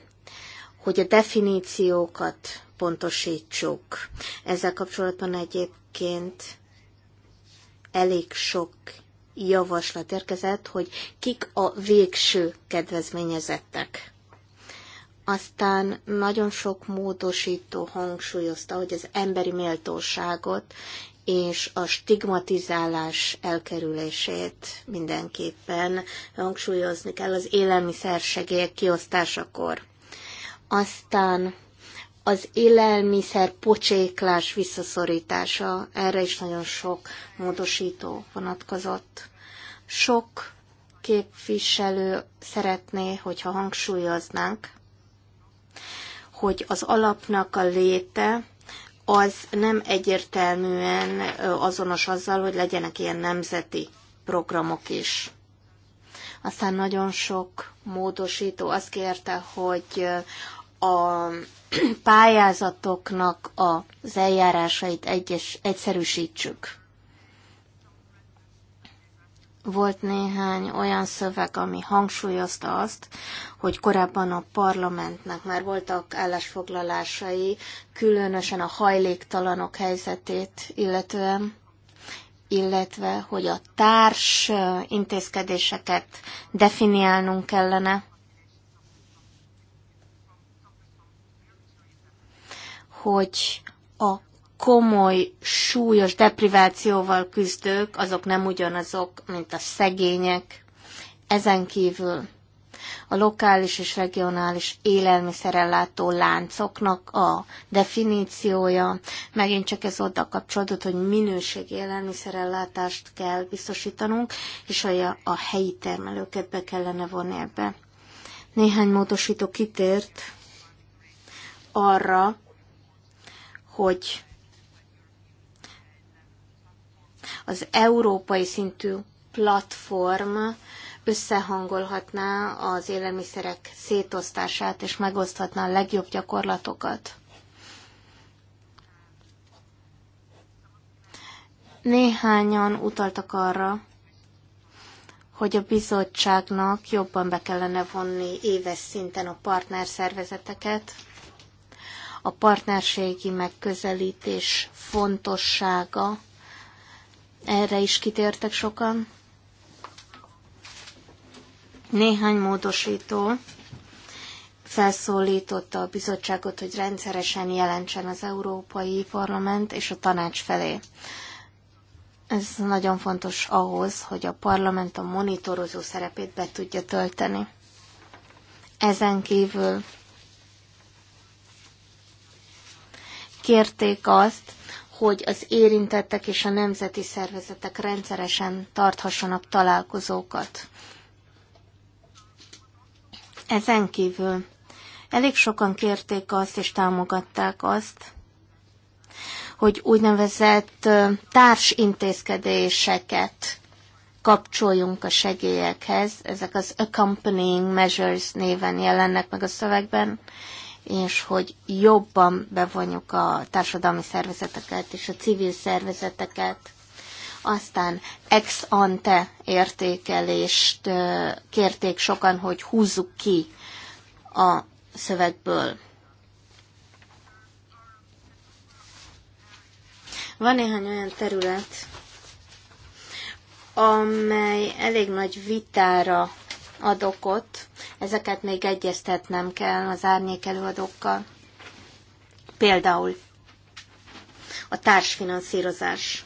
hogy a definíciókat pontosítsuk. Ezzel kapcsolatban egyébként elég sok javaslat érkezett, hogy kik a végső kedvezményezettek. Aztán nagyon sok módosító hangsúlyozta, hogy az emberi méltóságot és a stigmatizálás elkerülését mindenképpen hangsúlyozni kell az élelmiszersegélyek kiosztásakor. Aztán az élelmiszer pocséklás visszaszorítása, erre is nagyon sok módosító vonatkozott. Sok képviselő szeretné, hogyha hangsúlyoznánk, hogy az alapnak a léte az nem egyértelműen azonos azzal, hogy legyenek ilyen nemzeti programok is. Aztán nagyon sok módosító azt kérte, hogy a [clears throat] pályázatoknak az eljárásait egyes, egyszerűsítsük. Volt néhány olyan szöveg, ami hangsúlyozta azt, hogy korábban a parlamentnek már voltak állásfoglalásai, különösen a hajléktalanok helyzetét illetően, illetve hogy a társ intézkedéseket definiálnunk kellene hogy a komoly, súlyos deprivációval küzdők, azok nem ugyanazok, mint a szegények. Ezen kívül a lokális és regionális élelmiszerellátó láncoknak a definíciója. Megint csak ez oda kapcsolódott, hogy minőségi élelmiszerellátást kell biztosítanunk, és hogy a, a helyi termelőket be kellene vonni ebbe. Néhány módosító kitért arra, hogy az európai szintű platform összehangolhatná az élelmiszerek szétosztását, és megoszthatná a legjobb gyakorlatokat. Néhányan utaltak arra, hogy a bizottságnak jobban be kellene vonni éves szinten a partnerszervezeteket, a partnerségi megközelítés fontossága. Erre is kitértek sokan. Néhány módosító felszólította a bizottságot, hogy rendszeresen jelentsen az Európai Parlament és a tanács felé. Ez nagyon fontos ahhoz, hogy a parlament a monitorozó szerepét be tudja tölteni. Ezen kívül kérték azt, hogy az érintettek és a nemzeti szervezetek rendszeresen tarthassanak találkozókat. Ezen kívül elég sokan kérték azt és támogatták azt, hogy úgynevezett társintézkedéseket kapcsoljunk a segélyekhez. Ezek az accompanying measures néven jelennek meg a szövegben, és hogy jobban bevonjuk a társadalmi szervezeteket és a civil szervezeteket. Aztán ex ante értékelést kérték sokan, hogy húzzuk ki a szövegből. Van néhány olyan terület, amely elég nagy vitára adokot Ezeket még egyeztetnem kell az árnyék előadókkal. Például a társfinanszírozás.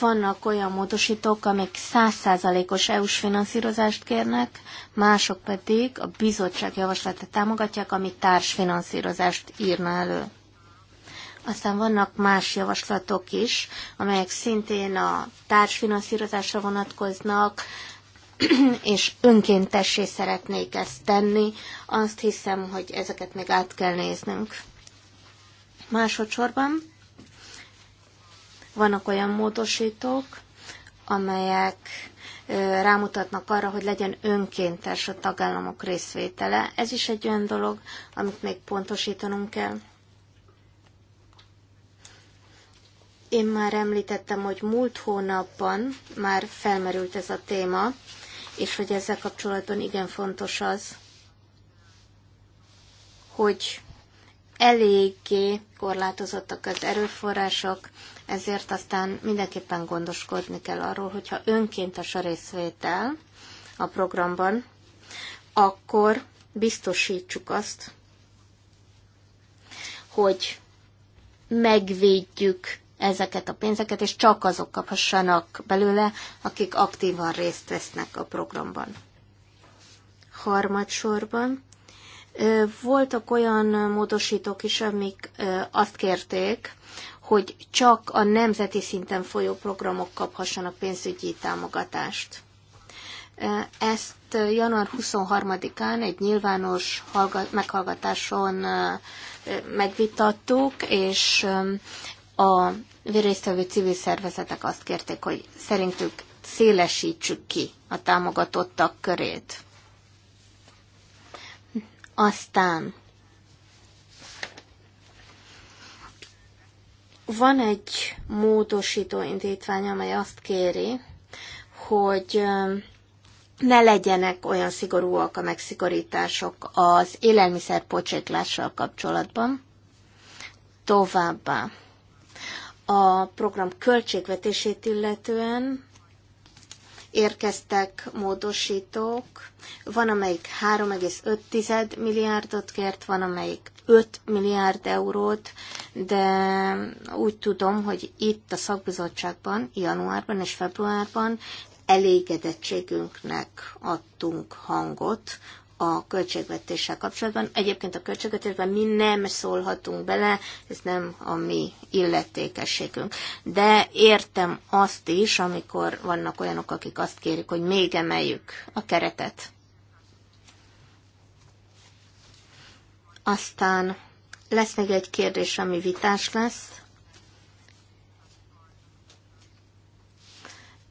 Vannak olyan módosítók, amik százszázalékos EU-s finanszírozást kérnek, mások pedig a bizottság javaslatát támogatják, ami társfinanszírozást írna elő. Aztán vannak más javaslatok is, amelyek szintén a társfinanszírozásra vonatkoznak, [clears throat] és önkéntessé szeretnék ezt tenni, azt hiszem, hogy ezeket még át kell néznünk. Másodszorban vannak olyan módosítók, amelyek rámutatnak arra, hogy legyen önkéntes a tagállamok részvétele. Ez is egy olyan dolog, amit még pontosítanunk kell. Én már említettem, hogy múlt hónapban már felmerült ez a téma, és hogy ezzel kapcsolatban igen fontos az, hogy eléggé korlátozottak az erőforrások, ezért aztán mindenképpen gondoskodni kell arról, hogyha önkéntes a részvétel a programban, akkor biztosítsuk azt, hogy megvédjük ezeket a pénzeket, és csak azok kaphassanak belőle, akik aktívan részt vesznek a programban. Harmadsorban voltak olyan módosítók is, amik azt kérték, hogy csak a nemzeti szinten folyó programok kaphassanak pénzügyi támogatást. Ezt január 23-án egy nyilvános meghallgatáson megvitattuk, és a vérésztevő civil szervezetek azt kérték, hogy szerintük szélesítsük ki a támogatottak körét. Aztán van egy módosító indítvány, amely azt kéri, hogy um, ne legyenek olyan szigorúak a megszigorítások az élelmiszer pocséklással kapcsolatban. Továbbá a program költségvetését illetően érkeztek módosítók, van amelyik 3,5 milliárdot kért, van amelyik 5 milliárd eurót, de úgy tudom, hogy itt a szakbizottságban, januárban és februárban elégedettségünknek adtunk hangot a költségvetéssel kapcsolatban. Egyébként a költségvetésben mi nem szólhatunk bele, ez nem a mi illetékességünk. De értem azt is, amikor vannak olyanok, akik azt kérik, hogy még emeljük a keretet. Aztán lesz még egy kérdés, ami vitás lesz.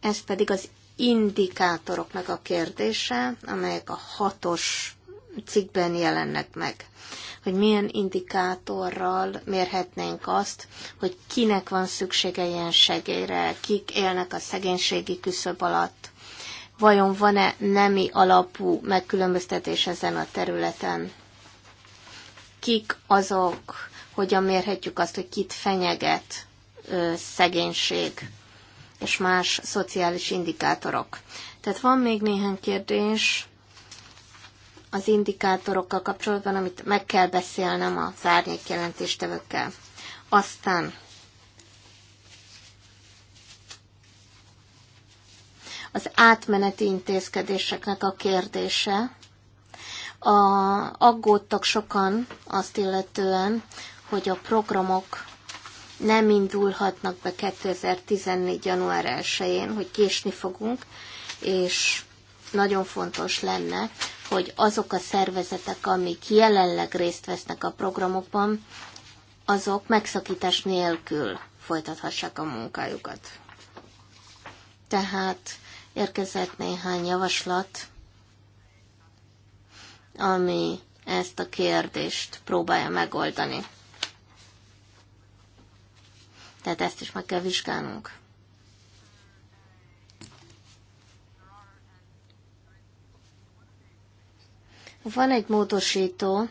Ez pedig az indikátoroknak a kérdése, amelyek a hatos cikkben jelennek meg. Hogy milyen indikátorral mérhetnénk azt, hogy kinek van szüksége ilyen segélyre, kik élnek a szegénységi küszöb alatt, vajon van-e nemi alapú megkülönböztetés ezen a területen, kik azok, hogyan mérhetjük azt, hogy kit fenyeget ö, szegénység és más szociális indikátorok. Tehát van még néhány kérdés az indikátorokkal kapcsolatban, amit meg kell beszélnem a árnyék jelentéstevőkkel. Aztán az átmeneti intézkedéseknek a kérdése. A, aggódtak sokan azt illetően, hogy a programok nem indulhatnak be 2014. január 1-én, hogy késni fogunk, és nagyon fontos lenne, hogy azok a szervezetek, amik jelenleg részt vesznek a programokban, azok megszakítás nélkül folytathassák a munkájukat. Tehát érkezett néhány javaslat, ami ezt a kérdést próbálja megoldani. Tehát ezt is meg kell vizsgálnunk. Van egy módosító,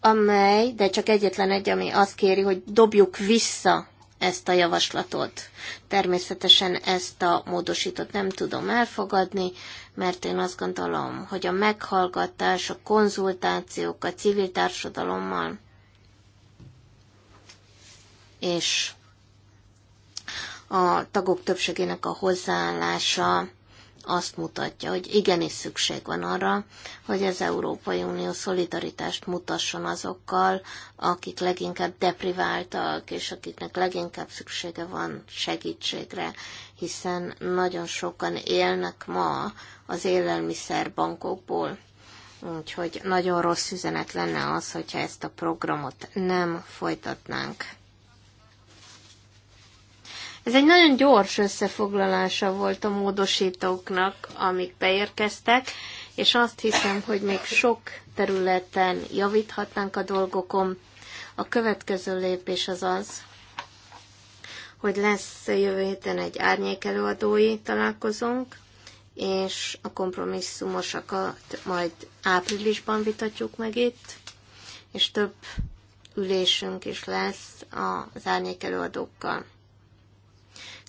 amely, de csak egyetlen egy, ami azt kéri, hogy dobjuk vissza ezt a javaslatot. Természetesen ezt a módosítót nem tudom elfogadni, mert én azt gondolom, hogy a meghallgatás, a konzultációk a civil társadalommal és a tagok többségének a hozzáállása azt mutatja, hogy igenis szükség van arra, hogy az Európai Unió szolidaritást mutasson azokkal, akik leginkább depriváltak, és akiknek leginkább szüksége van segítségre, hiszen nagyon sokan élnek ma az élelmiszerbankokból. Úgyhogy nagyon rossz üzenet lenne az, hogyha ezt a programot nem folytatnánk. Ez egy nagyon gyors összefoglalása volt a módosítóknak, amik beérkeztek, és azt hiszem, hogy még sok területen javíthatnánk a dolgokon. A következő lépés az az, hogy lesz jövő héten egy árnyékelőadói találkozónk, és a kompromisszumosakat majd áprilisban vitatjuk meg itt, és több ülésünk is lesz az árnyékelőadókkal.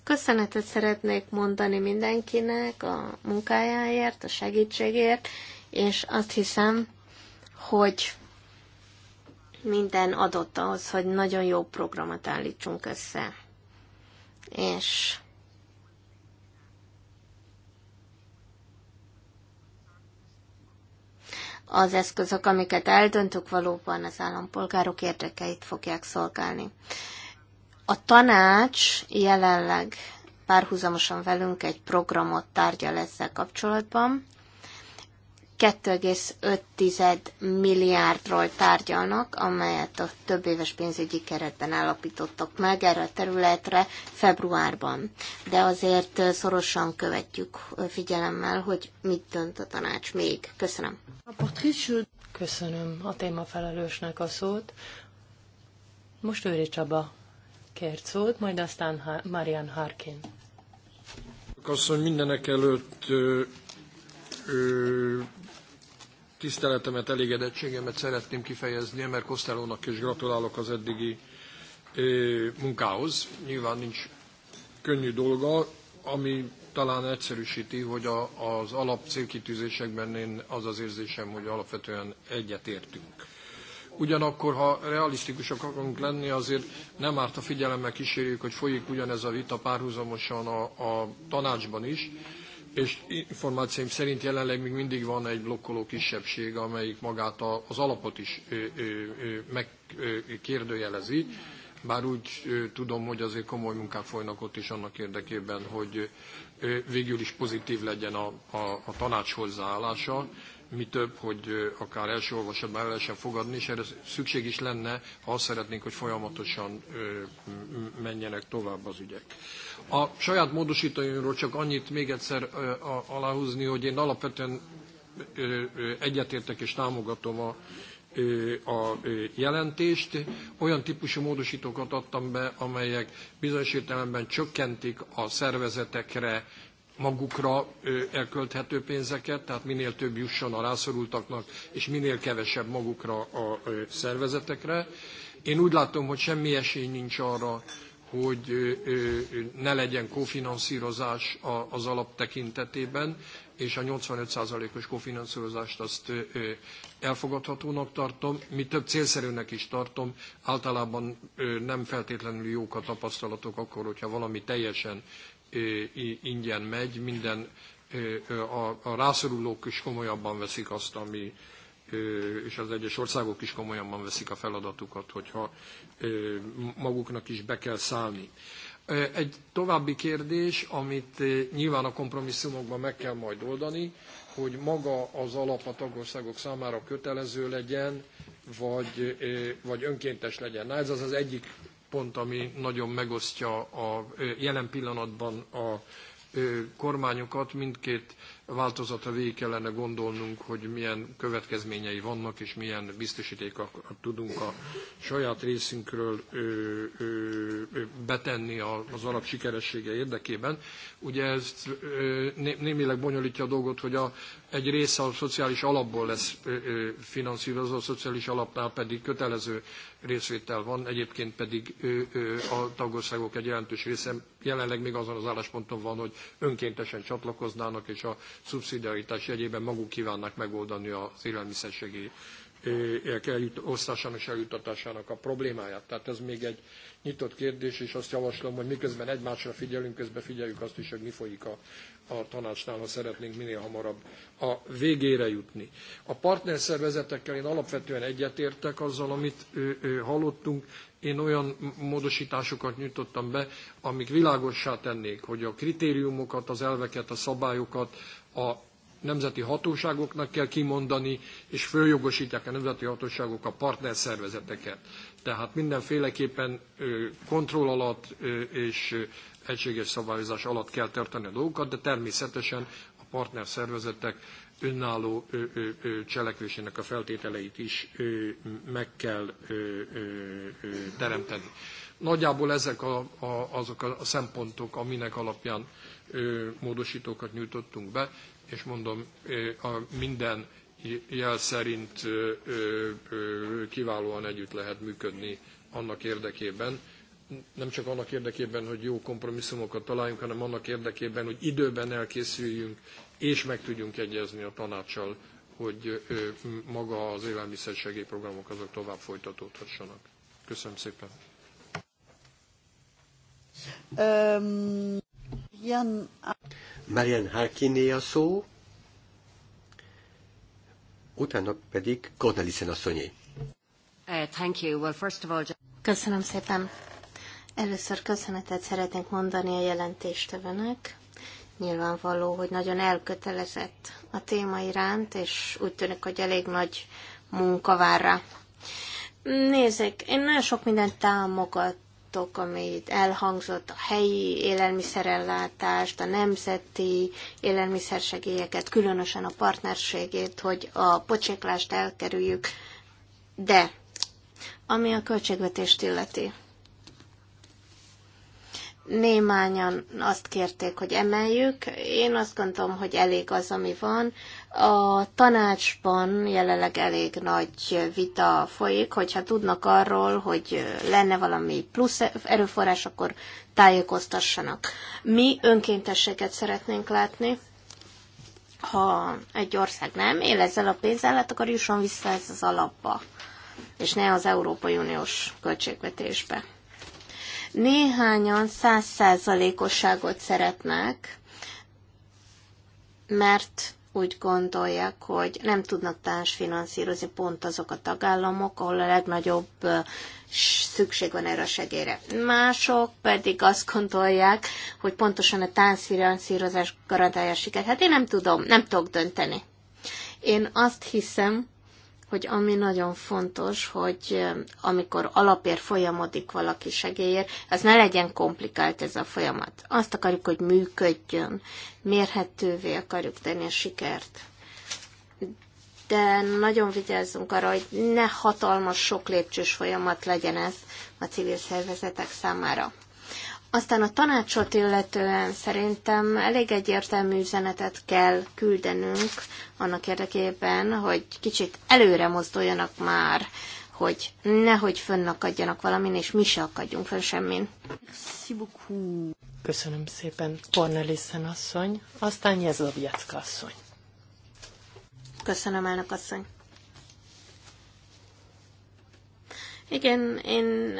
Köszönetet szeretnék mondani mindenkinek a munkájáért, a segítségért, és azt hiszem, hogy minden adott ahhoz, hogy nagyon jó programot állítsunk össze. És az eszközök, amiket eldöntök, valóban az állampolgárok érdekeit fogják szolgálni. A tanács jelenleg párhuzamosan velünk egy programot tárgyal ezzel kapcsolatban. 2,5 milliárdról tárgyalnak, amelyet a több éves pénzügyi keretben állapítottak meg erre a területre februárban. De azért szorosan követjük figyelemmel, hogy mit dönt a tanács még. Köszönöm. Köszönöm a témafelelősnek a szót. Most Őri Csaba kért szót, majd aztán Marian Harkin. Asszony, mindenek előtt ö, ö, tiszteletemet, elégedettségemet szeretném kifejezni, mert Kosztálónak is gratulálok az eddigi ö, munkához. Nyilván nincs könnyű dolga, ami talán egyszerűsíti, hogy a, az alap célkitűzésekben én az az érzésem, hogy alapvetően egyetértünk. Ugyanakkor, ha realisztikusak akarunk lenni, azért nem árt a figyelemmel kísérjük, hogy folyik ugyanez a vita párhuzamosan a, a tanácsban is, és információim szerint jelenleg még mindig van egy blokkoló kisebbség, amelyik magát a, az alapot is megkérdőjelezi, bár úgy tudom, hogy azért komoly munkák folynak ott is annak érdekében, hogy végül is pozitív legyen a, a, a tanács hozzáállása, mi több, hogy akár első olvasatban el lehessen fogadni, és erre szükség is lenne, ha azt szeretnénk, hogy folyamatosan menjenek tovább az ügyek. A saját módosítóimról csak annyit még egyszer aláhúzni, hogy én alapvetően egyetértek és támogatom a, a jelentést. Olyan típusú módosítókat adtam be, amelyek bizonyos értelemben csökkentik a szervezetekre magukra elkölthető pénzeket, tehát minél több jusson a rászorultaknak, és minél kevesebb magukra a szervezetekre. Én úgy látom, hogy semmi esély nincs arra, hogy ne legyen kofinanszírozás az alap tekintetében, és a 85%-os kofinanszírozást azt elfogadhatónak tartom, mi több célszerűnek is tartom, általában nem feltétlenül jók a tapasztalatok akkor, hogyha valami teljesen ingyen megy, minden a, a rászorulók is komolyabban veszik azt, ami, és az egyes országok is komolyabban veszik a feladatukat, hogyha maguknak is be kell szállni. Egy további kérdés, amit nyilván a kompromisszumokban meg kell majd oldani, hogy maga az alap a tagországok számára kötelező legyen, vagy, vagy önkéntes legyen. Na ez az az egyik pont, ami nagyon megosztja a jelen pillanatban a kormányokat, mindkét változata végig kellene gondolnunk, hogy milyen következményei vannak, és milyen biztosítékokat tudunk a saját részünkről ö, ö, betenni az alap sikeressége érdekében. Ugye ez némileg bonyolítja a dolgot, hogy a, egy része a szociális alapból lesz finanszírozó, a szociális alapnál pedig kötelező részvétel van, egyébként pedig a tagországok egy jelentős része jelenleg még azon az állásponton van, hogy önkéntesen csatlakoznának, és a szubszidiaritás jegyében maguk kívánnak megoldani az élelmiszerségi osztásának és eljutatásának a problémáját. Tehát ez még egy nyitott kérdés, és azt javaslom, hogy miközben egymásra figyelünk, közben figyeljük azt is, hogy mi folyik a, a tanácsnál, ha szeretnénk minél hamarabb a végére jutni. A partnerszervezetekkel én alapvetően egyetértek azzal, amit ő, ő, hallottunk. Én olyan módosításokat nyújtottam be, amik világossá tennék, hogy a kritériumokat, az elveket, a szabályokat a nemzeti hatóságoknak kell kimondani, és följogosítják a nemzeti hatóságok a partnerszervezeteket. Tehát mindenféleképpen kontroll alatt és egységes szabályozás alatt kell tartani a dolgokat, de természetesen a partnerszervezetek önálló cselekvésének a feltételeit is meg kell teremteni. Nagyjából ezek a, a, azok a szempontok, aminek alapján módosítókat nyújtottunk be, és mondom, a minden jel szerint kiválóan együtt lehet működni annak érdekében, nem csak annak érdekében, hogy jó kompromisszumokat találjunk, hanem annak érdekében, hogy időben elkészüljünk, és meg tudjunk egyezni a tanácssal, hogy maga az segélyprogramok azok tovább folytatódhassanak. Köszönöm szépen. Um... Marian... Harkiné a szó, utána pedig Cornelissen a Uh, thank you. Well, first of all... Köszönöm szépen. Először köszönetet szeretnék mondani a jelentéstevőnek. Nyilvánvaló, hogy nagyon elkötelezett a téma iránt, és úgy tűnik, hogy elég nagy munka vár rá. Nézzék, én nagyon sok mindent támogat gondolatok, amit elhangzott, a helyi élelmiszerellátást, a nemzeti élelmiszersegélyeket, különösen a partnerségét, hogy a pocséklást elkerüljük. De, ami a költségvetést illeti, némányan azt kérték, hogy emeljük. Én azt gondolom, hogy elég az, ami van. A tanácsban jelenleg elég nagy vita folyik, hogyha tudnak arról, hogy lenne valami plusz erőforrás, akkor tájékoztassanak. Mi önkéntességet szeretnénk látni, ha egy ország nem él ezzel a pénzzel, hát akkor jusson vissza ez az alapba, és ne az Európai Uniós költségvetésbe. Néhányan százszázalékosságot szeretnek, mert úgy gondolják, hogy nem tudnak társfinanszírozni pont azok a tagállamok, ahol a legnagyobb szükség van erre a segélyre. Mások pedig azt gondolják, hogy pontosan a társfinanszírozás garantálja sikert. Hát én nem tudom, nem tudok dönteni. Én azt hiszem, hogy ami nagyon fontos, hogy amikor alapért folyamodik valaki segélyért, az ne legyen komplikált ez a folyamat. Azt akarjuk, hogy működjön, mérhetővé akarjuk tenni a sikert. De nagyon vigyázzunk arra, hogy ne hatalmas sok lépcsős folyamat legyen ez a civil szervezetek számára. Aztán a tanácsot illetően szerintem elég egyértelmű üzenetet kell küldenünk annak érdekében, hogy kicsit előre mozduljanak már, hogy nehogy fönnakadjanak valamin, és mi se akadjunk fel semmin. Köszönöm szépen, Cornelissen asszony, aztán Jezlovjecka asszony. Köszönöm, elnök asszony. Igen, én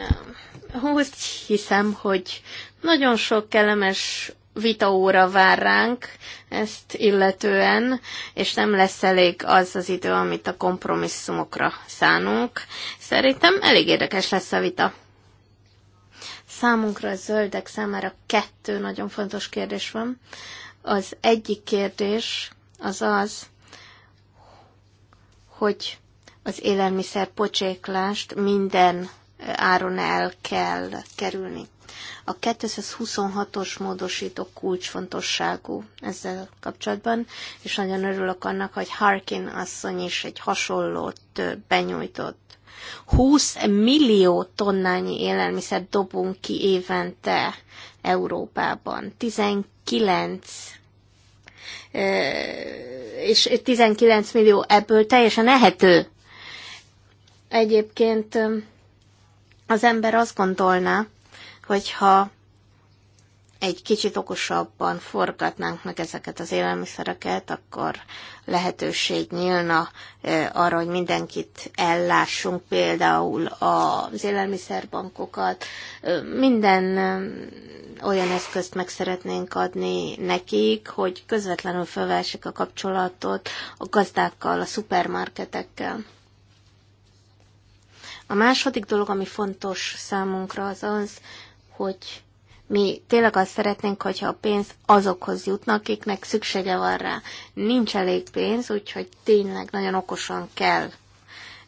úgy eh, hiszem, hogy nagyon sok kellemes vitaóra vár ránk ezt illetően, és nem lesz elég az az idő, amit a kompromisszumokra szánunk. Szerintem elég érdekes lesz a vita. Számunkra a zöldek számára kettő nagyon fontos kérdés van. Az egyik kérdés az az, hogy az élelmiszer pocséklást minden áron el kell kerülni. A 226-os módosító kulcsfontosságú ezzel kapcsolatban, és nagyon örülök annak, hogy Harkin asszony is egy hasonlót benyújtott. 20 millió tonnányi élelmiszert dobunk ki évente Európában. 19 és 19 millió ebből teljesen ehető Egyébként az ember azt gondolná, hogyha egy kicsit okosabban forgatnánk meg ezeket az élelmiszereket, akkor lehetőség nyílna arra, hogy mindenkit ellássunk, például az élelmiszerbankokat. Minden olyan eszközt meg szeretnénk adni nekik, hogy közvetlenül felvessék a kapcsolatot a gazdákkal, a szupermarketekkel. A második dolog, ami fontos számunkra, az az, hogy mi tényleg azt szeretnénk, hogyha a pénz azokhoz jutna, akiknek szüksége van rá. Nincs elég pénz, úgyhogy tényleg nagyon okosan kell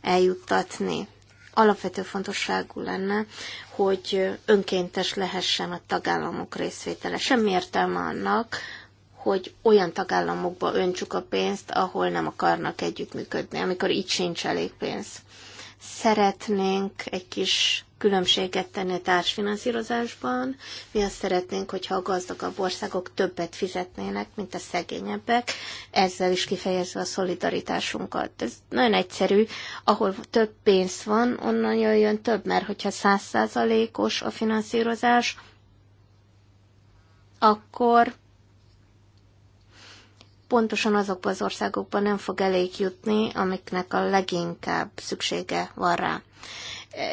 eljuttatni. Alapvető fontosságú lenne, hogy önkéntes lehessen a tagállamok részvétele. Semmi értelme annak, hogy olyan tagállamokba öntsük a pénzt, ahol nem akarnak együttműködni, amikor így sincs elég pénz szeretnénk egy kis különbséget tenni a társfinanszírozásban. Mi azt szeretnénk, hogyha a gazdagabb országok többet fizetnének, mint a szegényebbek, ezzel is kifejezve a szolidaritásunkat. Ez nagyon egyszerű, ahol több pénz van, onnan jöjjön több, mert hogyha százszázalékos a finanszírozás, akkor pontosan azokban az országokban nem fog elég jutni, amiknek a leginkább szüksége van rá.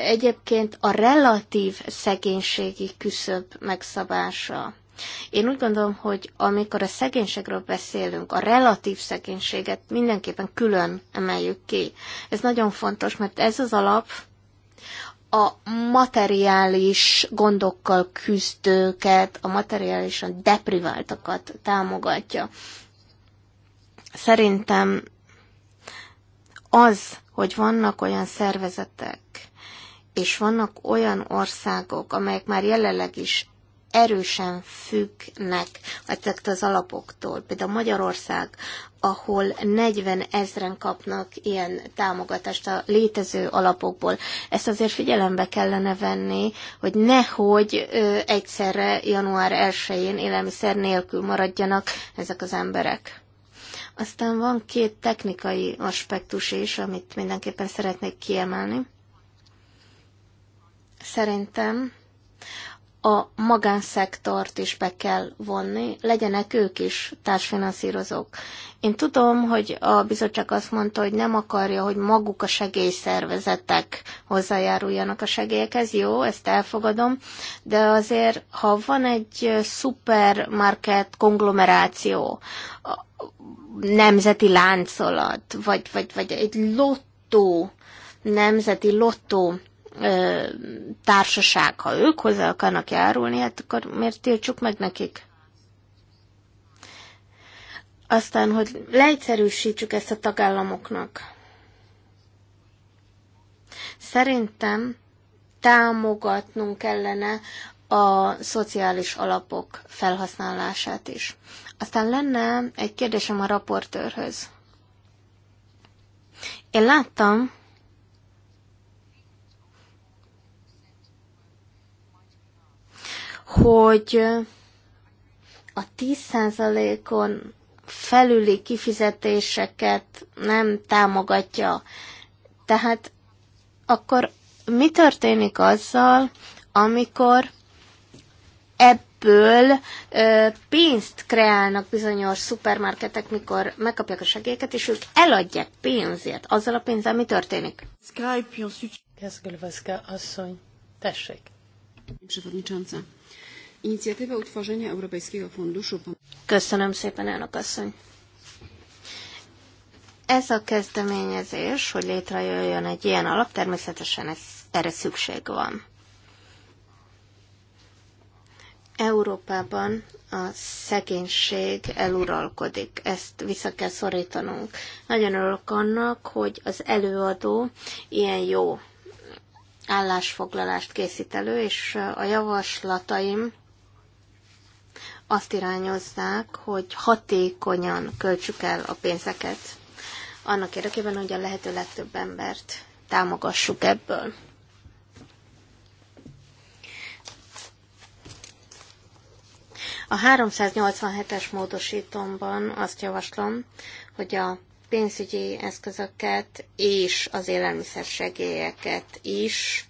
Egyébként a relatív szegénységi küszöb megszabása. Én úgy gondolom, hogy amikor a szegénységről beszélünk, a relatív szegénységet mindenképpen külön emeljük ki. Ez nagyon fontos, mert ez az alap, a materiális gondokkal küzdőket, a materiálisan depriváltakat támogatja. Szerintem az, hogy vannak olyan szervezetek, és vannak olyan országok, amelyek már jelenleg is erősen függnek ezeket az alapoktól. Például Magyarország, ahol 40 ezren kapnak ilyen támogatást a létező alapokból. Ezt azért figyelembe kellene venni, hogy nehogy ö, egyszerre január 1-én élelmiszer nélkül maradjanak ezek az emberek. Aztán van két technikai aspektus is, amit mindenképpen szeretnék kiemelni. Szerintem a magánszektort is be kell vonni, legyenek ők is társfinanszírozók. Én tudom, hogy a bizottság azt mondta, hogy nem akarja, hogy maguk a segélyszervezetek hozzájáruljanak a segélyekhez. Jó, ezt elfogadom, de azért, ha van egy szupermarket konglomeráció, nemzeti láncolat, vagy, vagy, vagy egy lottó, nemzeti lottó ö, társaság, ha ők hozzá akarnak járulni, hát akkor miért tiltsuk meg nekik? Aztán, hogy leegyszerűsítsük ezt a tagállamoknak. Szerintem támogatnunk kellene a szociális alapok felhasználását is. Aztán lenne egy kérdésem a raportőrhöz. Én láttam, hogy a 10%-on felüli kifizetéseket nem támogatja. Tehát akkor mi történik azzal, amikor ebb ebből ö, pénzt kreálnak bizonyos szupermarketek, mikor megkapják a segélyeket, és ők eladják pénzért, azzal a pénzzel mi történik. Keszgölveszke asszony, tessék. Przewodnicząca. Inicjatywa utworzenia Europejskiego Funduszu Köszönöm szépen, elnök asszony. Ez a kezdeményezés, hogy létrejöjjön egy ilyen alap, természetesen ez, erre szükség van Európában a szegénység eluralkodik. Ezt vissza kell szorítanunk. Nagyon örülök annak, hogy az előadó ilyen jó állásfoglalást készít elő, és a javaslataim azt irányozzák, hogy hatékonyan költsük el a pénzeket. Annak érdekében, hogy a lehető legtöbb embert támogassuk ebből. A 387-es módosítomban azt javaslom, hogy a pénzügyi eszközöket és az élelmiszersegélyeket is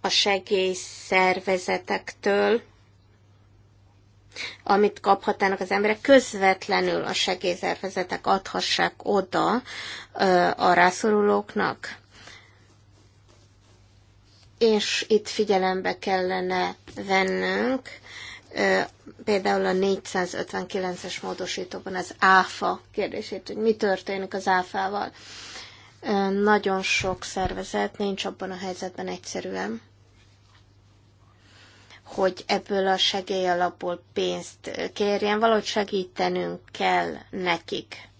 a segélyszervezetektől, amit kaphatnának az emberek, közvetlenül a segélyszervezetek adhassák oda a rászorulóknak és itt figyelembe kellene vennünk például a 459-es módosítóban az ÁFA kérdését, hogy mi történik az ÁFA-val. Nagyon sok szervezet nincs abban a helyzetben egyszerűen, hogy ebből a segélyalapból pénzt kérjen, valahogy segítenünk kell nekik.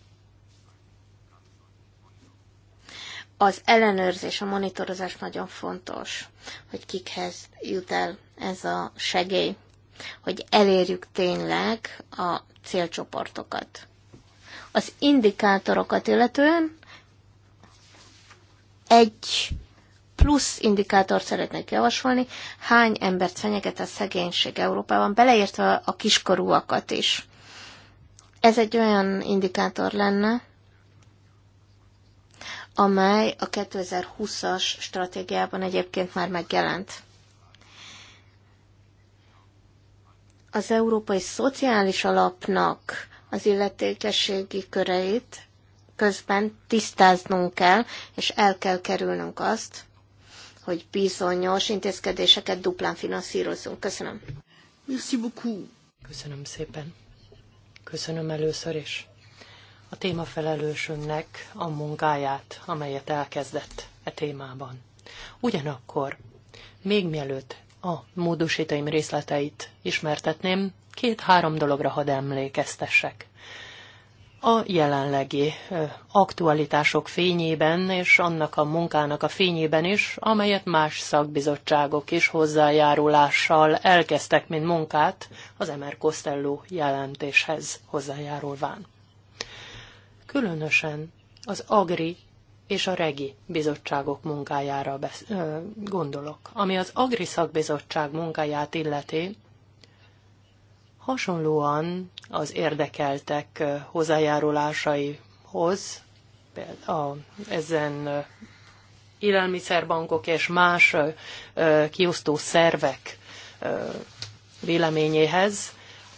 az ellenőrzés, a monitorozás nagyon fontos, hogy kikhez jut el ez a segély, hogy elérjük tényleg a célcsoportokat. Az indikátorokat illetően egy plusz indikátort szeretnék javasolni, hány embert fenyeget a szegénység Európában, beleértve a kiskorúakat is. Ez egy olyan indikátor lenne, amely a 2020-as stratégiában egyébként már megjelent. Az Európai Szociális Alapnak az illetékességi köreit közben tisztáznunk kell, és el kell kerülnünk azt, hogy bizonyos intézkedéseket duplán finanszírozunk. Köszönöm. Merci beaucoup. Köszönöm szépen. Köszönöm először is a témafelelősünknek a munkáját, amelyet elkezdett e témában. Ugyanakkor, még mielőtt a módosítaim részleteit ismertetném, két-három dologra hadd emlékeztessek. A jelenlegi aktualitások fényében és annak a munkának a fényében is, amelyet más szakbizottságok is hozzájárulással elkezdtek, mint munkát az MR Costello jelentéshez hozzájárulván különösen az Agri és a Regi bizottságok munkájára besz- gondolok. Ami az Agri szakbizottság munkáját illeti, hasonlóan az érdekeltek hozzájárulásaihoz, a, ezen élelmiszerbankok és más kiosztó szervek véleményéhez,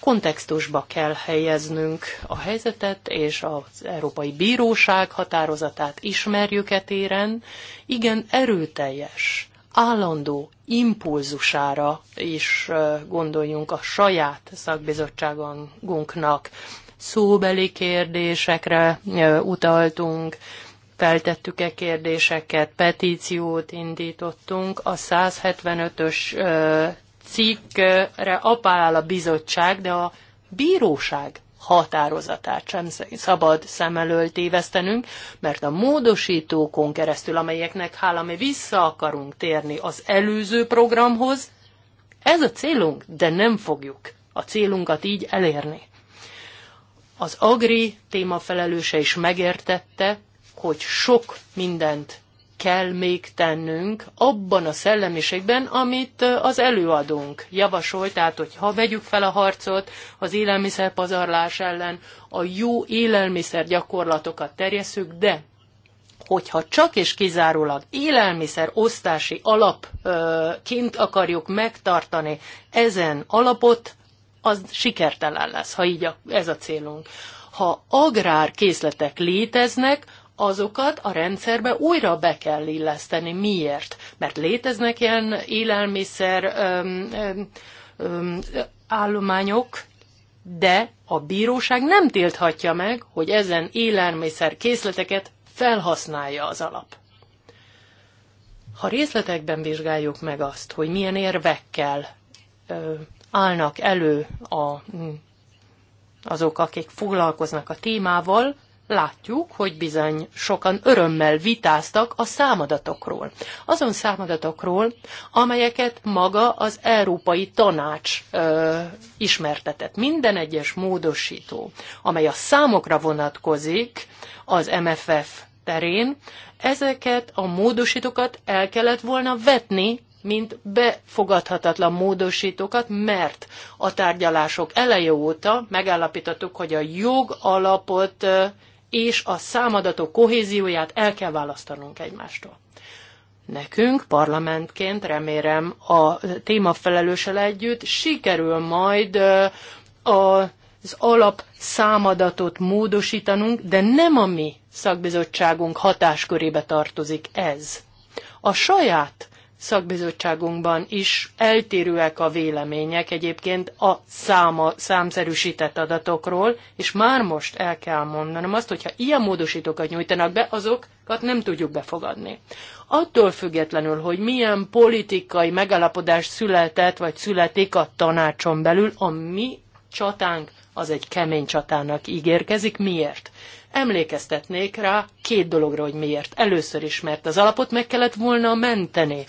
kontextusba kell helyeznünk a helyzetet, és az Európai Bíróság határozatát ismerjük etéren. Igen, erőteljes, állandó impulzusára is gondoljunk a saját szakbizottságunknak. Szóbeli kérdésekre utaltunk, feltettük-e kérdéseket, petíciót indítottunk, a 175-ös cikkre apál a bizottság, de a bíróság határozatát sem szabad szem elől tévesztenünk, mert a módosítókon keresztül, amelyeknek hála mi vissza akarunk térni az előző programhoz, ez a célunk, de nem fogjuk a célunkat így elérni. Az Agri témafelelőse is megértette, hogy sok mindent kell még tennünk abban a szellemiségben, amit az előadónk javasolt, tehát hogy ha vegyük fel a harcot az élelmiszerpazarlás ellen, a jó élelmiszer gyakorlatokat terjesszük, de hogyha csak és kizárólag élelmiszer osztási alapként akarjuk megtartani ezen alapot, az sikertelen lesz, ha így a, ez a célunk. Ha agrárkészletek léteznek, azokat a rendszerbe újra be kell illeszteni. Miért? Mert léteznek ilyen élelmiszer öm, öm, állományok, de a bíróság nem tilthatja meg, hogy ezen élelmiszer készleteket felhasználja az alap. Ha részletekben vizsgáljuk meg azt, hogy milyen érvekkel ö, állnak elő a, azok, akik foglalkoznak a témával, látjuk, hogy bizony sokan örömmel vitáztak a számadatokról. Azon számadatokról, amelyeket maga az Európai Tanács ö, ismertetett. Minden egyes módosító, amely a számokra vonatkozik az MFF terén, ezeket a módosítókat el kellett volna vetni mint befogadhatatlan módosítókat, mert a tárgyalások eleje óta megállapítottuk, hogy a jogalapot és a számadatok kohézióját el kell választanunk egymástól. Nekünk parlamentként remélem a témafelelősel együtt sikerül majd az alap számadatot módosítanunk, de nem a mi szakbizottságunk hatáskörébe tartozik ez. A saját szakbizottságunkban is eltérőek a vélemények egyébként a száma, számszerűsített adatokról, és már most el kell mondanom azt, hogyha ilyen módosítókat nyújtanak be, azokat nem tudjuk befogadni. Attól függetlenül, hogy milyen politikai megalapodás született vagy születik a tanácson belül, a mi csatánk az egy kemény csatának ígérkezik. Miért? Emlékeztetnék rá két dologra, hogy miért. Először is, mert az alapot meg kellett volna menteni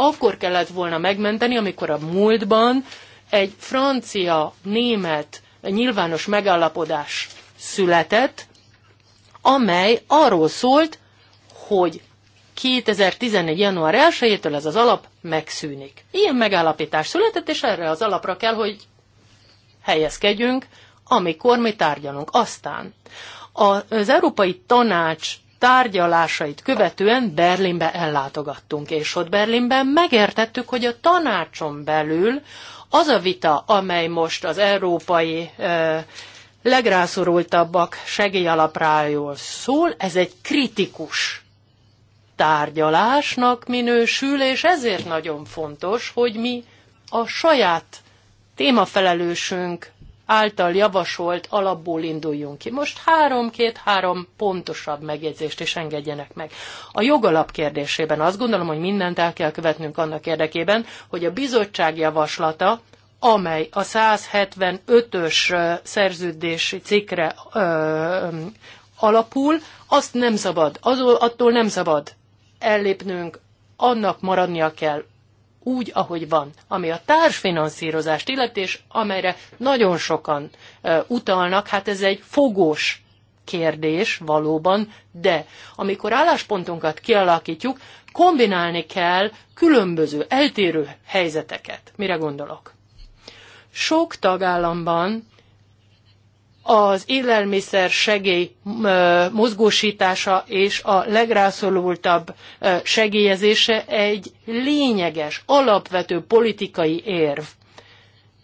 akkor kellett volna megmenteni, amikor a múltban egy francia-német nyilvános megállapodás született, amely arról szólt, hogy 2014. január 1-től ez az alap megszűnik. Ilyen megállapítás született, és erre az alapra kell, hogy helyezkedjünk, amikor mi tárgyalunk. Aztán az Európai Tanács tárgyalásait követően Berlinbe ellátogattunk, és ott Berlinben megértettük, hogy a tanácson belül az a vita, amely most az európai eh, legrászorultabbak segélyalapráról szól, ez egy kritikus tárgyalásnak minősül, és ezért nagyon fontos, hogy mi a saját témafelelősünk által javasolt alapból induljunk ki. Most három-két-három pontosabb megjegyzést is engedjenek meg. A jogalap kérdésében azt gondolom, hogy mindent el kell követnünk annak érdekében, hogy a bizottság javaslata amely a 175-ös szerződési cikkre ö, alapul, azt nem szabad, attól nem szabad ellépnünk, annak maradnia kell úgy, ahogy van, ami a társfinanszírozást illeti, és amelyre nagyon sokan e, utalnak, hát ez egy fogós kérdés valóban, de amikor álláspontunkat kialakítjuk, kombinálni kell különböző, eltérő helyzeteket. Mire gondolok? Sok tagállamban az élelmiszer segély mozgósítása és a legrászorultabb segélyezése egy lényeges, alapvető politikai érv.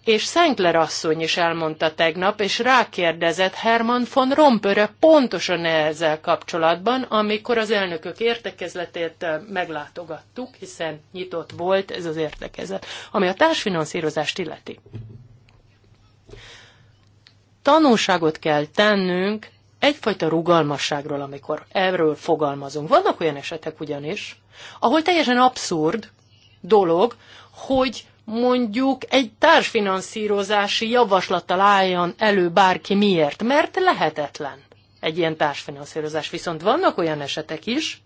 És Szentler asszony is elmondta tegnap, és rákérdezett Herman von Rompöre pontosan ezzel kapcsolatban, amikor az elnökök értekezletét meglátogattuk, hiszen nyitott volt ez az értekezet, ami a társfinanszírozást illeti tanulságot kell tennünk egyfajta rugalmasságról, amikor erről fogalmazunk. Vannak olyan esetek ugyanis, ahol teljesen abszurd dolog, hogy mondjuk egy társfinanszírozási javaslattal álljon elő bárki miért, mert lehetetlen egy ilyen társfinanszírozás. Viszont vannak olyan esetek is,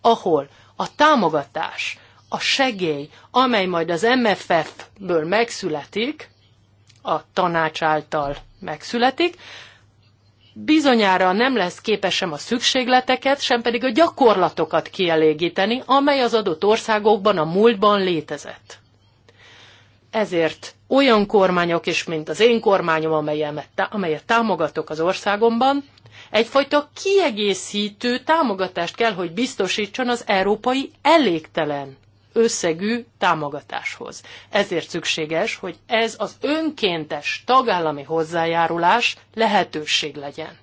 ahol a támogatás, a segély, amely majd az MFF-ből megszületik, a tanács által megszületik, bizonyára nem lesz képes sem a szükségleteket, sem pedig a gyakorlatokat kielégíteni, amely az adott országokban a múltban létezett. Ezért olyan kormányok is, mint az én kormányom, amelyet, amelyet támogatok az országomban, egyfajta kiegészítő támogatást kell, hogy biztosítson az európai elégtelen összegű támogatáshoz. Ezért szükséges, hogy ez az önkéntes tagállami hozzájárulás lehetőség legyen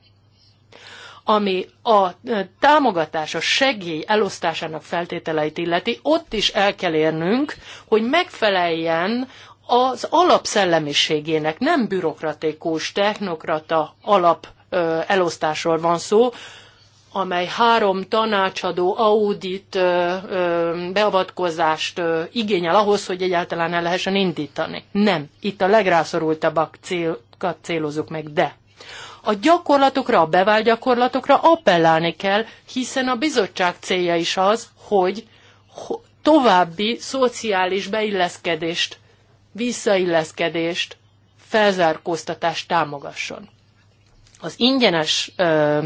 ami a e, támogatás, a segély elosztásának feltételeit illeti, ott is el kell érnünk, hogy megfeleljen az alapszellemiségének, nem bürokratikus, technokrata alap e, elosztásról van szó, amely három tanácsadó audit beavatkozást igényel ahhoz, hogy egyáltalán el lehessen indítani. Nem, itt a legrászorultabbak cél, célozzuk meg, de a gyakorlatokra, a bevált gyakorlatokra appellálni kell, hiszen a bizottság célja is az, hogy további szociális beilleszkedést, visszailleszkedést, felzárkóztatást támogasson az ingyenes ö,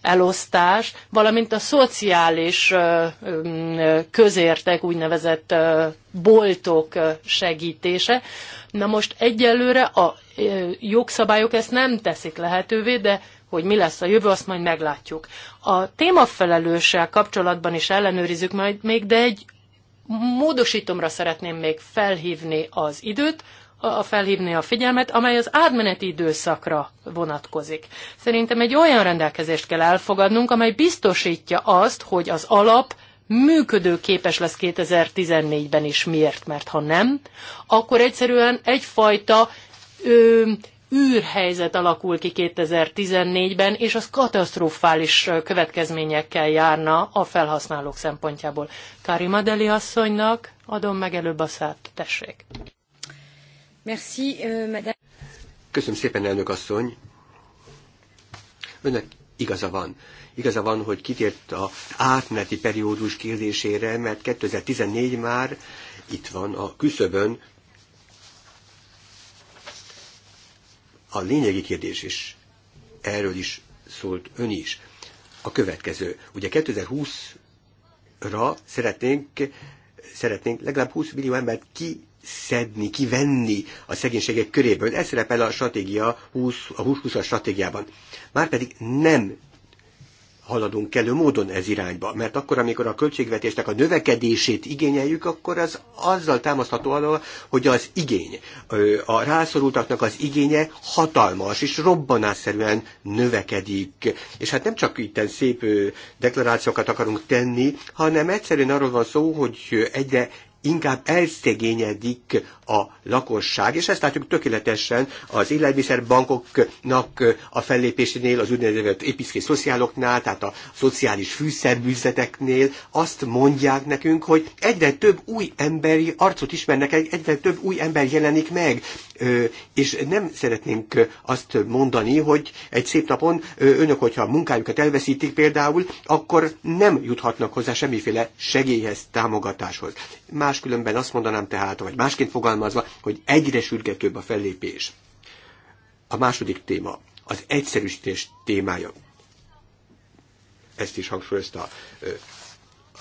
elosztás, valamint a szociális ö, ö, közértek, úgynevezett ö, boltok segítése. Na most egyelőre a ö, jogszabályok ezt nem teszik lehetővé, de hogy mi lesz a jövő, azt majd meglátjuk. A témafelelőssel kapcsolatban is ellenőrizzük majd még, de egy módosítomra szeretném még felhívni az időt, a felhívni a figyelmet, amely az átmeneti időszakra vonatkozik. Szerintem egy olyan rendelkezést kell elfogadnunk, amely biztosítja azt, hogy az alap működőképes lesz 2014-ben is. Miért? Mert ha nem, akkor egyszerűen egyfajta ö, űrhelyzet alakul ki 2014-ben, és az katasztrofális következményekkel járna a felhasználók szempontjából. Karima Madeli asszonynak adom meg előbb a szát, tessék. Euh, Köszönöm szépen, elnök asszony. Önnek igaza van. Igaza van, hogy kitért a átmeneti periódus kérdésére, mert 2014 már itt van a küszöbön a lényegi kérdés is. Erről is szólt ön is. A következő. Ugye 2020-ra szeretnénk, szeretnénk legalább 20 millió embert ki szedni, kivenni a szegénységek köréből. Ez szerepel a stratégia 20, a 2020-as stratégiában. Márpedig nem haladunk kellő módon ez irányba, mert akkor, amikor a költségvetésnek a növekedését igényeljük, akkor az azzal támasztható alá, hogy az igény, a rászorultaknak az igénye hatalmas és robbanásszerűen növekedik. És hát nem csak itten szép deklarációkat akarunk tenni, hanem egyszerűen arról van szó, hogy egyre inkább elszegényedik a lakosság, és ezt látjuk tökéletesen az élelmiszerbankoknak a fellépésénél, az úgynevezett épiszké szociáloknál, tehát a szociális fűszerműzeteknél. Azt mondják nekünk, hogy egyre több új emberi arcot ismernek, egyre több új ember jelenik meg, és nem szeretnénk azt mondani, hogy egy szép napon önök, hogyha a munkájukat elveszítik például, akkor nem juthatnak hozzá semmiféle segélyhez, támogatáshoz. Más Máskülönben azt mondanám tehát, vagy másként fogalmazva, hogy egyre sürgetőbb a fellépés. A második téma, az egyszerűsítés témája. Ezt is hangsúlyozta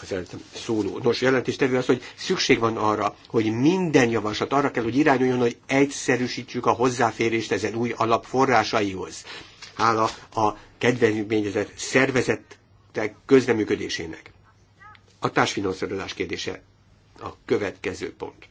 az előttem szóló. Nos, jelentéstevő az, hogy szükség van arra, hogy minden javaslat arra kell, hogy irányuljon, hogy egyszerűsítsük a hozzáférést ezen új alapforrásaihoz. Hála a kedvezményezett szervezetek közreműködésének. A társfinanszírozás kérdése a következő pont.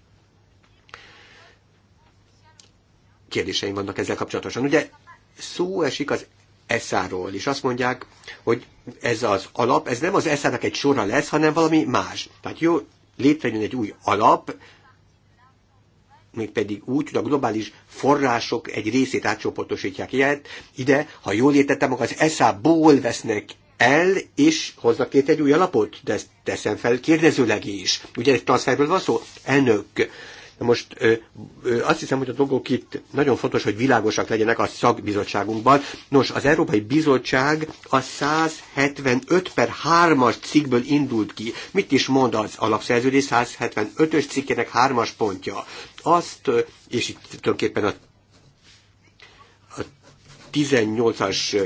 Kérdéseim vannak ezzel kapcsolatosan. Ugye szó esik az eszáról, és azt mondják, hogy ez az alap, ez nem az eszának egy sora lesz, hanem valami más. Tehát jó, létrejön egy új alap, mégpedig úgy, hogy a globális források egy részét átcsoportosítják ilyet, ide, ha jól értettem, akkor az eszából vesznek el, és hoznak két egy új alapot, de ezt teszem fel kérdezőleg is. Ugye egy transferből van szó? Elnök. Na most ö, ö, azt hiszem, hogy a dolgok itt nagyon fontos, hogy világosak legyenek a szakbizottságunkban. Nos, az Európai Bizottság a 175 per 3-as cikkből indult ki. Mit is mond az alapszerződés 175-ös cikkének 3-as pontja? Azt, és itt tulajdonképpen a 18-as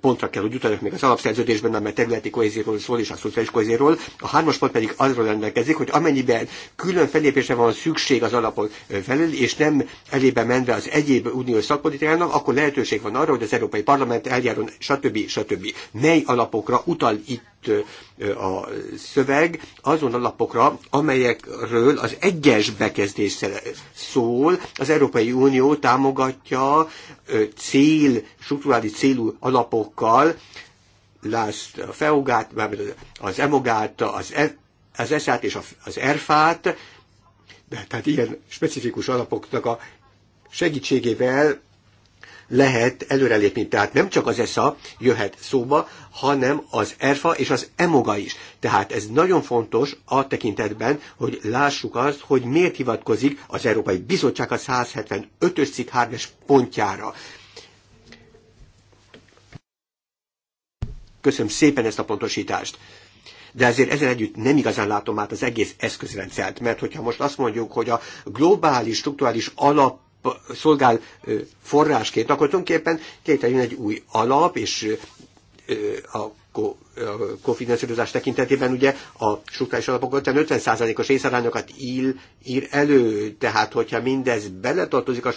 pontra kell, hogy utaljak még az alapszerződésben, amely területi kohézióról szól és a szociális kohézióról. A hármas pont pedig azról rendelkezik, hogy amennyiben külön felépésre van szükség az alapok felül, és nem elébe menve az egyéb uniós szakpolitikának, akkor lehetőség van arra, hogy az Európai Parlament eljárjon, stb. stb. Mely alapokra utal itt a szöveg azon alapokra, amelyekről az egyes bekezdés szól, az Európai Unió támogatja cél, strukturális célú alapokkal, lásd a feogát, az emogát, az, e, az eszát és az erfát, de tehát ilyen specifikus alapoknak a segítségével lehet előrelépni. Tehát nem csak az ESA jöhet szóba, hanem az ERFA és az EMOGA is. Tehát ez nagyon fontos a tekintetben, hogy lássuk azt, hogy miért hivatkozik az Európai Bizottság a 175-ös cikk 3-es pontjára. Köszönöm szépen ezt a pontosítást de ezért ezzel együtt nem igazán látom át az egész eszközrendszert, mert hogyha most azt mondjuk, hogy a globális, strukturális alap szolgál forrásként, akkor tulajdonképpen létrejön egy új alap, és a kofinanszírozás tekintetében ugye a struktúrális alapok 50%-os részarányokat ír, ír elő, tehát hogyha mindez beletartozik a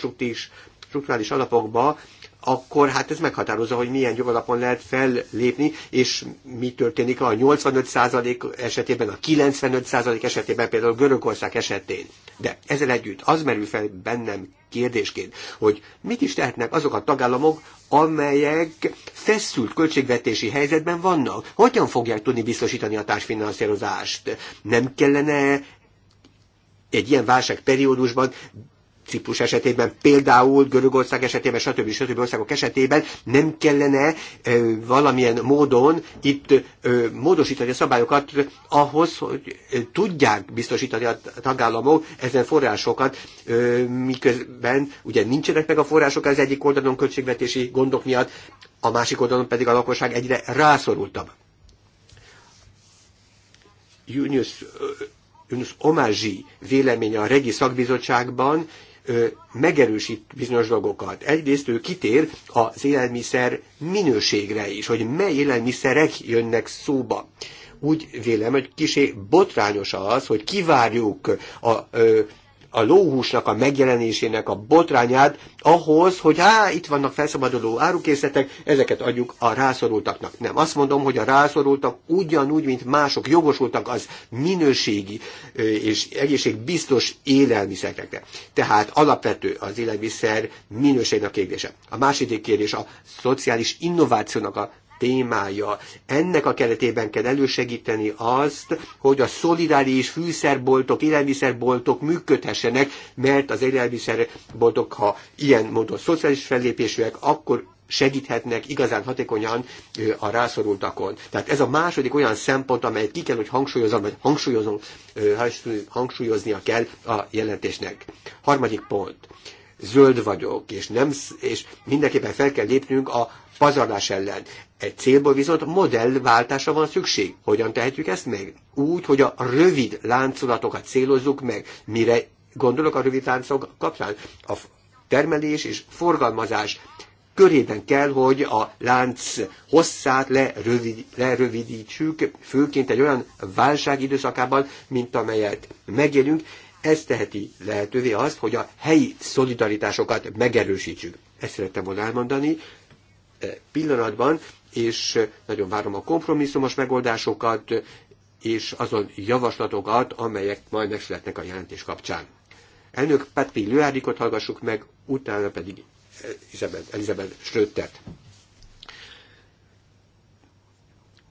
struktúrális alapokba, akkor hát ez meghatározza, hogy milyen jogalapon lehet fellépni, és mi történik a 85% esetében, a 95% esetében, például Görögország esetén. De ezzel együtt az merül fel bennem kérdésként, hogy mit is tehetnek azok a tagállamok, amelyek feszült költségvetési helyzetben vannak. Hogyan fogják tudni biztosítani a társfinanszírozást? Nem kellene egy ilyen válságperiódusban Ciprus esetében, például Görögország esetében, stb. stb. országok esetében nem kellene ö, valamilyen módon itt ö, módosítani a szabályokat ahhoz, hogy ö, tudják biztosítani a tagállamok ezen forrásokat, ö, miközben ugye nincsenek meg a források az egyik oldalon költségvetési gondok miatt, a másik oldalon pedig a lakosság egyre rászorultabb. Junius Önös Omázsi véleménye a Regi Szakbizottságban megerősít bizonyos dolgokat. Egyrészt ő kitér az élelmiszer minőségre is, hogy mely élelmiszerek jönnek szóba. Úgy vélem, hogy kisé botrányos az, hogy kivárjuk a a lóhúsnak a megjelenésének a botrányát ahhoz, hogy há, itt vannak felszabaduló árukészletek, ezeket adjuk a rászorultaknak. Nem, azt mondom, hogy a rászorultak ugyanúgy, mint mások jogosultak az minőségi és egészségbiztos élelmiszerekre. Tehát alapvető az élelmiszer minőségnek kérdése. A második kérdés a szociális innovációnak a témája. Ennek a keretében kell elősegíteni azt, hogy a szolidáris fűszerboltok, élelmiszerboltok működhessenek, mert az élelmiszerboltok, ha ilyen módon szociális fellépésűek, akkor segíthetnek igazán hatékonyan a rászorultakon. Tehát ez a második olyan szempont, amelyet ki kell, hogy hangsúlyozom, vagy hangsúlyoznia kell a jelentésnek. Harmadik pont zöld vagyok, és, nem, és mindenképpen fel kell lépnünk a pazarlás ellen. Egy célból viszont modellváltásra van szükség. Hogyan tehetjük ezt meg? Úgy, hogy a rövid láncolatokat célozzuk meg. Mire gondolok a rövid láncok kapcsán? A termelés és forgalmazás körében kell, hogy a lánc hosszát lerövid, lerövidítsük, főként egy olyan válság időszakában, mint amelyet megélünk, ez teheti lehetővé azt, hogy a helyi szolidaritásokat megerősítsük. Ezt szerettem volna elmondani eh, pillanatban, és eh, nagyon várom a kompromisszumos megoldásokat, és azon javaslatokat, amelyek majd megszületnek a jelentés kapcsán. Elnök Petri Lőárdikot hallgassuk meg, utána pedig Elizabeth, eh, Elizabeth Schrötert.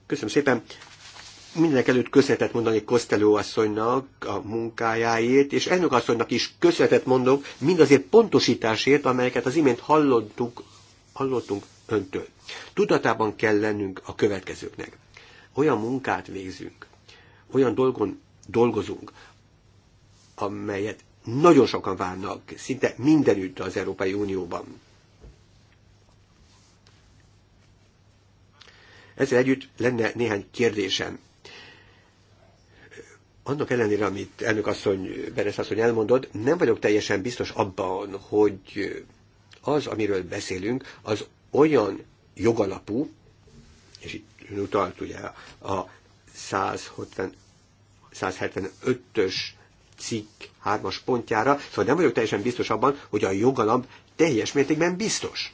Köszönöm szépen, mindenek előtt köszönetet mondani Koszteló asszonynak a munkájáért, és ennek asszonynak is köszönetet mondok mindazért pontosításért, amelyeket az imént hallottunk, hallottunk öntől. Tudatában kell lennünk a következőknek. Olyan munkát végzünk, olyan dolgon dolgozunk, amelyet nagyon sokan várnak, szinte mindenütt az Európai Unióban. Ezzel együtt lenne néhány kérdésem annak ellenére, amit elnök asszony, Beres asszony elmondott, nem vagyok teljesen biztos abban, hogy az, amiről beszélünk, az olyan jogalapú, és itt utalt ugye a 175-ös cikk 3-as pontjára, szóval nem vagyok teljesen biztos abban, hogy a jogalap teljes mértékben biztos.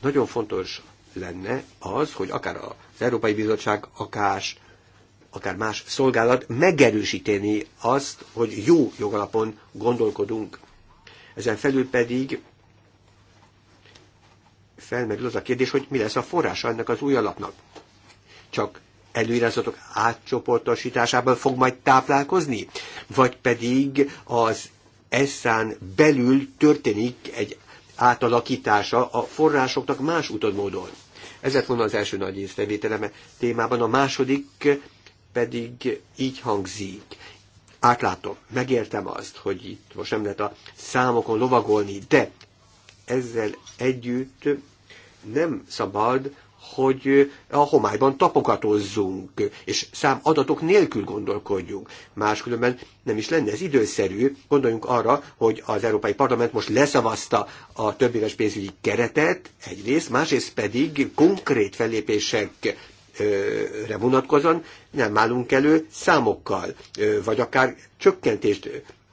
Nagyon fontos lenne az, hogy akár az Európai Bizottság, akár akár más szolgálat megerősíteni azt, hogy jó jogalapon gondolkodunk. Ezen felül pedig felmerül az a kérdés, hogy mi lesz a forrása ennek az új alapnak. Csak előirányzatok átcsoportosításában fog majd táplálkozni? Vagy pedig az eszán belül történik egy átalakítása a forrásoknak más utódmódon? Ez lett volna az első nagy észrevételeme témában. A második pedig így hangzik. Átlátom, megértem azt, hogy itt most nem lehet a számokon lovagolni, de ezzel együtt nem szabad, hogy a homályban tapogatozzunk, és számadatok nélkül gondolkodjunk. Máskülönben nem is lenne ez időszerű. Gondoljunk arra, hogy az Európai Parlament most leszavazta a többéves pénzügyi keretet, egyrészt, másrészt pedig konkrét fellépések re vonatkozóan nem állunk elő számokkal, vagy akár csökkentést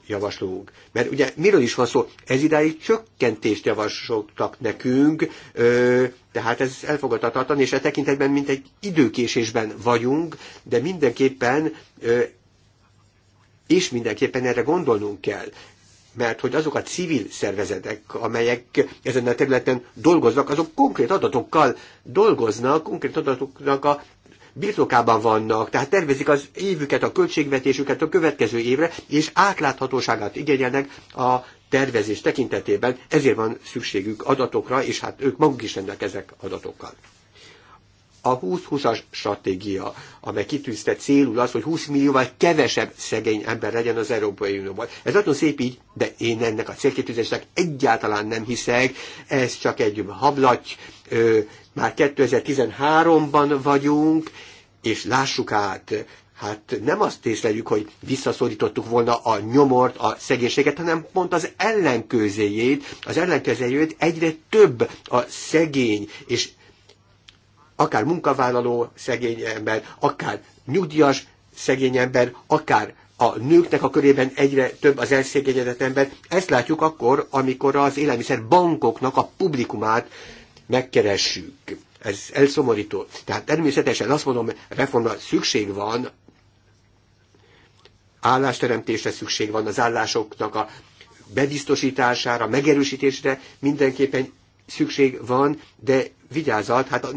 javaslunk. Mert ugye miről is van szó? Ez idáig csökkentést javasoltak nekünk, tehát ez elfogadhatatlan, és e tekintetben mint egy időkésésben vagyunk, de mindenképpen és mindenképpen erre gondolnunk kell mert hogy azok a civil szervezetek, amelyek ezen a területen dolgoznak, azok konkrét adatokkal dolgoznak, konkrét adatoknak a birtokában vannak, tehát tervezik az évüket, a költségvetésüket a következő évre, és átláthatóságát igényelnek a tervezés tekintetében, ezért van szükségük adatokra, és hát ők maguk is rendelkeznek adatokkal a 20-20-as stratégia, amely kitűzte célul az, hogy 20 millióval kevesebb szegény ember legyen az Európai Unióban. Ez nagyon szép így, de én ennek a célkitűzésnek egyáltalán nem hiszek, ez csak egy hablaty, már 2013-ban vagyunk, és lássuk át, hát nem azt észleljük, hogy visszaszorítottuk volna a nyomort, a szegénységet, hanem pont az ellenkőzéjét, az ellenkezőjét egyre több a szegény, és akár munkavállaló szegény ember, akár nyugdíjas szegény ember, akár a nőknek a körében egyre több az elszégyenedett ember. Ezt látjuk akkor, amikor az élelmiszer bankoknak a publikumát megkeressük. Ez elszomorító. Tehát természetesen azt mondom, reformra szükség van, állásteremtésre szükség van az állásoknak a bebiztosítására, megerősítésre mindenképpen szükség van, de vigyázat, hát a,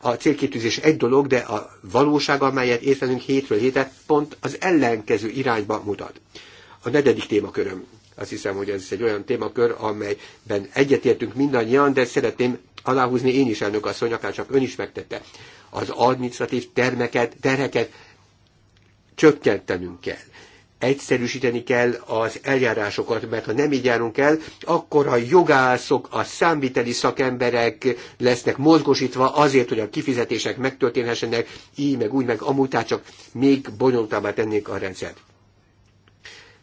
a célkitűzés egy dolog, de a valóság, amelyet értenünk hétről hétre, pont az ellenkező irányba mutat. A negyedik témaköröm. Azt hiszem, hogy ez egy olyan témakör, amelyben egyetértünk mindannyian, de szeretném aláhúzni én is, elnök asszony, akár csak ön is megtette. Az administratív termeket, terheket csökkentenünk kell egyszerűsíteni kell az eljárásokat, mert ha nem így járunk el, akkor a jogászok, a számviteli szakemberek lesznek mozgosítva azért, hogy a kifizetések megtörténhessenek, így, meg úgy, meg amúgy, tehát csak még bonyolultabbá tennék a rendszert.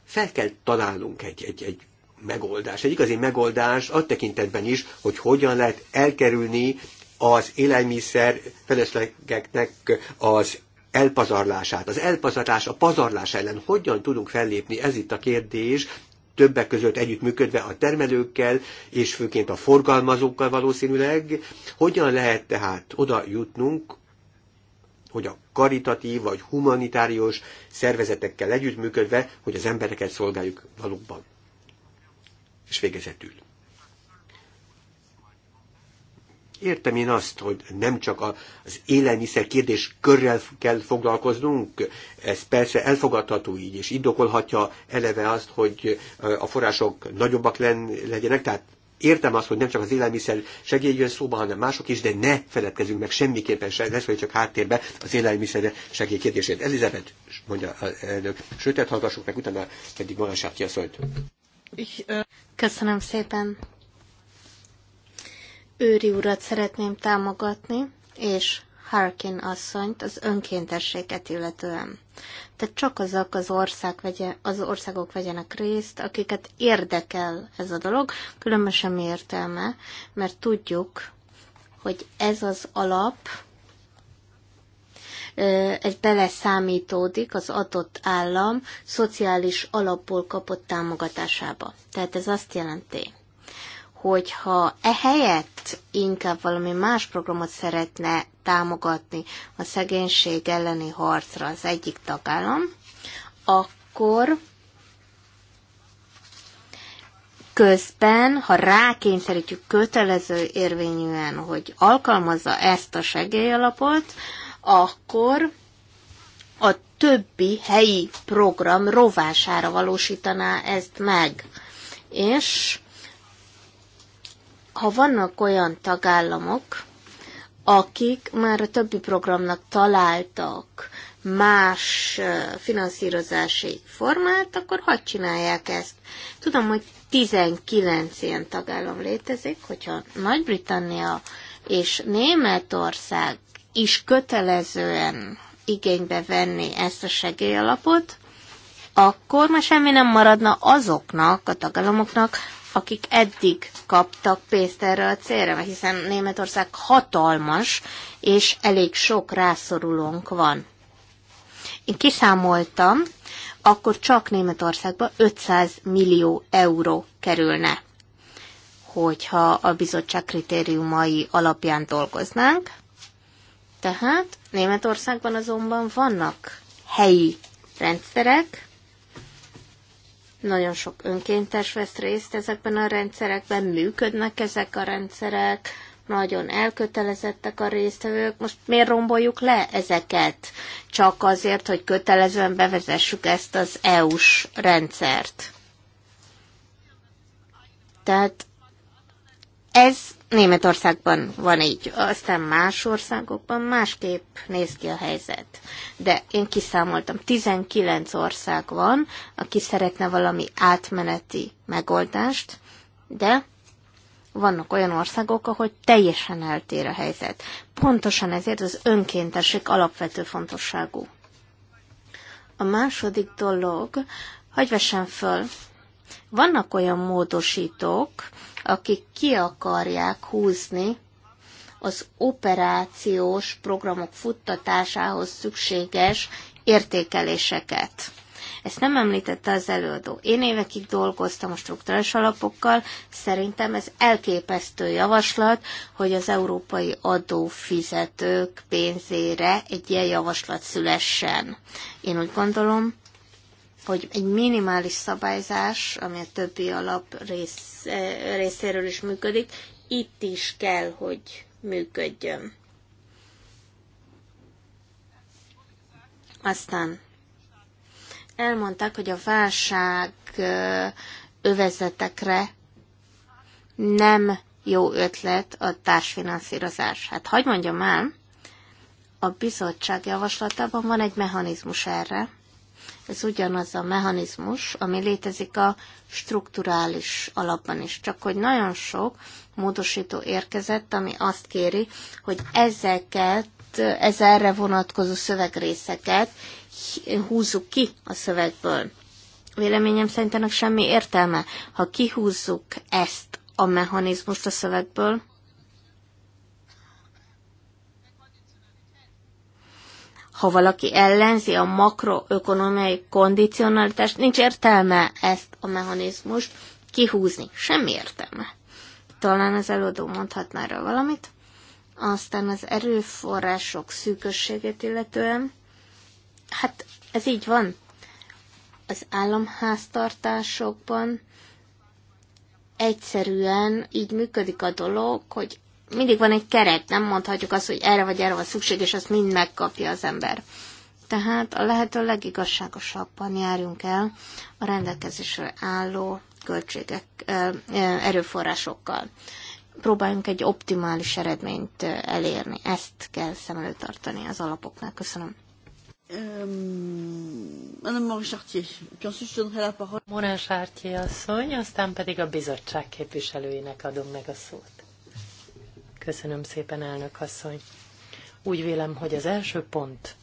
Fel kell találnunk egy, egy, egy megoldás, egy igazi megoldás a tekintetben is, hogy hogyan lehet elkerülni az élelmiszer feleslegeknek az elpazarlását, az elpazarlás, a pazarlás ellen hogyan tudunk fellépni, ez itt a kérdés, többek között együttműködve a termelőkkel, és főként a forgalmazókkal valószínűleg, hogyan lehet tehát oda jutnunk, hogy a karitatív vagy humanitárius szervezetekkel együttműködve, hogy az embereket szolgáljuk valóban. És végezetül. Értem én azt, hogy nem csak az élelmiszer kérdés körrel kell foglalkoznunk, ez persze elfogadható így, és indokolhatja eleve azt, hogy a források nagyobbak legyenek, tehát értem azt, hogy nem csak az élelmiszer segélyjön szóba, hanem mások is, de ne feledkezzünk meg semmiképpen se, vagy csak háttérbe az élelmiszer segély kérdését. Elizabeth, mondja az elnök, sőt, hát hallgassuk meg, utána pedig magasát kiaszolt. Köszönöm szépen. Őri urat szeretném támogatni, és Harkin asszonyt az önkéntességet illetően. Tehát csak azok az, ország vegye, az országok vegyenek részt, akiket érdekel ez a dolog, különben sem értelme, mert tudjuk, hogy ez az alap egy beleszámítódik az adott állam szociális alapból kapott támogatásába. Tehát ez azt jelenti, hogyha e helyett inkább valami más programot szeretne támogatni a szegénység elleni harcra az egyik tagállam, akkor közben, ha rákényszerítjük kötelező érvényűen, hogy alkalmazza ezt a segélyalapot, akkor a többi helyi program rovására valósítaná ezt meg. És ha vannak olyan tagállamok, akik már a többi programnak találtak más finanszírozási formát, akkor hadd csinálják ezt. Tudom, hogy 19 ilyen tagállam létezik, hogyha Nagy-Britannia és Németország is kötelezően igénybe venni ezt a segélyalapot, akkor már semmi nem maradna azoknak a tagállamoknak, akik eddig kaptak pénzt erre a célra, hiszen Németország hatalmas, és elég sok rászorulónk van. Én kiszámoltam, akkor csak Németországba 500 millió euró kerülne, hogyha a bizottság kritériumai alapján dolgoznánk. Tehát Németországban azonban vannak helyi rendszerek, nagyon sok önkéntes vesz részt ezekben a rendszerekben, működnek ezek a rendszerek, nagyon elkötelezettek a résztvevők. Most miért romboljuk le ezeket? Csak azért, hogy kötelezően bevezessük ezt az EU-s rendszert. Tehát ez Németországban van így, aztán más országokban másképp néz ki a helyzet. De én kiszámoltam, 19 ország van, aki szeretne valami átmeneti megoldást, de vannak olyan országok, ahol teljesen eltér a helyzet. Pontosan ezért az önkéntesség alapvető fontosságú. A második dolog, hagyj vessem föl, vannak olyan módosítók, akik ki akarják húzni az operációs programok futtatásához szükséges értékeléseket. Ezt nem említette az előadó. Én évekig dolgoztam a struktúrás alapokkal, szerintem ez elképesztő javaslat, hogy az európai adófizetők pénzére egy ilyen javaslat szülessen. Én úgy gondolom, hogy egy minimális szabályzás, ami a többi alap rész, eh, részéről is működik, itt is kell, hogy működjön. Aztán elmondták, hogy a válság eh, övezetekre nem jó ötlet a társfinanszírozás. Hát hagyd mondjam már, a bizottság javaslatában van egy mechanizmus erre, ez ugyanaz a mechanizmus, ami létezik a strukturális alapban is. Csak hogy nagyon sok módosító érkezett, ami azt kéri, hogy ezeket, ez erre vonatkozó szövegrészeket húzzuk ki a szövegből. Véleményem szerint ennek semmi értelme. Ha kihúzzuk ezt a mechanizmust a szövegből, Ha valaki ellenzi a makroökonomiai kondicionalitást, nincs értelme ezt a mechanizmust kihúzni. Semmi értelme. Talán az előadó mondhatná erről valamit. Aztán az erőforrások szűkösségét illetően, hát ez így van. Az államháztartásokban egyszerűen így működik a dolog, hogy mindig van egy keret, nem mondhatjuk azt, hogy erre vagy erre van szükség, és azt mind megkapja az ember. Tehát a lehető legigazságosabban járjunk el a rendelkezésre álló költségek, erőforrásokkal. Próbáljunk egy optimális eredményt elérni. Ezt kell szem előtt tartani az alapoknál. Köszönöm. Morán Sártyi asszony, aztán pedig a bizottság képviselőinek adom meg a szót. Köszönöm szépen, elnök asszony. Úgy vélem, hogy az első pont,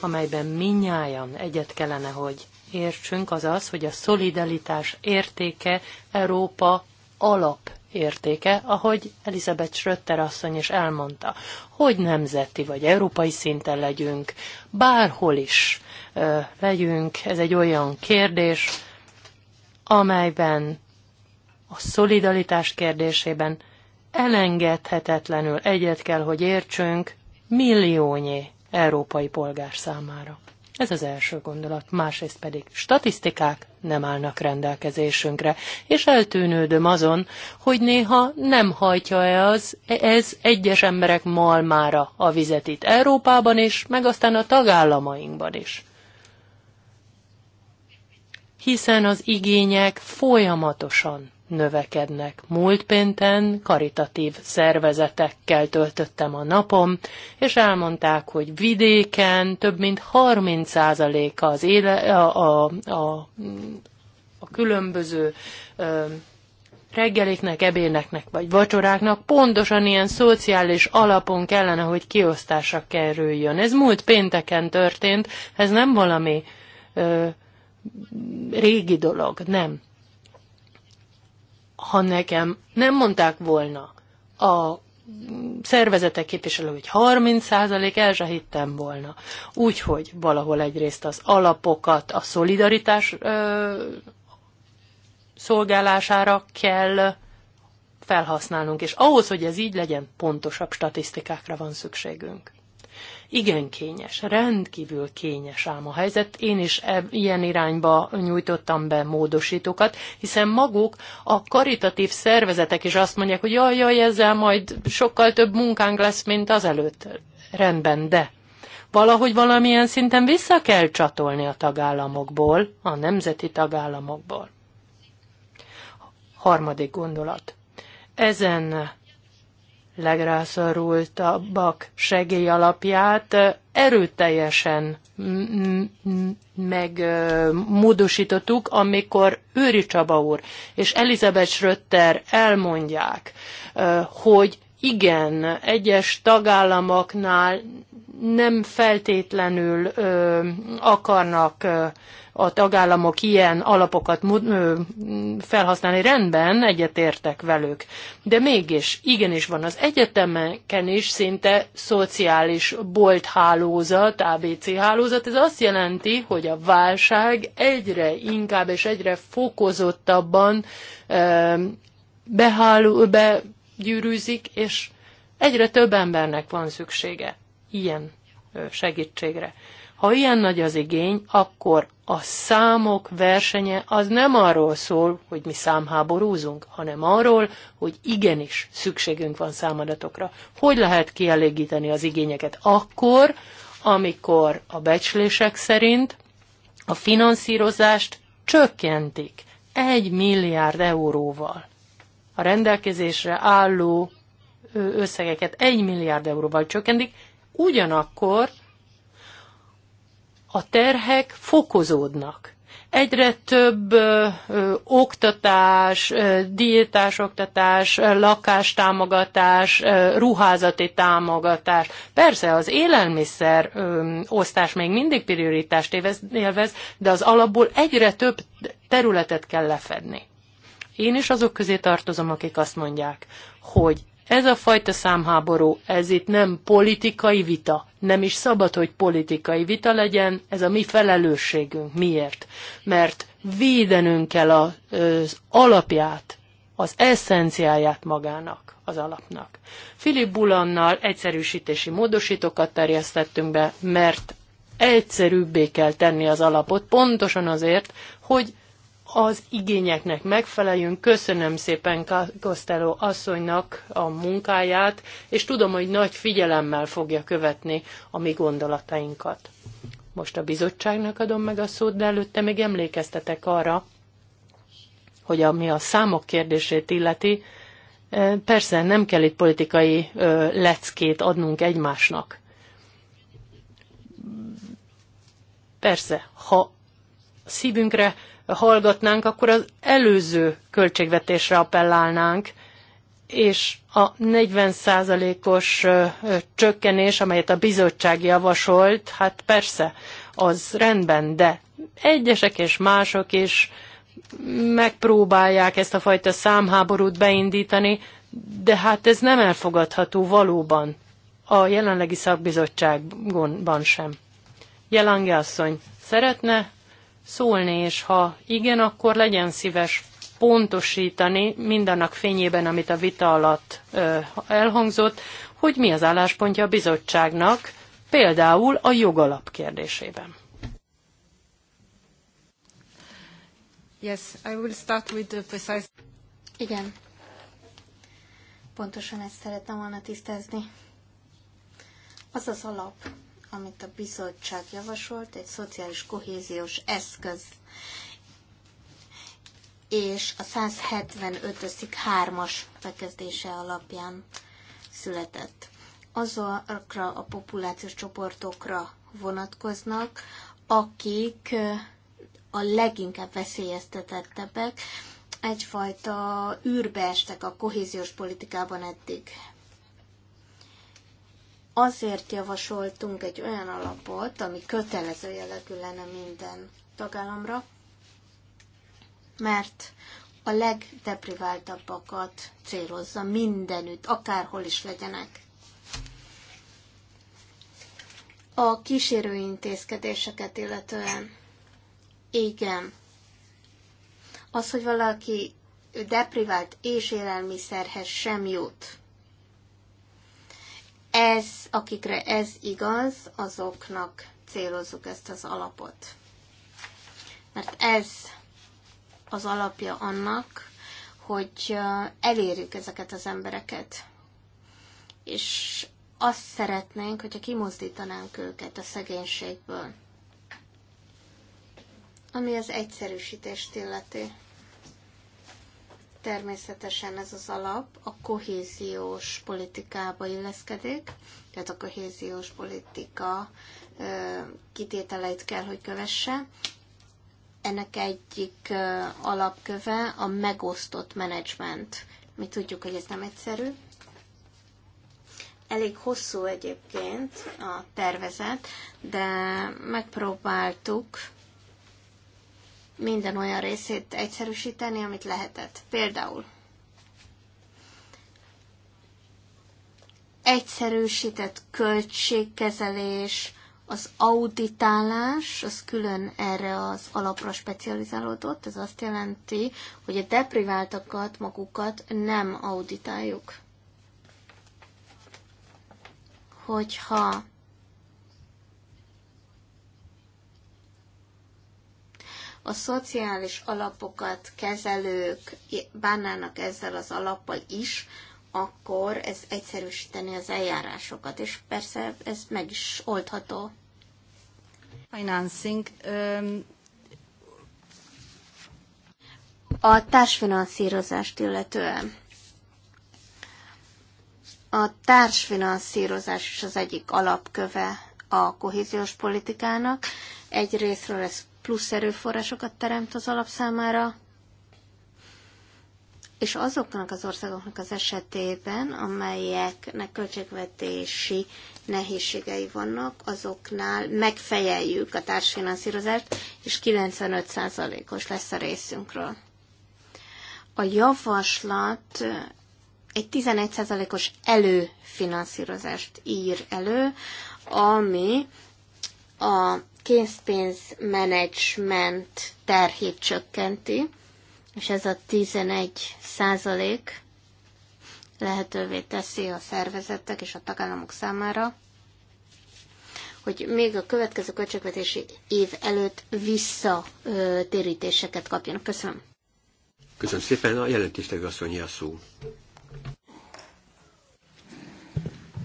amelyben minnyájan egyet kellene, hogy értsünk, az az, hogy a szolidaritás értéke Európa alap értéke, ahogy Elizabeth Schröter asszony is elmondta, hogy nemzeti vagy európai szinten legyünk, bárhol is ö, legyünk, ez egy olyan kérdés, amelyben a szolidaritás kérdésében elengedhetetlenül egyet kell, hogy értsünk milliónyi európai polgár számára. Ez az első gondolat, másrészt pedig statisztikák nem állnak rendelkezésünkre, és eltűnődöm azon, hogy néha nem hajtja -e az, ez egyes emberek malmára a vizet itt Európában is, meg aztán a tagállamainkban is. Hiszen az igények folyamatosan növekednek. Múlt pénten karitatív szervezetekkel töltöttem a napom, és elmondták, hogy vidéken több mint 30%-a az éle, a, a, a, a különböző ö, reggeléknek, ebéneknek vagy vacsoráknak pontosan ilyen szociális alapon kellene, hogy kiosztásra kerüljön. Ez múlt pénteken történt, ez nem valami ö, régi dolog, nem ha nekem nem mondták volna a szervezetek képviselő, hogy 30 százalék, el se hittem volna. Úgyhogy valahol egyrészt az alapokat a szolidaritás ö, szolgálására kell felhasználnunk, és ahhoz, hogy ez így legyen, pontosabb statisztikákra van szükségünk. Igen kényes, rendkívül kényes ám a helyzet. Én is e, ilyen irányba nyújtottam be módosítókat, hiszen maguk a karitatív szervezetek is azt mondják, hogy jaj, jaj, ezzel majd sokkal több munkánk lesz, mint az előtt. Rendben, de valahogy valamilyen szinten vissza kell csatolni a tagállamokból, a nemzeti tagállamokból. Harmadik gondolat. Ezen legrászorultabbak segély alapját erőteljesen megmódosítottuk, amikor Őri Csaba úr és Elizabeth Schröter elmondják, hogy igen, egyes tagállamoknál nem feltétlenül akarnak a tagállamok ilyen alapokat felhasználni, rendben, egyetértek velük. De mégis, igenis van az egyetemeken is szinte szociális bolthálózat, ABC hálózat. Ez azt jelenti, hogy a válság egyre inkább és egyre fokozottabban beháló, begyűrűzik, és egyre több embernek van szüksége ilyen segítségre. Ha ilyen nagy az igény, akkor a számok versenye az nem arról szól, hogy mi számháborúzunk, hanem arról, hogy igenis szükségünk van számadatokra. Hogy lehet kielégíteni az igényeket akkor, amikor a becslések szerint a finanszírozást csökkentik egy milliárd euróval. A rendelkezésre álló összegeket egy milliárd euróval csökkentik, ugyanakkor a terhek fokozódnak. Egyre több ö, ö, oktatás, ö, diétás oktatás, ö, lakástámogatás, ö, ruházati támogatás. Persze az élelmiszer ö, osztás még mindig prioritást élvez, de az alapból egyre több területet kell lefedni. Én is azok közé tartozom, akik azt mondják, hogy ez a fajta számháború, ez itt nem politikai vita. Nem is szabad, hogy politikai vita legyen, ez a mi felelősségünk. Miért? Mert védenünk kell az alapját, az eszenciáját magának, az alapnak. Filip Bulannal egyszerűsítési módosítókat terjesztettünk be, mert egyszerűbbé kell tenni az alapot, pontosan azért, hogy az igényeknek megfeleljünk. Köszönöm szépen Costello asszonynak a munkáját, és tudom, hogy nagy figyelemmel fogja követni a mi gondolatainkat. Most a bizottságnak adom meg a szót, de előtte még emlékeztetek arra, hogy ami a számok kérdését illeti, eh, persze nem kell itt politikai leckét adnunk egymásnak. Persze, ha szívünkre hallgatnánk, akkor az előző költségvetésre appellálnánk, és a 40%-os csökkenés, amelyet a bizottság javasolt, hát persze, az rendben, de egyesek és mások is megpróbálják ezt a fajta számháborút beindítani, de hát ez nem elfogadható valóban a jelenlegi szakbizottságban sem. Jelangi asszony szeretne szólni, és ha igen, akkor legyen szíves pontosítani mindannak fényében, amit a vita alatt elhangzott, hogy mi az álláspontja a bizottságnak, például a jogalap kérdésében. Yes, I will start with the precise... Igen. Pontosan ezt szerettem volna tisztázni. Az az alap, amit a bizottság javasolt, egy szociális kohéziós eszköz. És a 175 szik 3-as bekezdése alapján született. Azokra a populációs csoportokra vonatkoznak, akik a leginkább veszélyeztetettebbek, egyfajta űrbe estek a kohéziós politikában eddig. Azért javasoltunk egy olyan alapot, ami kötelező jellegű lenne minden tagállamra, mert a legdepriváltabbakat célozza mindenütt, akárhol is legyenek. A kísérő intézkedéseket illetően igen. Az, hogy valaki deprivált és élelmiszerhez sem jut, ez, akikre ez igaz, azoknak célozzuk ezt az alapot. Mert ez az alapja annak, hogy elérjük ezeket az embereket. És azt szeretnénk, hogyha kimozdítanánk őket a szegénységből. Ami az egyszerűsítést illeti természetesen ez az alap a kohéziós politikába illeszkedik, tehát a kohéziós politika kitételeit kell, hogy kövesse. Ennek egyik alapköve a megosztott menedzsment. Mi tudjuk, hogy ez nem egyszerű. Elég hosszú egyébként a tervezet, de megpróbáltuk minden olyan részét egyszerűsíteni, amit lehetett. Például egyszerűsített költségkezelés, az auditálás, az külön erre az alapra specializálódott, ez azt jelenti, hogy a depriváltakat, magukat nem auditáljuk. Hogyha a szociális alapokat kezelők bánnának ezzel az alappal is, akkor ez egyszerűsíteni az eljárásokat, és persze ez meg is oldható. Financing. Um... A társfinanszírozást illetően. A társfinanszírozás is az egyik alapköve a kohéziós politikának. Egy részről ez plusz erőforrásokat teremt az alap számára, és azoknak az országoknak az esetében, amelyeknek költségvetési nehézségei vannak, azoknál megfejeljük a társfinanszírozást, és 95%-os lesz a részünkről. A javaslat egy 11%-os előfinanszírozást ír elő, ami a készpénzmenedzsment terhét csökkenti, és ez a 11 százalék lehetővé teszi a szervezetek és a tagállamok számára, hogy még a következő költségvetési év előtt visszatérítéseket kapjanak. Köszönöm. Köszönöm szépen. A jelentéstevő asszonyi a szó.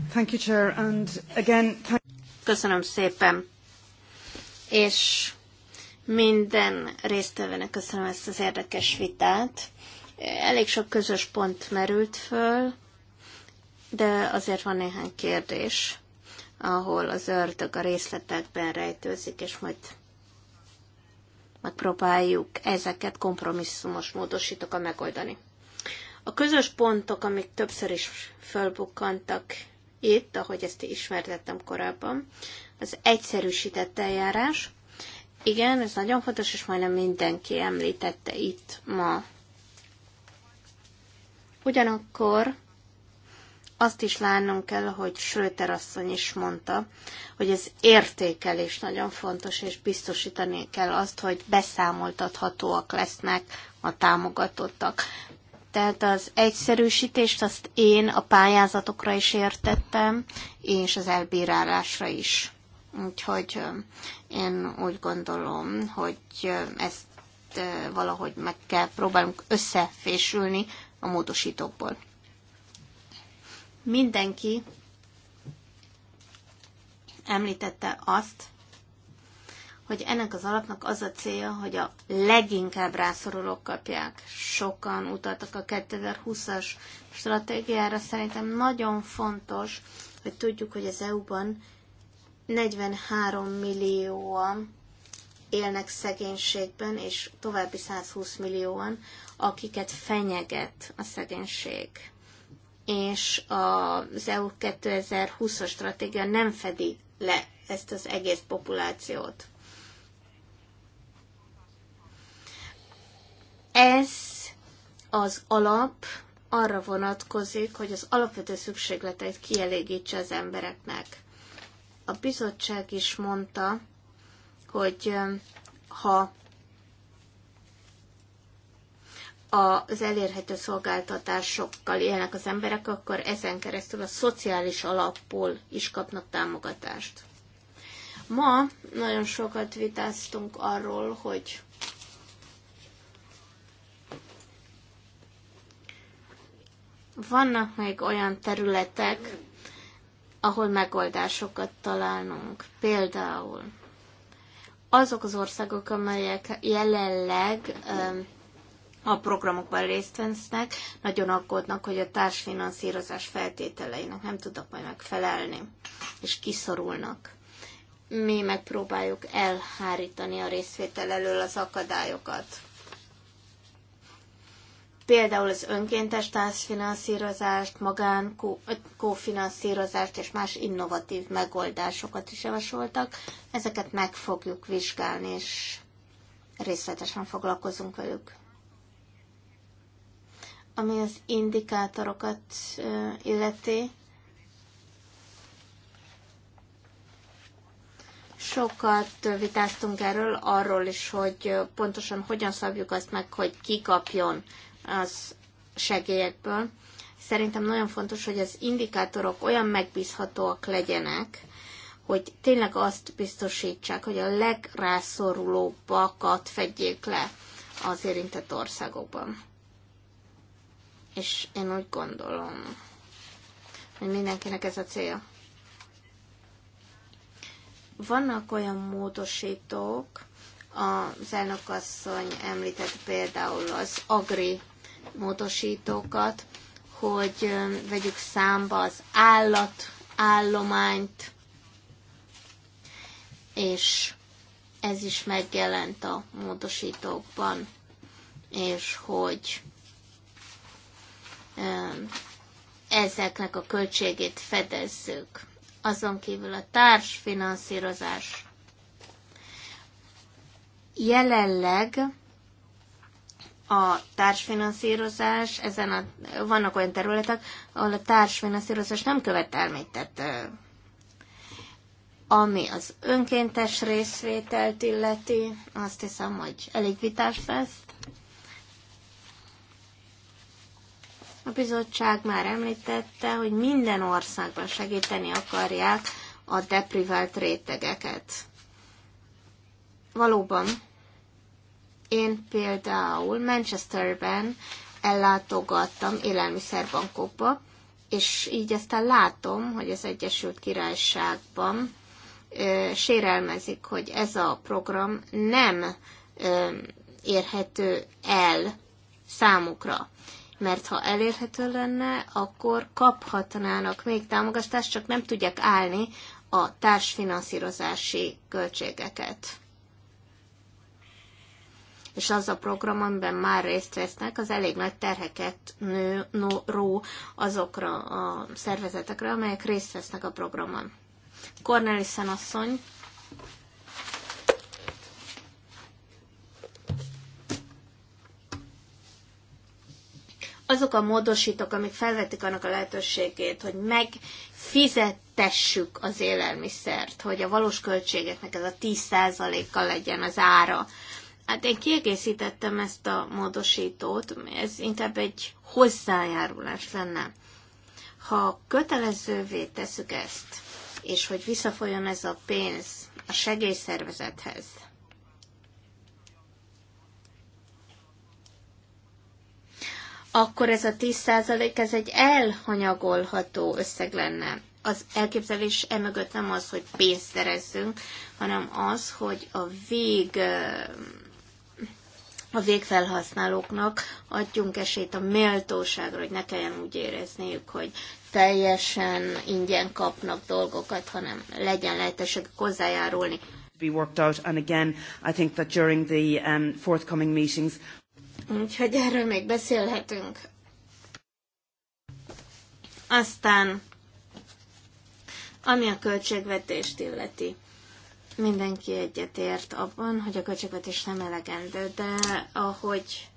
Thank you, Chair, and again, thank... Köszönöm szépen és minden résztvevőnek köszönöm ezt az érdekes vitát. Elég sok közös pont merült föl, de azért van néhány kérdés, ahol az ördög a részletekben rejtőzik, és majd megpróbáljuk ezeket kompromisszumos módosítókkal megoldani. A közös pontok, amik többször is fölbukkantak itt, ahogy ezt ismertettem korábban, az egyszerűsített eljárás. Igen, ez nagyon fontos, és majdnem mindenki említette itt ma. Ugyanakkor azt is látnunk kell, hogy Schröter asszony is mondta, hogy az értékelés nagyon fontos, és biztosítani kell azt, hogy beszámoltathatóak lesznek a támogatottak. Tehát az egyszerűsítést azt én a pályázatokra is értettem, és az elbírálásra is. Úgyhogy én úgy gondolom, hogy ezt valahogy meg kell próbálnunk összefésülni a módosítókból. Mindenki említette azt, hogy ennek az alapnak az a célja, hogy a leginkább rászorulók kapják. Sokan utaltak a 2020-as stratégiára. Szerintem nagyon fontos, hogy tudjuk, hogy az EU-ban 43 millióan élnek szegénységben, és további 120 millióan, akiket fenyeget a szegénység. És az EU 2020-as stratégia nem fedi le ezt az egész populációt. Ez az alap arra vonatkozik, hogy az alapvető szükségleteit kielégítse az embereknek a bizottság is mondta, hogy um, ha az elérhető szolgáltatásokkal élnek az emberek, akkor ezen keresztül a szociális alapból is kapnak támogatást. Ma nagyon sokat vitáztunk arról, hogy vannak még olyan területek, ahol megoldásokat találnunk. Például azok az országok, amelyek jelenleg a programokban részt vesznek, nagyon aggódnak, hogy a társfinanszírozás feltételeinek nem tudnak majd megfelelni, és kiszorulnak. Mi megpróbáljuk elhárítani a részvétel elől az akadályokat például az önkéntes társfinanszírozást, magán kófinanszírozást és más innovatív megoldásokat is javasoltak. Ezeket meg fogjuk vizsgálni, és részletesen foglalkozunk velük. Ami az indikátorokat illeti, sokat vitáztunk erről, arról is, hogy pontosan hogyan szabjuk azt meg, hogy ki kapjon az segélyekből. Szerintem nagyon fontos, hogy az indikátorok olyan megbízhatóak legyenek, hogy tényleg azt biztosítsák, hogy a legrászorulóbbakat fedjék le az érintett országokban. És én úgy gondolom, hogy mindenkinek ez a célja. Vannak olyan módosítók, az elnökasszony említett például az agri módosítókat, hogy vegyük számba az állat állományt, és ez is megjelent a módosítókban, és hogy ezeknek a költségét fedezzük. Azon kívül a társfinanszírozás jelenleg a társfinanszírozás, ezen a, vannak olyan területek, ahol a társfinanszírozás nem követelményt, tehát ami az önkéntes részvételt illeti, azt hiszem, hogy elég vitás lesz. A bizottság már említette, hogy minden országban segíteni akarják a deprivált rétegeket. Valóban én például Manchesterben ellátogattam élelmiszerbankokba, és így aztán látom, hogy az Egyesült Királyságban ö, sérelmezik, hogy ez a program nem ö, érhető el számukra. Mert ha elérhető lenne, akkor kaphatnának még támogatást, csak nem tudják állni a társfinanszírozási költségeket és az a program, amiben már részt vesznek, az elég nagy terheket nő, no, ró azokra a szervezetekre, amelyek részt vesznek a programon. Cornelissen asszony. Azok a módosítók, amik felvetik annak a lehetőségét, hogy megfizettessük az élelmiszert, hogy a valós költségeknek ez a 10%-kal legyen az ára, Hát én kiegészítettem ezt a módosítót, ez inkább egy hozzájárulás lenne. Ha kötelezővé teszük ezt, és hogy visszafolyjon ez a pénz a segélyszervezethez, akkor ez a 10% ez egy elhanyagolható összeg lenne. Az elképzelés emögött nem az, hogy pénzt szerezzünk, hanem az, hogy a vég a végfelhasználóknak adjunk esélyt a méltóságra, hogy ne kelljen úgy érezniük, hogy teljesen ingyen kapnak dolgokat, hanem legyen lehetőség hozzájárulni. Be worked out, and again, I think that during the um, forthcoming meetings. Úgyhogy erről még beszélhetünk. Aztán, ami a költségvetést illeti Mindenki egyetért abban, hogy a költségvetés nem elegendő, de ahogy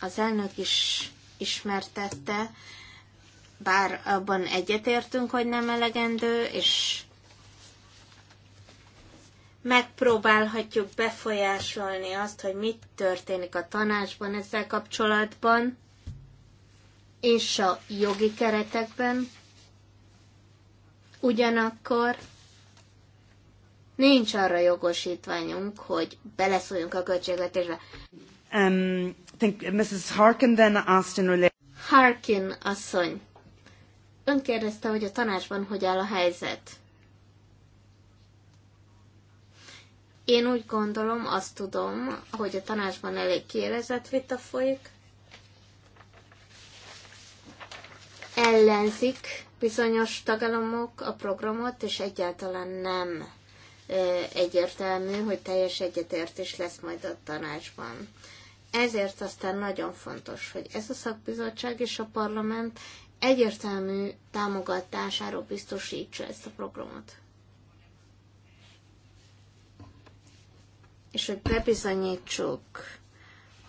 az elnök is ismertette, bár abban egyetértünk, hogy nem elegendő, és megpróbálhatjuk befolyásolni azt, hogy mit történik a tanácsban ezzel kapcsolatban, és a jogi keretekben. Ugyanakkor Nincs arra jogosítványunk, hogy beleszóljunk a költségvetésbe. Um, think Mrs. Harkin then asked in relation... Harkin asszony. Ön kérdezte, hogy a tanácsban hogy áll a helyzet. Én úgy gondolom, azt tudom, hogy a tanácsban elég kérezett vita folyik. Ellenzik bizonyos tagalomok a programot, és egyáltalán nem egyértelmű, hogy teljes egyetértés lesz majd a tanácsban. Ezért aztán nagyon fontos, hogy ez a szakbizottság és a parlament egyértelmű támogatásáról biztosítsa ezt a programot. És hogy bebizonyítsuk,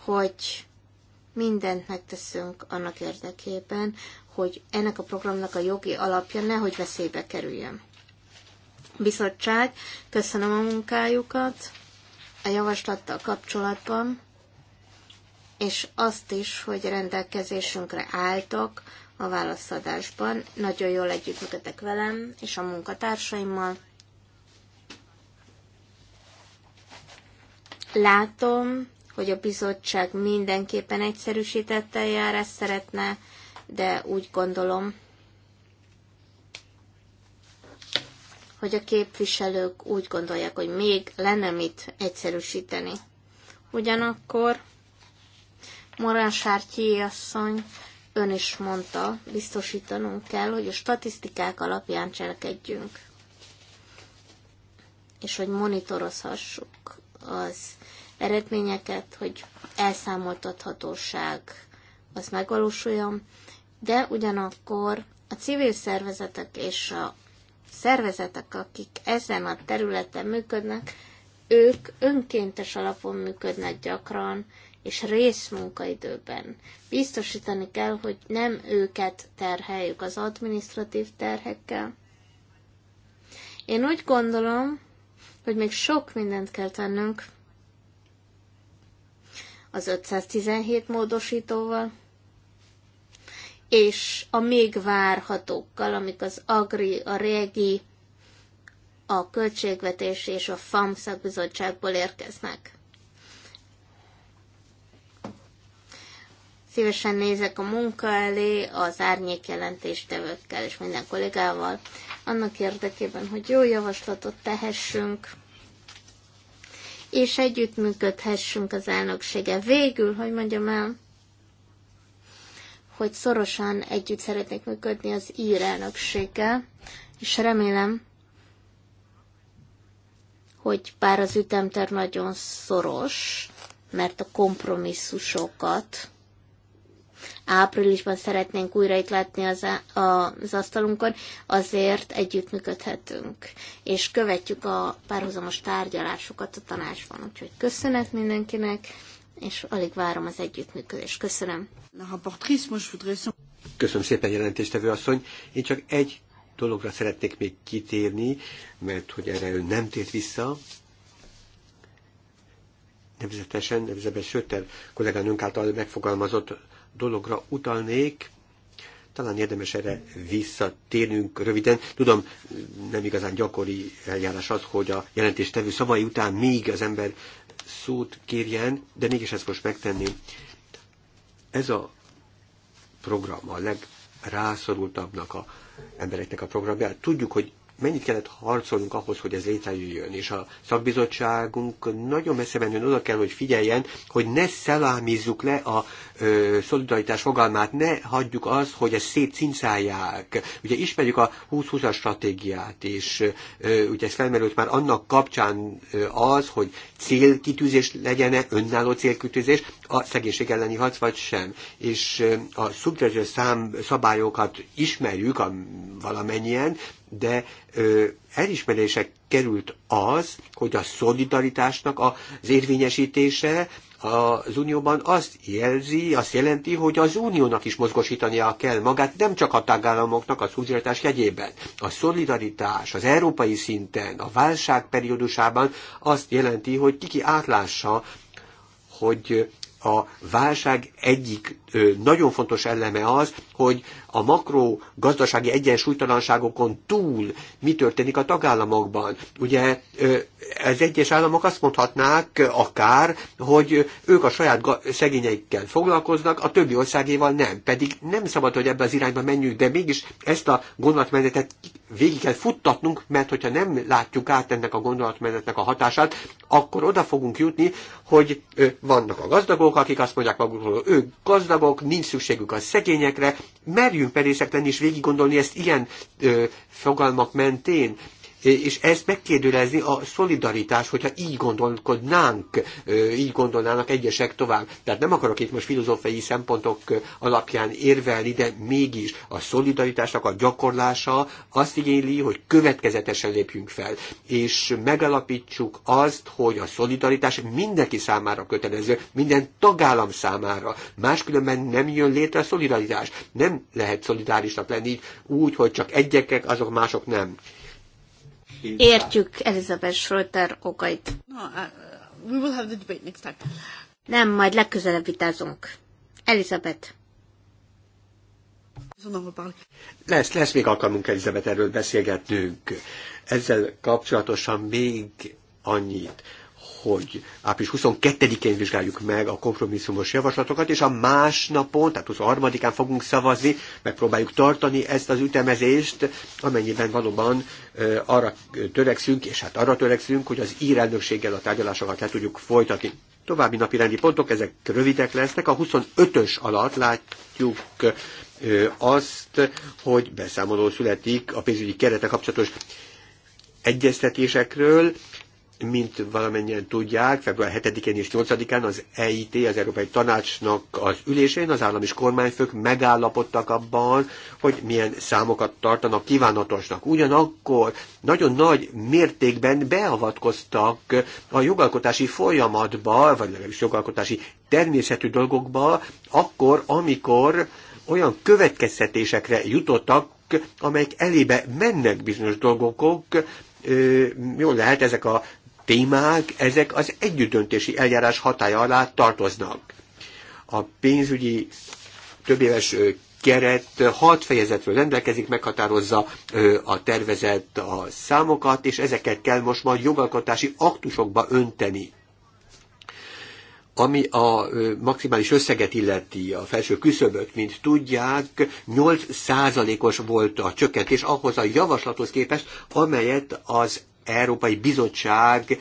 hogy mindent megteszünk annak érdekében, hogy ennek a programnak a jogi alapja nehogy veszélybe kerüljön bizottság. Köszönöm a munkájukat a javaslattal kapcsolatban, és azt is, hogy rendelkezésünkre álltak a válaszadásban. Nagyon jól együttműködtek velem és a munkatársaimmal. Látom, hogy a bizottság mindenképpen egyszerűsített eljárás szeretne, de úgy gondolom, hogy a képviselők úgy gondolják, hogy még lenne mit egyszerűsíteni. Ugyanakkor Morán Sártyi asszony ön is mondta, biztosítanunk kell, hogy a statisztikák alapján cselekedjünk, és hogy monitorozhassuk az eredményeket, hogy elszámoltathatóság az megvalósuljon, de ugyanakkor a civil szervezetek és a szervezetek, akik ezen a területen működnek, ők önkéntes alapon működnek gyakran, és részmunkaidőben. Biztosítani kell, hogy nem őket terheljük az administratív terhekkel. Én úgy gondolom, hogy még sok mindent kell tennünk az 517 módosítóval, és a még várhatókkal, amik az Agri, a Régi, a Költségvetés és a FAM szakbizottságból érkeznek. Szívesen nézek a munka elé az árnyék jelentéstevőkkel és minden kollégával, annak érdekében, hogy jó javaslatot tehessünk, és együttműködhessünk az elnöksége. Végül, hogy mondjam el, hogy szorosan együtt szeretnék működni az ír elnökséggel, és remélem, hogy bár az ütemter nagyon szoros, mert a kompromisszusokat áprilisban szeretnénk újra itt látni az, az asztalunkon, azért együttműködhetünk, és követjük a párhuzamos tárgyalásokat a tanácsban. Úgyhogy köszönet mindenkinek, és alig várom az együttműködést. Köszönöm. Köszönöm szépen, jelentéstevő asszony. Én csak egy dologra szeretnék még kitérni, mert hogy erre ő nem tért vissza. Nevezetesen, nevezetesen Söter kollégánőnk által megfogalmazott dologra utalnék, talán érdemes erre visszatérnünk röviden. Tudom, nem igazán gyakori eljárás az, hogy a jelentéstevő szavai után még az ember szót kérjen, de mégis ezt most megtenni Ez a program a legrászorultabbnak a embereknek a programja, Tudjuk, hogy mennyit kellett harcolnunk ahhoz, hogy ez létrejöjjön, és a szakbizottságunk nagyon messze menően oda kell, hogy figyeljen, hogy ne szelámízzuk le a ö, szolidaritás fogalmát, ne hagyjuk azt, hogy ezt szétcincálják. Ugye ismerjük a 2020-as stratégiát, és ö, ugye ez felmerült már annak kapcsán ö, az, hogy célkitűzés legyene, önálló célkitűzés, a szegénység elleni harc vagy sem, és ö, a szubterjő szám szabályokat ismerjük a, valamennyien, de ö, elismerése került az, hogy a szolidaritásnak az érvényesítése az unióban azt jelzi, azt jelenti, hogy az uniónak is mozgosítania kell magát, nem csak a tagállamoknak a szolidaritás jegyében. A szolidaritás az európai szinten, a válság periódusában azt jelenti, hogy kiki átlássa, hogy a válság egyik nagyon fontos eleme az, hogy a makro gazdasági egyensúlytalanságokon túl mi történik a tagállamokban. Ugye az egyes államok azt mondhatnák akár, hogy ők a saját szegényeikkel foglalkoznak, a többi országéval nem. Pedig nem szabad, hogy ebbe az irányba menjünk, de mégis ezt a gondolatmenetet végig kell futtatnunk, mert hogyha nem látjuk át ennek a gondolatmenetnek a hatását, akkor oda fogunk jutni, hogy vannak a gazdagok, akik azt mondják magukról, ők gazdagok, gazdagok, nincs szükségük a szegényekre, merjünk merészek lenni és végig gondolni ezt ilyen ö, fogalmak mentén és ezt megkérdőlezni a szolidaritás, hogyha így gondolkodnánk, így gondolnának egyesek tovább. Tehát nem akarok itt most filozófiai szempontok alapján érvelni, de mégis a szolidaritásnak a gyakorlása azt igényli, hogy következetesen lépjünk fel, és megalapítsuk azt, hogy a szolidaritás mindenki számára kötelező, minden tagállam számára. Máskülönben nem jön létre a szolidaritás. Nem lehet szolidárisnak lenni úgy, hogy csak egyekek, azok mások nem. Értjük Elizabeth Schroeder okait. No, uh, uh, we will have the debate next time. Nem, majd legközelebb vitázunk. Elizabeth. Lesz, lesz még alkalmunk Elizabeth erről beszélgetnünk. Ezzel kapcsolatosan még annyit, hogy április 22-én vizsgáljuk meg a kompromisszumos javaslatokat, és a másnapon, tehát 23-án fogunk szavazni, megpróbáljuk tartani ezt az ütemezést, amennyiben valóban arra törekszünk, és hát arra törekszünk, hogy az írelnökséggel a tárgyalásokat le tudjuk folytatni. További napi rendi pontok, ezek rövidek lesznek. A 25-ös alatt látjuk azt, hogy beszámoló születik a pénzügyi kerete kapcsolatos egyeztetésekről, mint valamennyien tudják, február 7-én és 8-án az EIT, az Európai Tanácsnak az ülésén az állam és kormányfők megállapodtak abban, hogy milyen számokat tartanak kívánatosnak. Ugyanakkor nagyon nagy mértékben beavatkoztak a jogalkotási folyamatba, vagy legalábbis jogalkotási természetű dolgokba, akkor, amikor olyan következtetésekre jutottak, amelyek elébe mennek bizonyos dolgokok, jól lehet, ezek a témák, ezek az együttdöntési eljárás hatája alá tartoznak. A pénzügyi többéves keret hat fejezetről rendelkezik, meghatározza a tervezett a számokat, és ezeket kell most majd jogalkotási aktusokba önteni. Ami a maximális összeget illeti, a felső küszöböt, mint tudják, 8 os volt a csökkentés ahhoz a javaslathoz képest, amelyet az Európai Bizottság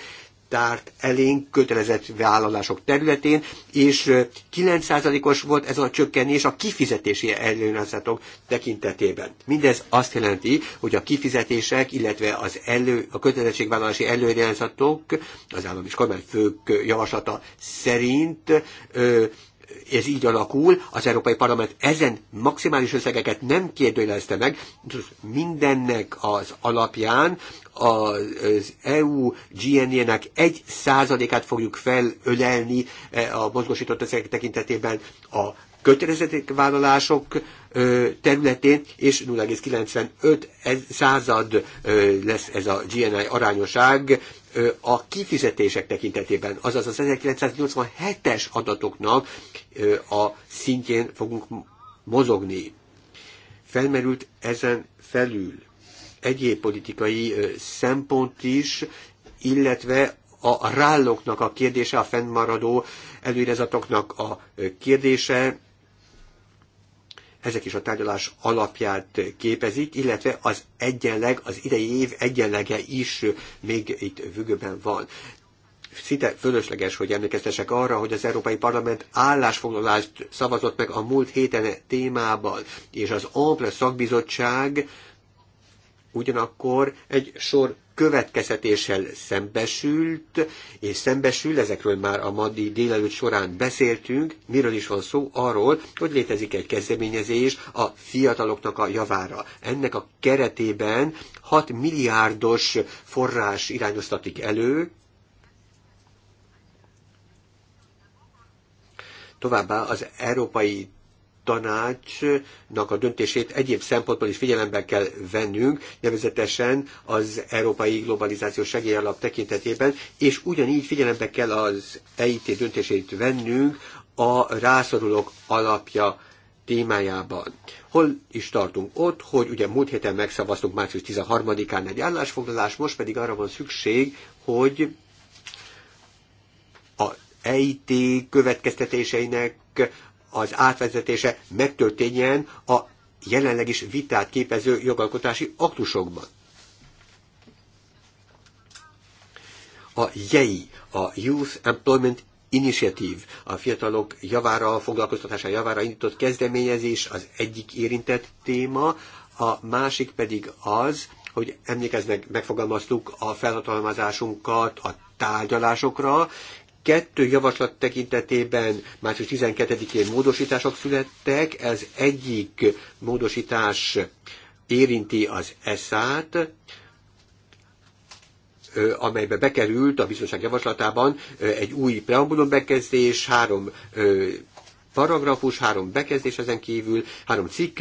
tárt elénk kötelezett vállalások területén, és 9%-os volt ez a csökkenés a kifizetési előnyösszatok tekintetében. Mindez azt jelenti, hogy a kifizetések, illetve az elő, a kötelezettségvállalási előnyösszatok az állam és fők javaslata szerint ö, ez így alakul, az Európai Parlament ezen maximális összegeket nem kérdőjelezte meg, mindennek az alapján az EU GNI-nek egy százalékát fogjuk felölelni e, a mozgósított összegek tekintetében a vállalások területén, és 0,95 század lesz ez a GNI e arányosság a kifizetések tekintetében, azaz az 1987-es adatoknak a szintjén fogunk mozogni. Felmerült ezen felül egyéb politikai szempont is, illetve a rállóknak a kérdése, a fennmaradó előirezatoknak a kérdése, ezek is a tárgyalás alapját képezik, illetve az egyenleg, az idei év egyenlege is még itt függőben van szinte fölösleges, hogy emlékeztesek arra, hogy az Európai Parlament állásfoglalást szavazott meg a múlt héten e témában, és az Ample szakbizottság ugyanakkor egy sor következetéssel szembesült, és szembesül, ezekről már a madi délelőtt során beszéltünk, miről is van szó, arról, hogy létezik egy kezdeményezés a fiataloknak a javára. Ennek a keretében 6 milliárdos forrás irányoztatik elő, Továbbá az Európai tanácsnak a döntését egyéb szempontból is figyelembe kell vennünk, nevezetesen az Európai Globalizációs Segélyalap tekintetében, és ugyanígy figyelembe kell az EIT döntését vennünk a rászorulók alapja témájában. Hol is tartunk ott, hogy ugye múlt héten megszavaztunk március 13-án egy állásfoglalás, most pedig arra van szükség, hogy a EIT következtetéseinek az átvezetése megtörténjen a jelenleg is vitát képező jogalkotási aktusokban. A JEI, a Youth Employment Initiative, a fiatalok javára, a foglalkoztatása javára indított kezdeményezés az egyik érintett téma, a másik pedig az, hogy emlékeznek, megfogalmaztuk a felhatalmazásunkat a tárgyalásokra, kettő javaslat tekintetében március 12-én módosítások születtek, ez egyik módosítás érinti az ESZ-át, amelybe bekerült a bizottság javaslatában egy új preambulum bekezdés, három paragrafus, három bekezdés ezen kívül, három cikk,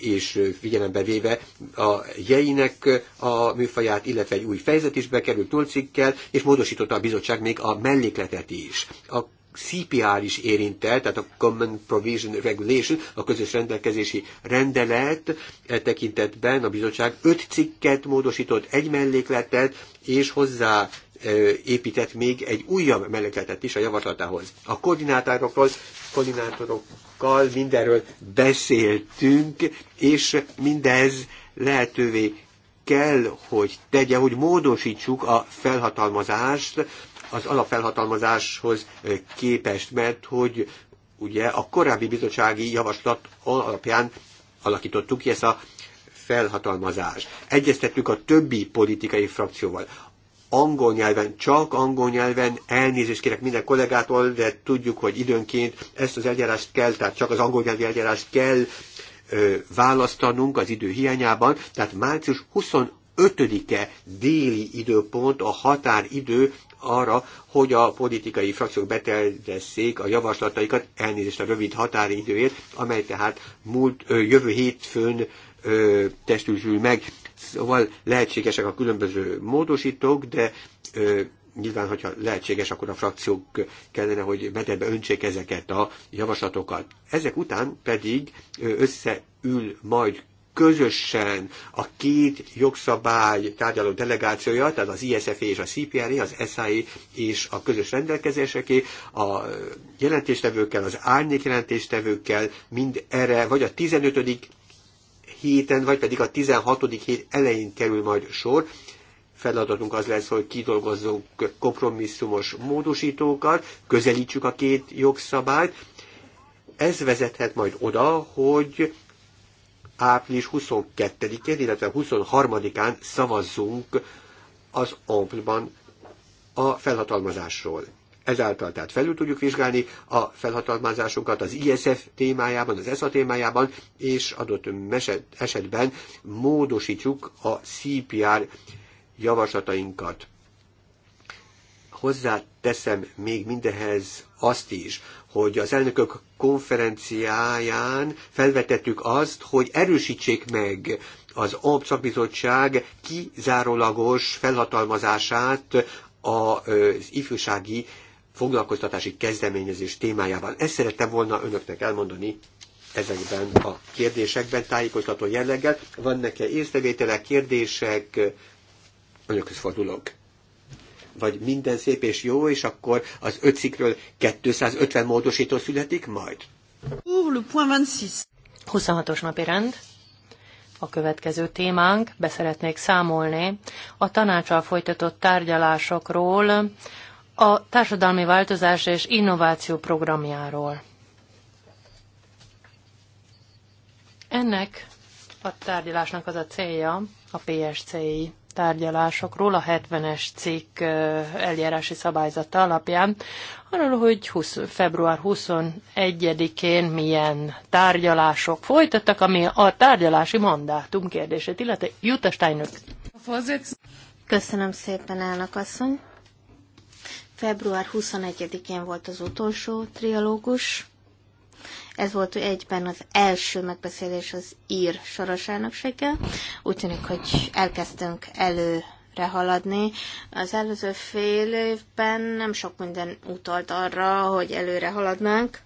és figyelembe véve a jeinek a műfaját, illetve egy új fejezet is bekerült null cikkkel, és módosította a bizottság még a mellékletet is. A CPR is érintett, tehát a Common Provision Regulation, a közös rendelkezési rendelet e tekintetben a bizottság öt cikket módosított, egy mellékletet, és hozzá épített még egy újabb mellékletet is a javaslatához. A koordinátorokról, koordinátorokkal mindenről beszéltünk, és mindez lehetővé kell, hogy tegye, hogy módosítsuk a felhatalmazást az alapfelhatalmazáshoz képest, mert hogy ugye a korábbi bizottsági javaslat alapján alakítottuk ki ezt a felhatalmazást. Egyeztettük a többi politikai frakcióval angol nyelven, csak angol nyelven elnézést kérek minden kollégától, de tudjuk, hogy időnként ezt az eljárást kell, tehát csak az angol nyelvi eljárást kell ö, választanunk az idő hiányában, tehát március 25-e déli időpont a határidő arra, hogy a politikai frakciók beterjesszék a javaslataikat, elnézést a rövid határidőért, amely tehát múlt, ö, jövő hétfőn testülsül meg. Szóval lehetségesek a különböző módosítók, de ö, nyilván, hogyha lehetséges, akkor a frakciók kellene, hogy mederbe öntsék ezeket a javaslatokat. Ezek után pedig összeül majd közösen a két jogszabály tárgyaló delegációja, tehát az ISF és a CPRE, az SAI e és a közös rendelkezéseké, a jelentéstevőkkel, az árnyék jelentéstevőkkel, mind erre, vagy a 15 héten, vagy pedig a 16. hét elején kerül majd sor. Feladatunk az lesz, hogy kidolgozzunk kompromisszumos módosítókat, közelítsük a két jogszabályt. Ez vezethet majd oda, hogy április 22-én, illetve 23-án szavazzunk az amplban a felhatalmazásról ezáltal tehát felül tudjuk vizsgálni a felhatalmazásunkat az ISF témájában, az ESA témájában, és adott esetben módosítjuk a CPR javaslatainkat. Hozzáteszem még mindehez azt is, hogy az elnökök konferenciáján felvetettük azt, hogy erősítsék meg az OMP szakbizottság kizárólagos felhatalmazását az ifjúsági foglalkoztatási kezdeményezés témájában. Ezt szerettem volna önöknek elmondani ezekben a kérdésekben, tájékoztató jelleggel. Vannak-e észrevételek, kérdések? Önökhöz fordulok. Vagy minden szép és jó, és akkor az cikről 250 módosító születik majd? 26. 26-os napi rend. A következő témánk, beszeretnék számolni, a tanácsal folytatott tárgyalásokról, a társadalmi változás és innováció programjáról. Ennek a tárgyalásnak az a célja, a PSCI tárgyalásokról a 70-es cikk eljárási szabályzata alapján, arról, hogy 20, február 21-én milyen tárgyalások folytattak, ami a tárgyalási mandátum kérdését illetve Jutta Steinök. Köszönöm szépen, elnök asszony. Február 21-én volt az utolsó trialógus. Ez volt egyben az első megbeszélés az ír soros elnökséggel. Úgy tűnik, hogy elkezdtünk elő előre haladni. Az előző fél évben nem sok minden utalt arra, hogy előre haladnánk,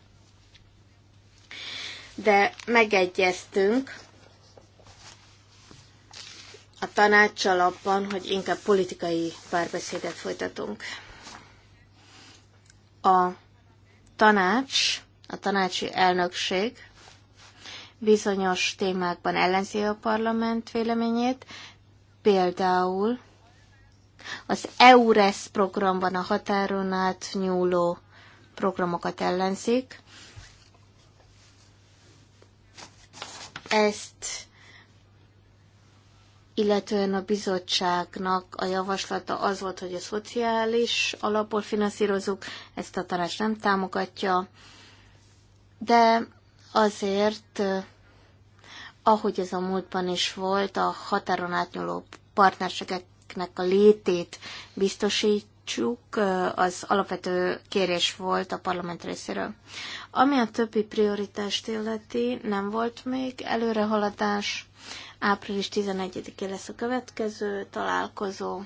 de megegyeztünk a tanácssal abban, hogy inkább politikai párbeszédet folytatunk a tanács, a tanácsi elnökség bizonyos témákban ellenzi a parlament véleményét, például az EURES programban a határon át nyúló programokat ellenzik. Ezt illetően a bizottságnak a javaslata az volt, hogy a szociális alapból finanszírozunk, ezt a tanács nem támogatja, de azért, eh, ahogy ez a múltban is volt, a határon átnyúló partnerségeknek a létét biztosítsuk, eh, az alapvető kérés volt a parlament részéről. Ami a többi prioritást illeti, nem volt még előrehaladás, Április 11-én lesz a következő találkozó,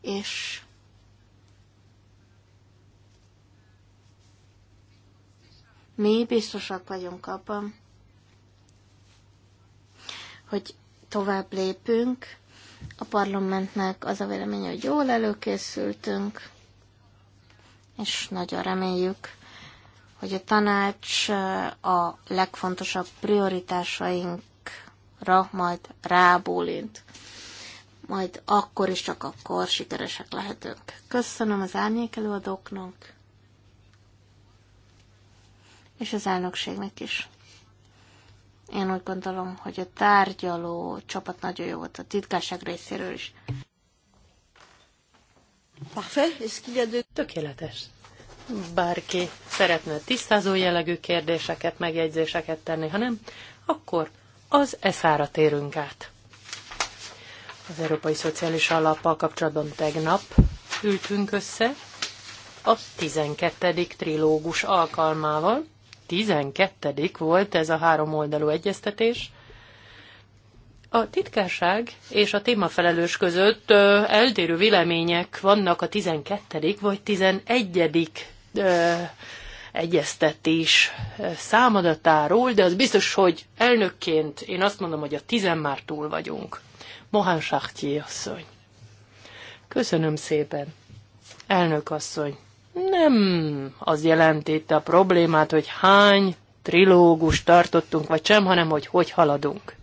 és mi biztosak vagyunk abban, hogy tovább lépünk. A parlamentnek az a véleménye, hogy jól előkészültünk, és nagyon reméljük, hogy a tanács a legfontosabb prioritásaink ra majd rábólint. Majd akkor is csak akkor sikeresek lehetünk. Köszönöm az árnyékelőadóknak, és az elnökségnek is. Én úgy gondolom, hogy a tárgyaló csapat nagyon jó volt a titkárság részéről is. Tökéletes. Bárki szeretne tisztázó jellegű kérdéseket, megjegyzéseket tenni, ha nem, akkor az eszára térünk át. Az Európai Szociális Alappal kapcsolatban tegnap ültünk össze a 12. trilógus alkalmával. 12. volt ez a három oldalú egyeztetés. A titkárság és a témafelelős között eltérő vélemények vannak a 12. vagy 11 egyeztetés számadatáról, de az biztos, hogy elnökként én azt mondom, hogy a tizen már túl vagyunk. Mohan Sartier asszony. Köszönöm szépen. Elnök asszony, nem az jelenti itt a problémát, hogy hány trilógus tartottunk, vagy sem, hanem hogy hogy haladunk.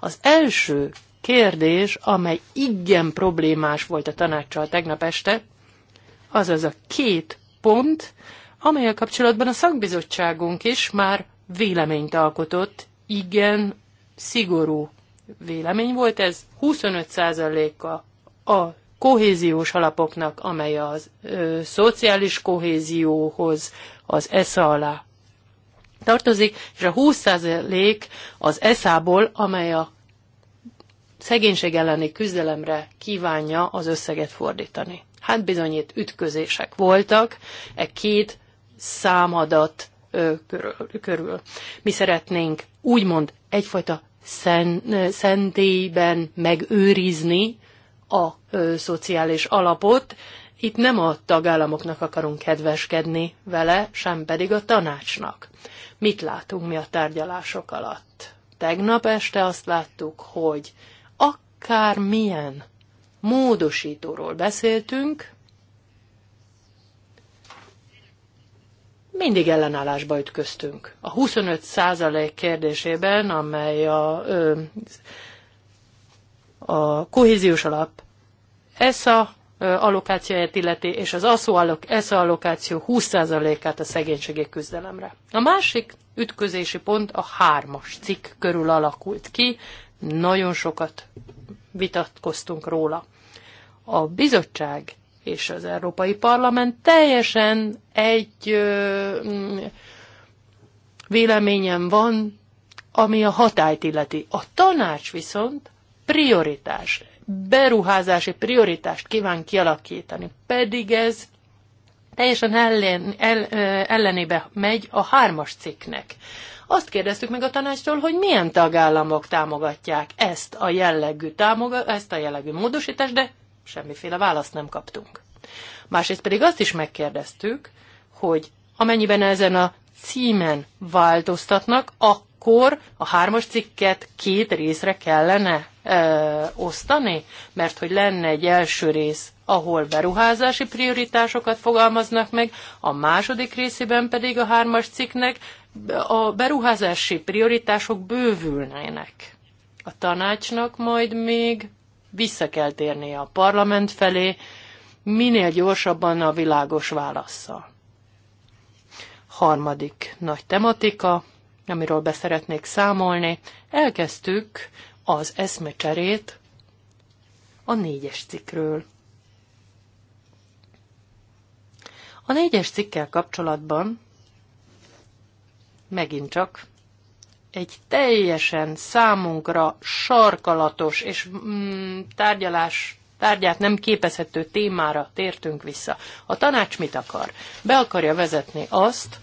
Az első kérdés, amely igen problémás volt a tanácssal tegnap este, az az a két pont, amelyel kapcsolatban a szakbizottságunk is már véleményt alkotott, igen szigorú vélemény volt ez, 25%-a a kohéziós alapoknak, amely a szociális kohézióhoz az ESZA alá tartozik, és a 20% az ESZA-ból, amely a szegénység elleni küzdelemre kívánja az összeget fordítani. Hát bizonyít ütközések voltak e két számadat körül. körül. Mi szeretnénk úgymond egyfajta szen, szentélyben megőrizni a ö, szociális alapot. Itt nem a tagállamoknak akarunk kedveskedni vele, sem pedig a tanácsnak. Mit látunk mi a tárgyalások alatt? Tegnap este azt láttuk, hogy akármilyen módosítóról beszéltünk, mindig ellenállásba ütköztünk. A 25 százalék kérdésében, amely a, a kohéziós alap ESZA allokációját illeti, és az ASZO ESZA allokáció 20%-át a szegénységi küzdelemre. A másik ütközési pont a hármas cikk körül alakult ki, nagyon sokat vitatkoztunk róla. A bizottság és az Európai Parlament teljesen egy ö, véleményem van, ami a hatályt illeti. A tanács viszont prioritás, beruházási prioritást kíván kialakítani, pedig ez teljesen ellen, el, ellenébe megy a hármas cikknek. Azt kérdeztük meg a tanácstól, hogy milyen tagállamok támogatják ezt a jellegű, támoga, ezt a jellegű módosítást, de semmiféle választ nem kaptunk. Másrészt pedig azt is megkérdeztük, hogy amennyiben ezen a címen változtatnak, akkor a hármas cikket két részre kellene ö, osztani, mert hogy lenne egy első rész, ahol beruházási prioritásokat fogalmaznak meg, a második részében pedig a hármas cikknek a beruházási prioritások bővülnének. A tanácsnak majd még vissza kell térnie a parlament felé, minél gyorsabban a világos válaszsal. Harmadik nagy tematika, amiről beszeretnék számolni, elkezdtük az eszmecserét a négyes cikkről. A négyes cikkel kapcsolatban megint csak egy teljesen számunkra sarkalatos és mm, tárgyalás tárgyát nem képezhető témára tértünk vissza. A tanács mit akar? Be akarja vezetni azt,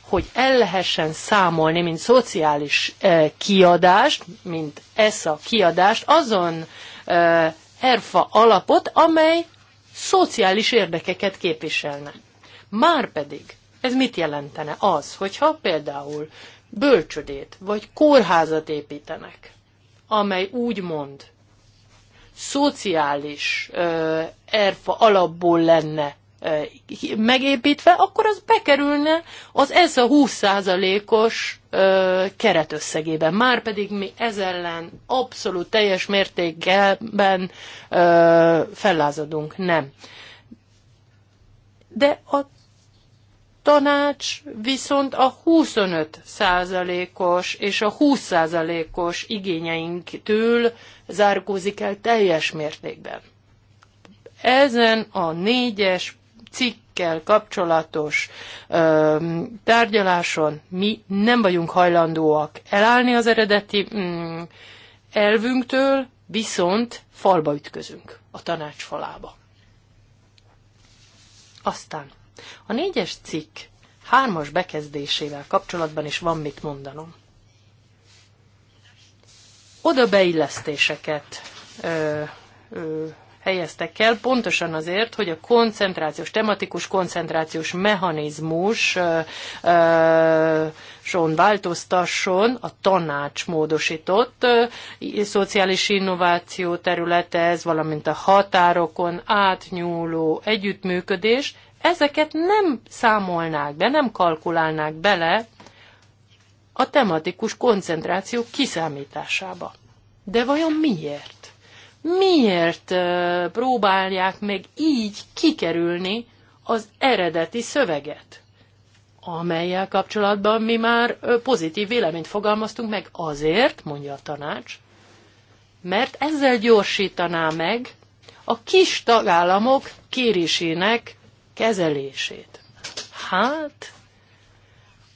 hogy el lehessen számolni, mint szociális eh, kiadást, mint ESZA kiadást, azon eh, ERFA alapot, amely szociális érdekeket képviselne. Márpedig ez mit jelentene? Az, hogyha például bölcsödét vagy kórházat építenek, amely úgymond szociális ö, erfa alapból lenne ö, megépítve, akkor az bekerülne az ez a 20%-os keretösszegében. Márpedig mi ez ellen abszolút teljes mértékben ö, fellázadunk, nem. De a tanács viszont a 25 százalékos és a 20 százalékos igényeinktől zárkózik el teljes mértékben. Ezen a négyes cikkkel kapcsolatos ö, tárgyaláson mi nem vagyunk hajlandóak elállni az eredeti mm, elvünktől, viszont falba ütközünk, a tanács falába. Aztán a négyes cikk hármas bekezdésével kapcsolatban is van mit mondanom. Oda beillesztéseket ö, ö, helyeztek el, pontosan azért, hogy a koncentrációs, tematikus koncentrációs mechanizmus ö, ö, son változtasson a tanács módosított ö, szociális innováció ez valamint a határokon átnyúló együttműködés ezeket nem számolnák be, nem kalkulálnák bele a tematikus koncentráció kiszámításába. De vajon miért? Miért próbálják meg így kikerülni az eredeti szöveget? amelyel kapcsolatban mi már pozitív véleményt fogalmaztunk meg azért, mondja a tanács, mert ezzel gyorsítaná meg a kis tagállamok kérésének kezelését. Hát,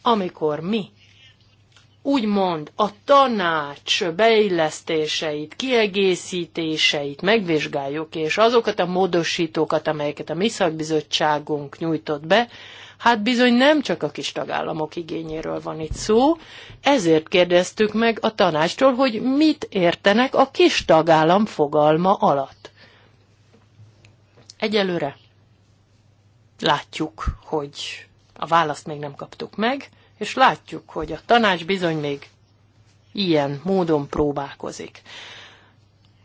amikor mi úgymond a tanács beillesztéseit, kiegészítéseit megvizsgáljuk, és azokat a módosítókat, amelyeket a mi szakbizottságunk nyújtott be, hát bizony nem csak a kis tagállamok igényéről van itt szó, ezért kérdeztük meg a tanácstól, hogy mit értenek a kis tagállam fogalma alatt. Egyelőre látjuk, hogy a választ még nem kaptuk meg, és látjuk, hogy a tanács bizony még ilyen módon próbálkozik.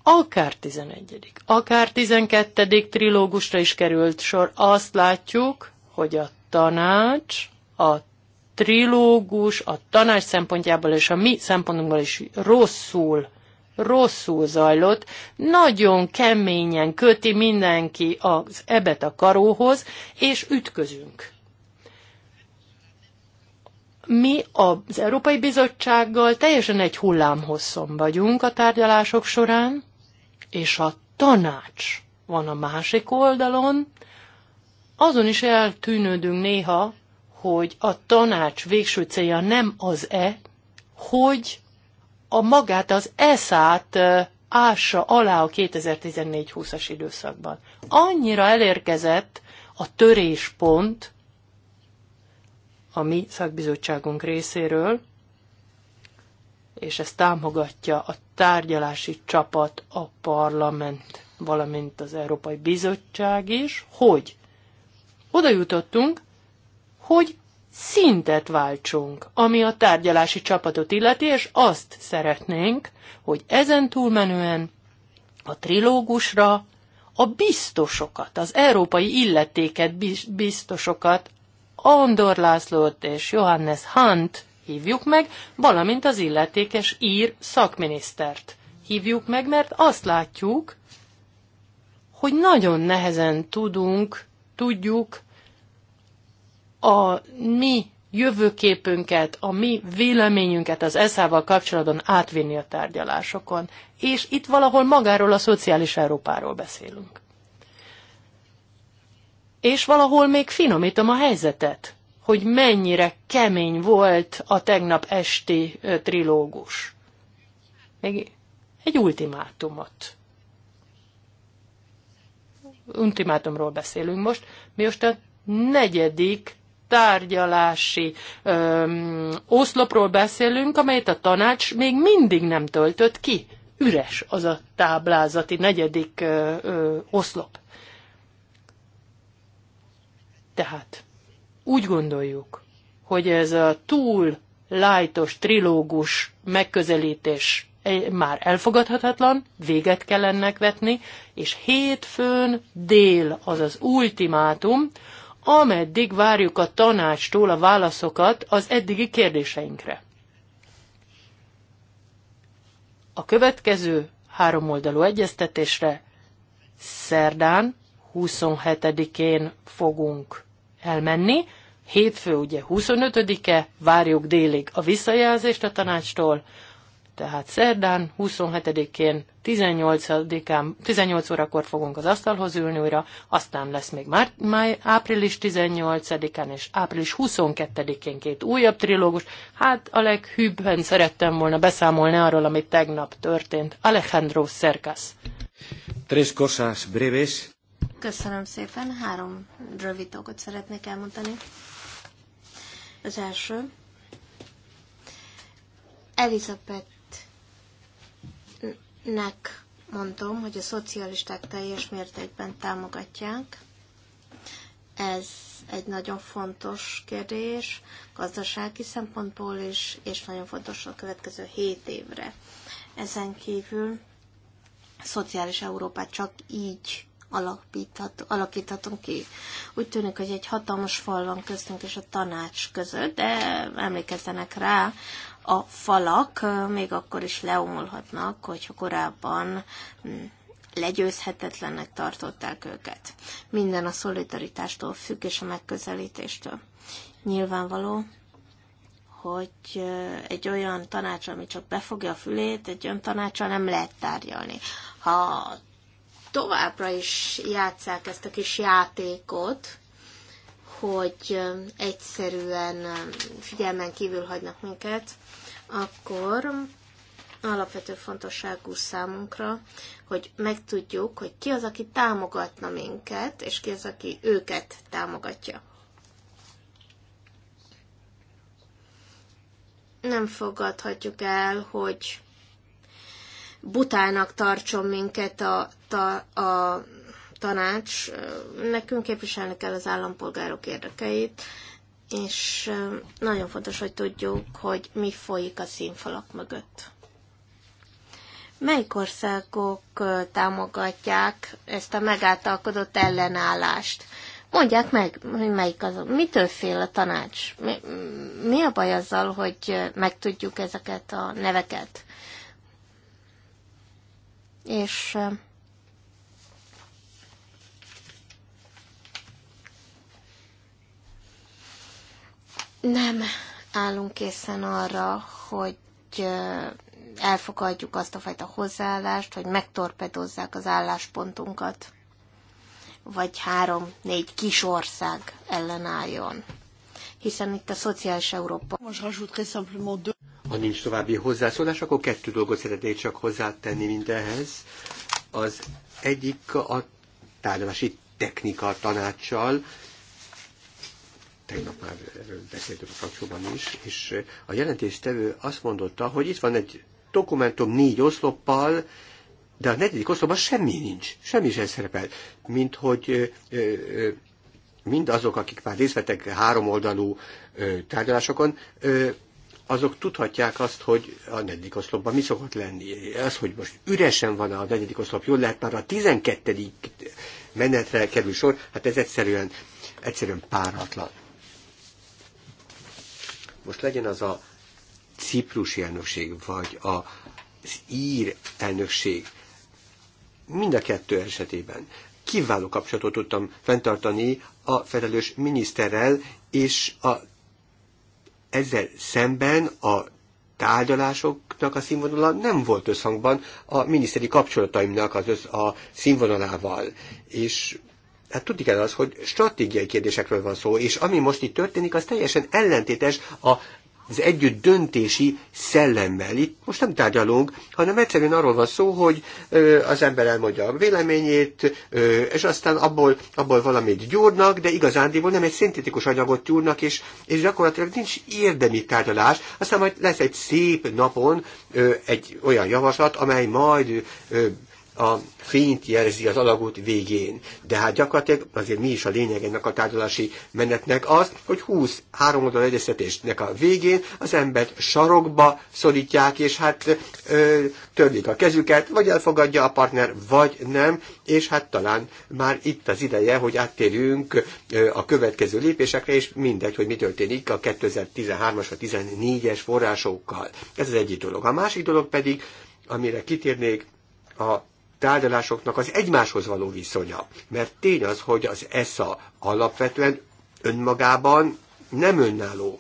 Akár 11. akár 12. trilógusra is került sor, azt látjuk, hogy a tanács, a trilógus a tanács szempontjából és a mi szempontunkból is rosszul rosszul zajlott, nagyon keményen köti mindenki az ebet a karóhoz, és ütközünk. Mi az Európai Bizottsággal teljesen egy hullámhosszon vagyunk a tárgyalások során, és a tanács van a másik oldalon, azon is eltűnődünk néha, hogy a tanács végső célja nem az-e, hogy a magát, az eszát ássa alá a 2014-20-as időszakban. Annyira elérkezett a töréspont a mi szakbizottságunk részéről, és ezt támogatja a tárgyalási csapat, a parlament, valamint az Európai Bizottság is, hogy oda jutottunk, hogy szintet váltsunk, ami a tárgyalási csapatot illeti, és azt szeretnénk, hogy ezen túlmenően a trilógusra a biztosokat, az európai illetéket biztosokat, Andor Lászlót és Johannes Hunt hívjuk meg, valamint az illetékes ír szakminisztert hívjuk meg, mert azt látjuk, hogy nagyon nehezen tudunk, tudjuk a mi jövőképünket, a mi véleményünket az ESZ-val kapcsolatban átvinni a tárgyalásokon. És itt valahol magáról a szociális Európáról beszélünk. És valahol még finomítom a helyzetet, hogy mennyire kemény volt a tegnap esti trilógus. Még egy ultimátumot. Ultimátumról beszélünk most. Mi most a negyedik tárgyalási öm, oszlopról beszélünk, amelyet a tanács még mindig nem töltött ki. Üres az a táblázati negyedik ö, ö, oszlop. Tehát úgy gondoljuk, hogy ez a túl lájtos, trilógus megközelítés eh, már elfogadhatatlan, véget kell ennek vetni, és hétfőn dél, az az ultimátum, ameddig várjuk a tanácstól a válaszokat az eddigi kérdéseinkre. A következő háromoldalú egyeztetésre szerdán 27-én fogunk elmenni, hétfő ugye 25-e, várjuk délig a visszajelzést a tanácstól, tehát szerdán 27-én 18-án, 18 órakor fogunk az asztalhoz ülni újra, aztán lesz még már, máj, április 18-án és április 22-én két újabb trilógus. Hát a leghűbben szerettem volna beszámolni arról, ami tegnap történt. Alejandro Szerkasz. Tres cosas breves. Köszönöm szépen. Három rövid dolgot szeretnék elmondani. Az első, Elizabeth nek mondom, hogy a szocialisták teljes mértékben támogatják. Ez egy nagyon fontos kérdés gazdasági szempontból is, és nagyon fontos a következő hét évre. Ezen kívül szociális Európát csak így alakíthat, alakíthatunk ki. Úgy tűnik, hogy egy hatalmas fal van köztünk és a tanács között, de emlékezzenek rá, a falak még akkor is leomolhatnak, hogyha korábban legyőzhetetlennek tartották őket. Minden a szolidaritástól függ és a megközelítéstől. Nyilvánvaló, hogy egy olyan tanács, ami csak befogja a fülét, egy olyan tanácsal nem lehet tárgyalni. Ha továbbra is játszák ezt a kis játékot, hogy um, egyszerűen um, figyelmen kívül hagynak minket, akkor alapvető fontosságú számunkra, hogy megtudjuk, hogy ki az, aki támogatna minket, és ki az, aki őket támogatja. Nem fogadhatjuk el, hogy butának tartson minket a, a, a tanács, nekünk képviselni kell az állampolgárok érdekeit, és nagyon fontos, hogy tudjuk, hogy mi folyik a színfalak mögött. Melyik országok támogatják ezt a megáltalkodott ellenállást? Mondják meg, hogy melyik az, mitől fél a tanács? Mi, mi a baj azzal, hogy megtudjuk ezeket a neveket? És nem állunk készen arra, hogy elfogadjuk azt a fajta hozzáállást, hogy megtorpedozzák az álláspontunkat, vagy három-négy kis ország ellenálljon. Hiszen itt a szociális Európa. Ha nincs további hozzászólás, akkor kettő dolgot szeretnék csak hozzátenni mindenhez. Az egyik a tárgyalási technika tanácssal, tegnap már erről beszéltünk a frakcióban is, és a jelentéstevő azt mondotta, hogy itt van egy dokumentum négy oszloppal, de a negyedik oszlopban semmi nincs, semmi sem szerepel, mint hogy mind azok, mindazok, akik már részt vettek háromoldalú tárgyalásokon, azok tudhatják azt, hogy a negyedik oszlopban mi szokott lenni. Az, hogy most üresen van a negyedik oszlop, jól lehet már a tizenkettedik menetre kerül sor, hát ez egyszerűen, egyszerűen páratlan. Most legyen az a ciprusi elnökség, vagy az ír elnökség, mind a kettő esetében kiváló kapcsolatot tudtam fenntartani a felelős miniszterrel, és a, ezzel szemben a tárgyalásoknak a színvonala nem volt összhangban a miniszteri kapcsolataimnak az össz, a színvonalával. És hát tudni kell az, hogy stratégiai kérdésekről van szó, és ami most itt történik, az teljesen ellentétes a az együtt döntési szellemmel. Itt most nem tárgyalunk, hanem egyszerűen arról van szó, hogy ö, az ember elmondja a véleményét, ö, és aztán abból, abból valamit gyúrnak, de igazándiból nem egy szintetikus anyagot gyúrnak, és, és gyakorlatilag nincs érdemi tárgyalás. Aztán majd lesz egy szép napon ö, egy olyan javaslat, amely majd ö, a fényt jelzi az alagút végén. De hát gyakorlatilag azért mi is a lényeg ennek a tárgyalási menetnek az, hogy 20 három oldal egyeztetésnek a végén az embert sarokba szorítják, és hát ö, törlik a kezüket, vagy elfogadja a partner, vagy nem, és hát talán már itt az ideje, hogy áttérjünk a következő lépésekre, és mindegy, hogy mi történik a 2013-as vagy 2014 es forrásokkal. Ez az egyik dolog. A másik dolog pedig, amire kitérnék, a tárgyalásoknak az egymáshoz való viszonya. Mert tény az, hogy az ESA alapvetően önmagában nem önálló.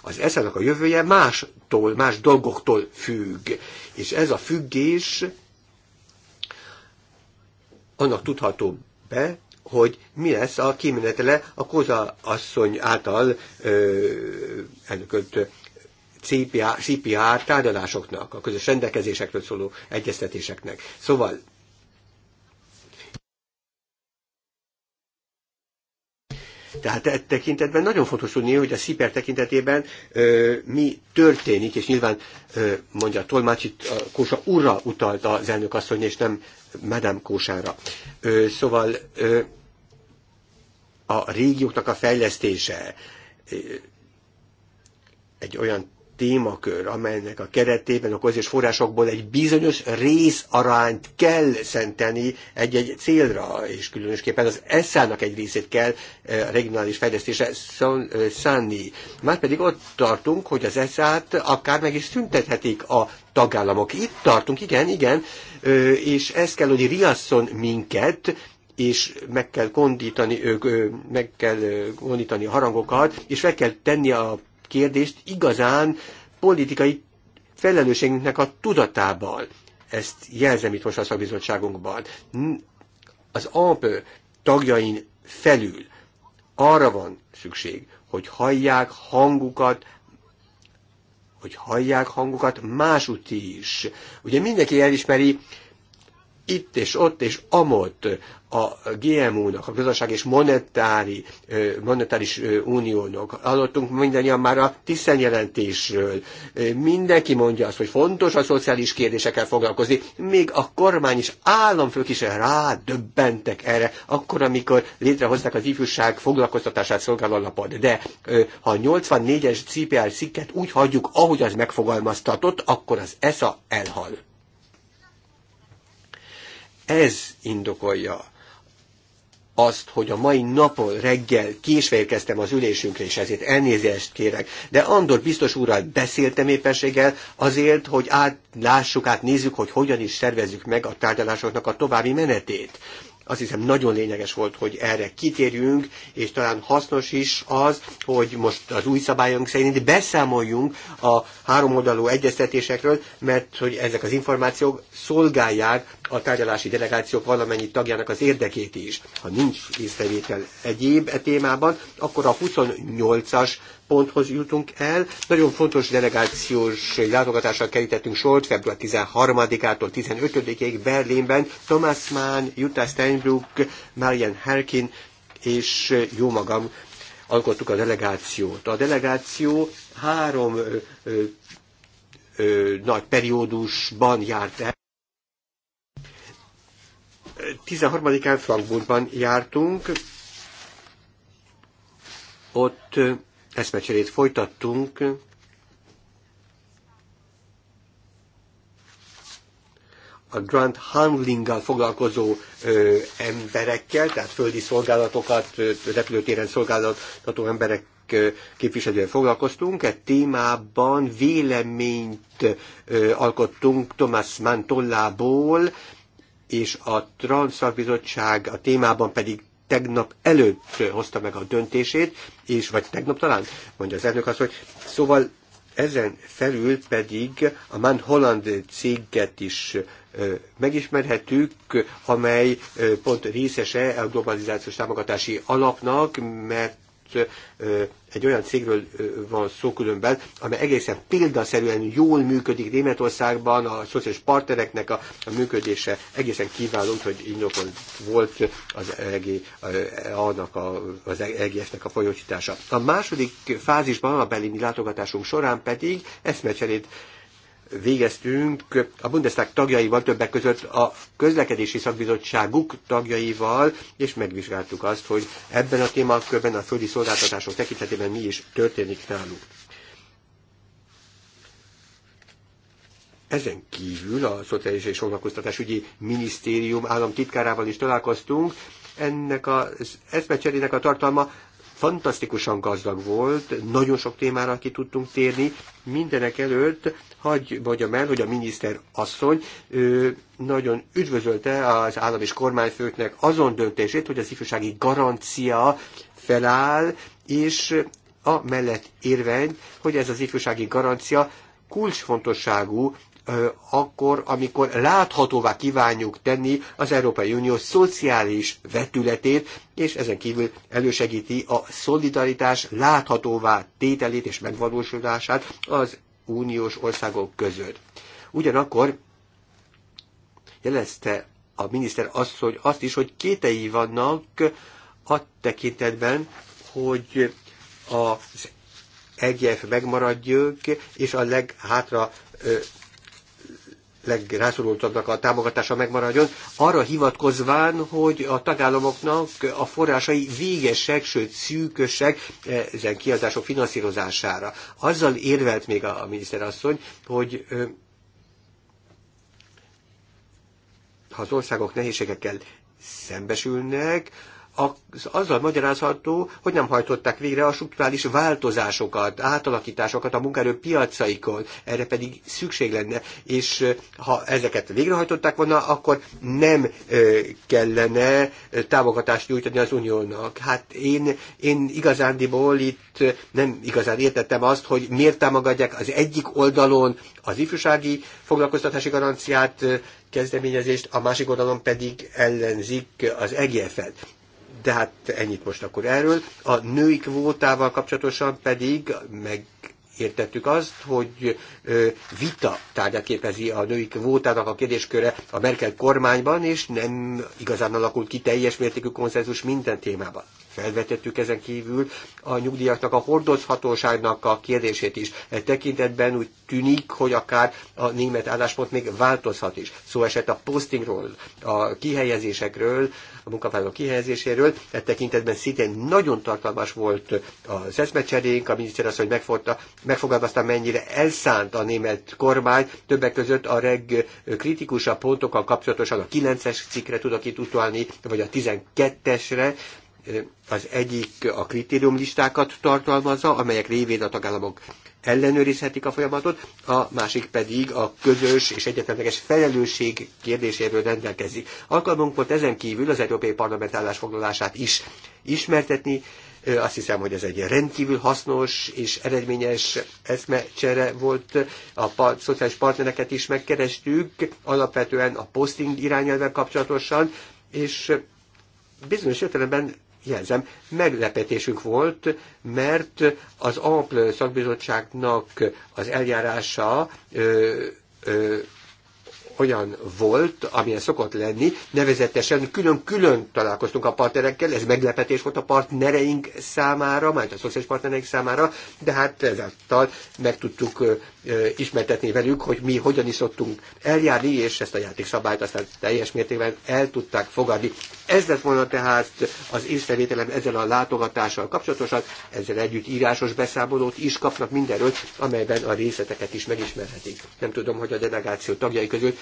Az ESA-nak a jövője mástól, más dolgoktól függ. És ez a függés annak tudható be, hogy mi lesz a kimenetele a Koza asszony által ö, elnökölt CPR, tárgyalásoknak, a közös rendelkezésekről szóló egyeztetéseknek. Szóval Tehát e tekintetben nagyon fontos tudni, hogy a CIPER tekintetében ö, mi történik, és nyilván ö, mondja a Kósa urra utalt az elnök asszony, és nem medem Kósára. Ö, szóval ö, a régióknak a fejlesztése ö, egy olyan témakör, amelynek a keretében a közös forrásokból egy bizonyos részarányt kell szenteni egy-egy célra, és különösképpen az ESZÁ-nak egy részét kell eh, regionális fejlesztésre eh, szánni. Márpedig ott tartunk, hogy az ESZÁ-t akár meg is szüntethetik a tagállamok. Itt tartunk, igen, igen, eh, és ez kell, hogy riasszon minket, és meg kell kondítani, ők, meg kell kondítani a harangokat, és meg kell tenni a kérdést igazán politikai felelősségünknek a tudatában. Ezt jelzem itt most a szakbizottságunkban. Az AMP tagjain felül arra van szükség, hogy hallják hangukat, hogy hallják hangukat másúti is. Ugye mindenki elismeri itt és ott és amott a gmu nak a gazdaság és monetári, monetáris uniónak. Hallottunk mindannyian már a Tiszen jelentésről. Mindenki mondja azt, hogy fontos a szociális kérdésekkel foglalkozni, még a kormány és államfők is rádöbbentek erre, akkor, amikor létrehozták az ifjúság foglalkoztatását szolgáló alapot. De ha a 84-es CPR cikket úgy hagyjuk, ahogy az megfogalmaztatott, akkor az ESA elhal. Ez indokolja azt, hogy a mai napon reggel késve érkeztem az ülésünkre, és ezért elnézést kérek. De Andor biztos úrral beszéltem éppenséggel azért, hogy átlássuk, átnézzük, hogy hogyan is szervezzük meg a tárgyalásoknak a további menetét. Azt hiszem nagyon lényeges volt, hogy erre kitérjünk, és talán hasznos is az, hogy most az új szabályunk szerint beszámoljunk a háromoldalú egyeztetésekről, mert hogy ezek az információk szolgálják a tárgyalási delegációk valamennyi tagjának az érdekét is. Ha nincs észrevétel egyéb e témában, akkor a 28-as ponthoz jutunk el. Nagyon fontos delegációs látogatásra kerítettünk sort február 13-ától 15-ig Berlinben. Thomas Mann, Jutta Steinbrück, Marian Herkin és jó magam alkottuk a delegációt. A delegáció három ö, ö, ö, nagy periódusban járt el. 13-án Frankfurtban jártunk, ott eszmecserét folytattunk, a grant handlinggal foglalkozó ö, emberekkel, tehát földi szolgálatokat, ö, repülőtéren szolgálatató emberek ö, képviselővel foglalkoztunk. Egy témában véleményt ö, alkottunk Thomas Mann tollából, és a Transzakbizottság a témában pedig tegnap előtt hozta meg a döntését, és vagy tegnap talán, mondja az elnök azt, hogy szóval ezen felül pedig a Man Holland céget is megismerhetük, amely pont részese a globalizációs támogatási alapnak, mert egy olyan cégről van szó különben, amely egészen példaszerűen jól működik Németországban, a szociális partnereknek a, a működése egészen kiváló, hogy indokolt volt az EG, annak a, az EGF-nek a folyósítása. A második fázisban, a belimi látogatásunk során pedig eszmecserét végeztünk a Bundestag tagjaival, többek között a közlekedési szakbizottságuk tagjaival, és megvizsgáltuk azt, hogy ebben a témakörben a földi szolgáltatások tekintetében mi is történik náluk. Ezen kívül a Szociális és ügyi Minisztérium államtitkárával is találkoztunk. Ennek az eszmecserének a tartalma fantasztikusan gazdag volt, nagyon sok témára ki tudtunk térni. Mindenek előtt vagy mondjam el, hogy a miniszter asszony ő, nagyon üdvözölte az állam és kormányfőknek azon döntését, hogy az ifjúsági garancia feláll, és a mellett érvény, hogy ez az ifjúsági garancia kulcsfontosságú akkor, amikor láthatóvá kívánjuk tenni az Európai Unió szociális vetületét, és ezen kívül elősegíti a szolidaritás láthatóvá tételét és megvalósulását az uniós országok között. Ugyanakkor jelezte a miniszter azt, hogy azt is, hogy kétei vannak a tekintetben, hogy az EGF megmaradjuk, és a leghátra legrászorultabbnak a támogatása megmaradjon, arra hivatkozván, hogy a tagállamoknak a forrásai végesek, sőt szűkösek ezen kiadások finanszírozására. Azzal érvelt még a miniszterasszony, hogy ha az országok nehézségekkel szembesülnek, az, azzal magyarázható, hogy nem hajtották végre a struktúrális változásokat, átalakításokat a munkaerő piacaikon, erre pedig szükség lenne, és ha ezeket végrehajtották volna, akkor nem kellene támogatást nyújtani az uniónak. Hát én, én igazándiból itt nem igazán értettem azt, hogy miért támogatják az egyik oldalon az ifjúsági foglalkoztatási garanciát, kezdeményezést, a másik oldalon pedig ellenzik az EGF-et. Tehát ennyit most akkor erről. A női kvótával kapcsolatosan pedig meg értettük azt, hogy vita tárgya képezi a női kvótának a kérdésköre a Merkel kormányban, és nem igazán alakult ki teljes mértékű konszenzus minden témában felvetettük ezen kívül a nyugdíjaknak, a hordozhatóságnak a kérdését is. E tekintetben úgy tűnik, hogy akár a német álláspont még változhat is. Szó szóval esett a postingról, a kihelyezésekről, a munkavállalók kihelyezéséről. E tekintetben szintén nagyon tartalmas volt az eszmecserénk, a miniszter azt, hogy megfogta, megfogalmazta, mennyire elszánt a német kormány, többek között a legkritikusabb pontokkal kapcsolatosan a 9-es cikkre tudok itt utalni, vagy a 12-esre, az egyik a kritériumlistákat tartalmazza, amelyek révén a tagállamok ellenőrizhetik a folyamatot, a másik pedig a közös és egyetemleges felelősség kérdéséről rendelkezik. Alkalmunk volt ezen kívül az Európai Parlament állásfoglalását is ismertetni, azt hiszem, hogy ez egy rendkívül hasznos és eredményes eszmecsere volt. A par- szociális partnereket is megkerestük, alapvetően a posting irányelvvel kapcsolatosan, és bizonyos értelemben jelzem, meglepetésünk volt, mert az AMPL szakbizottságnak az eljárása ö, ö, olyan volt, amilyen szokott lenni, nevezetesen külön-külön találkoztunk a partnerekkel, ez meglepetés volt a partnereink számára, majd a szociális partnereink számára, de hát ezáltal meg tudtuk ismertetni velük, hogy mi hogyan is szoktunk eljárni, és ezt a játékszabályt aztán teljes mértékben el tudták fogadni. Ez lett volna tehát az észrevételem ezzel a látogatással kapcsolatosan, ezzel együtt írásos beszámolót is kapnak mindenről, amelyben a részleteket is megismerhetik. Nem tudom, hogy a delegáció tagjai között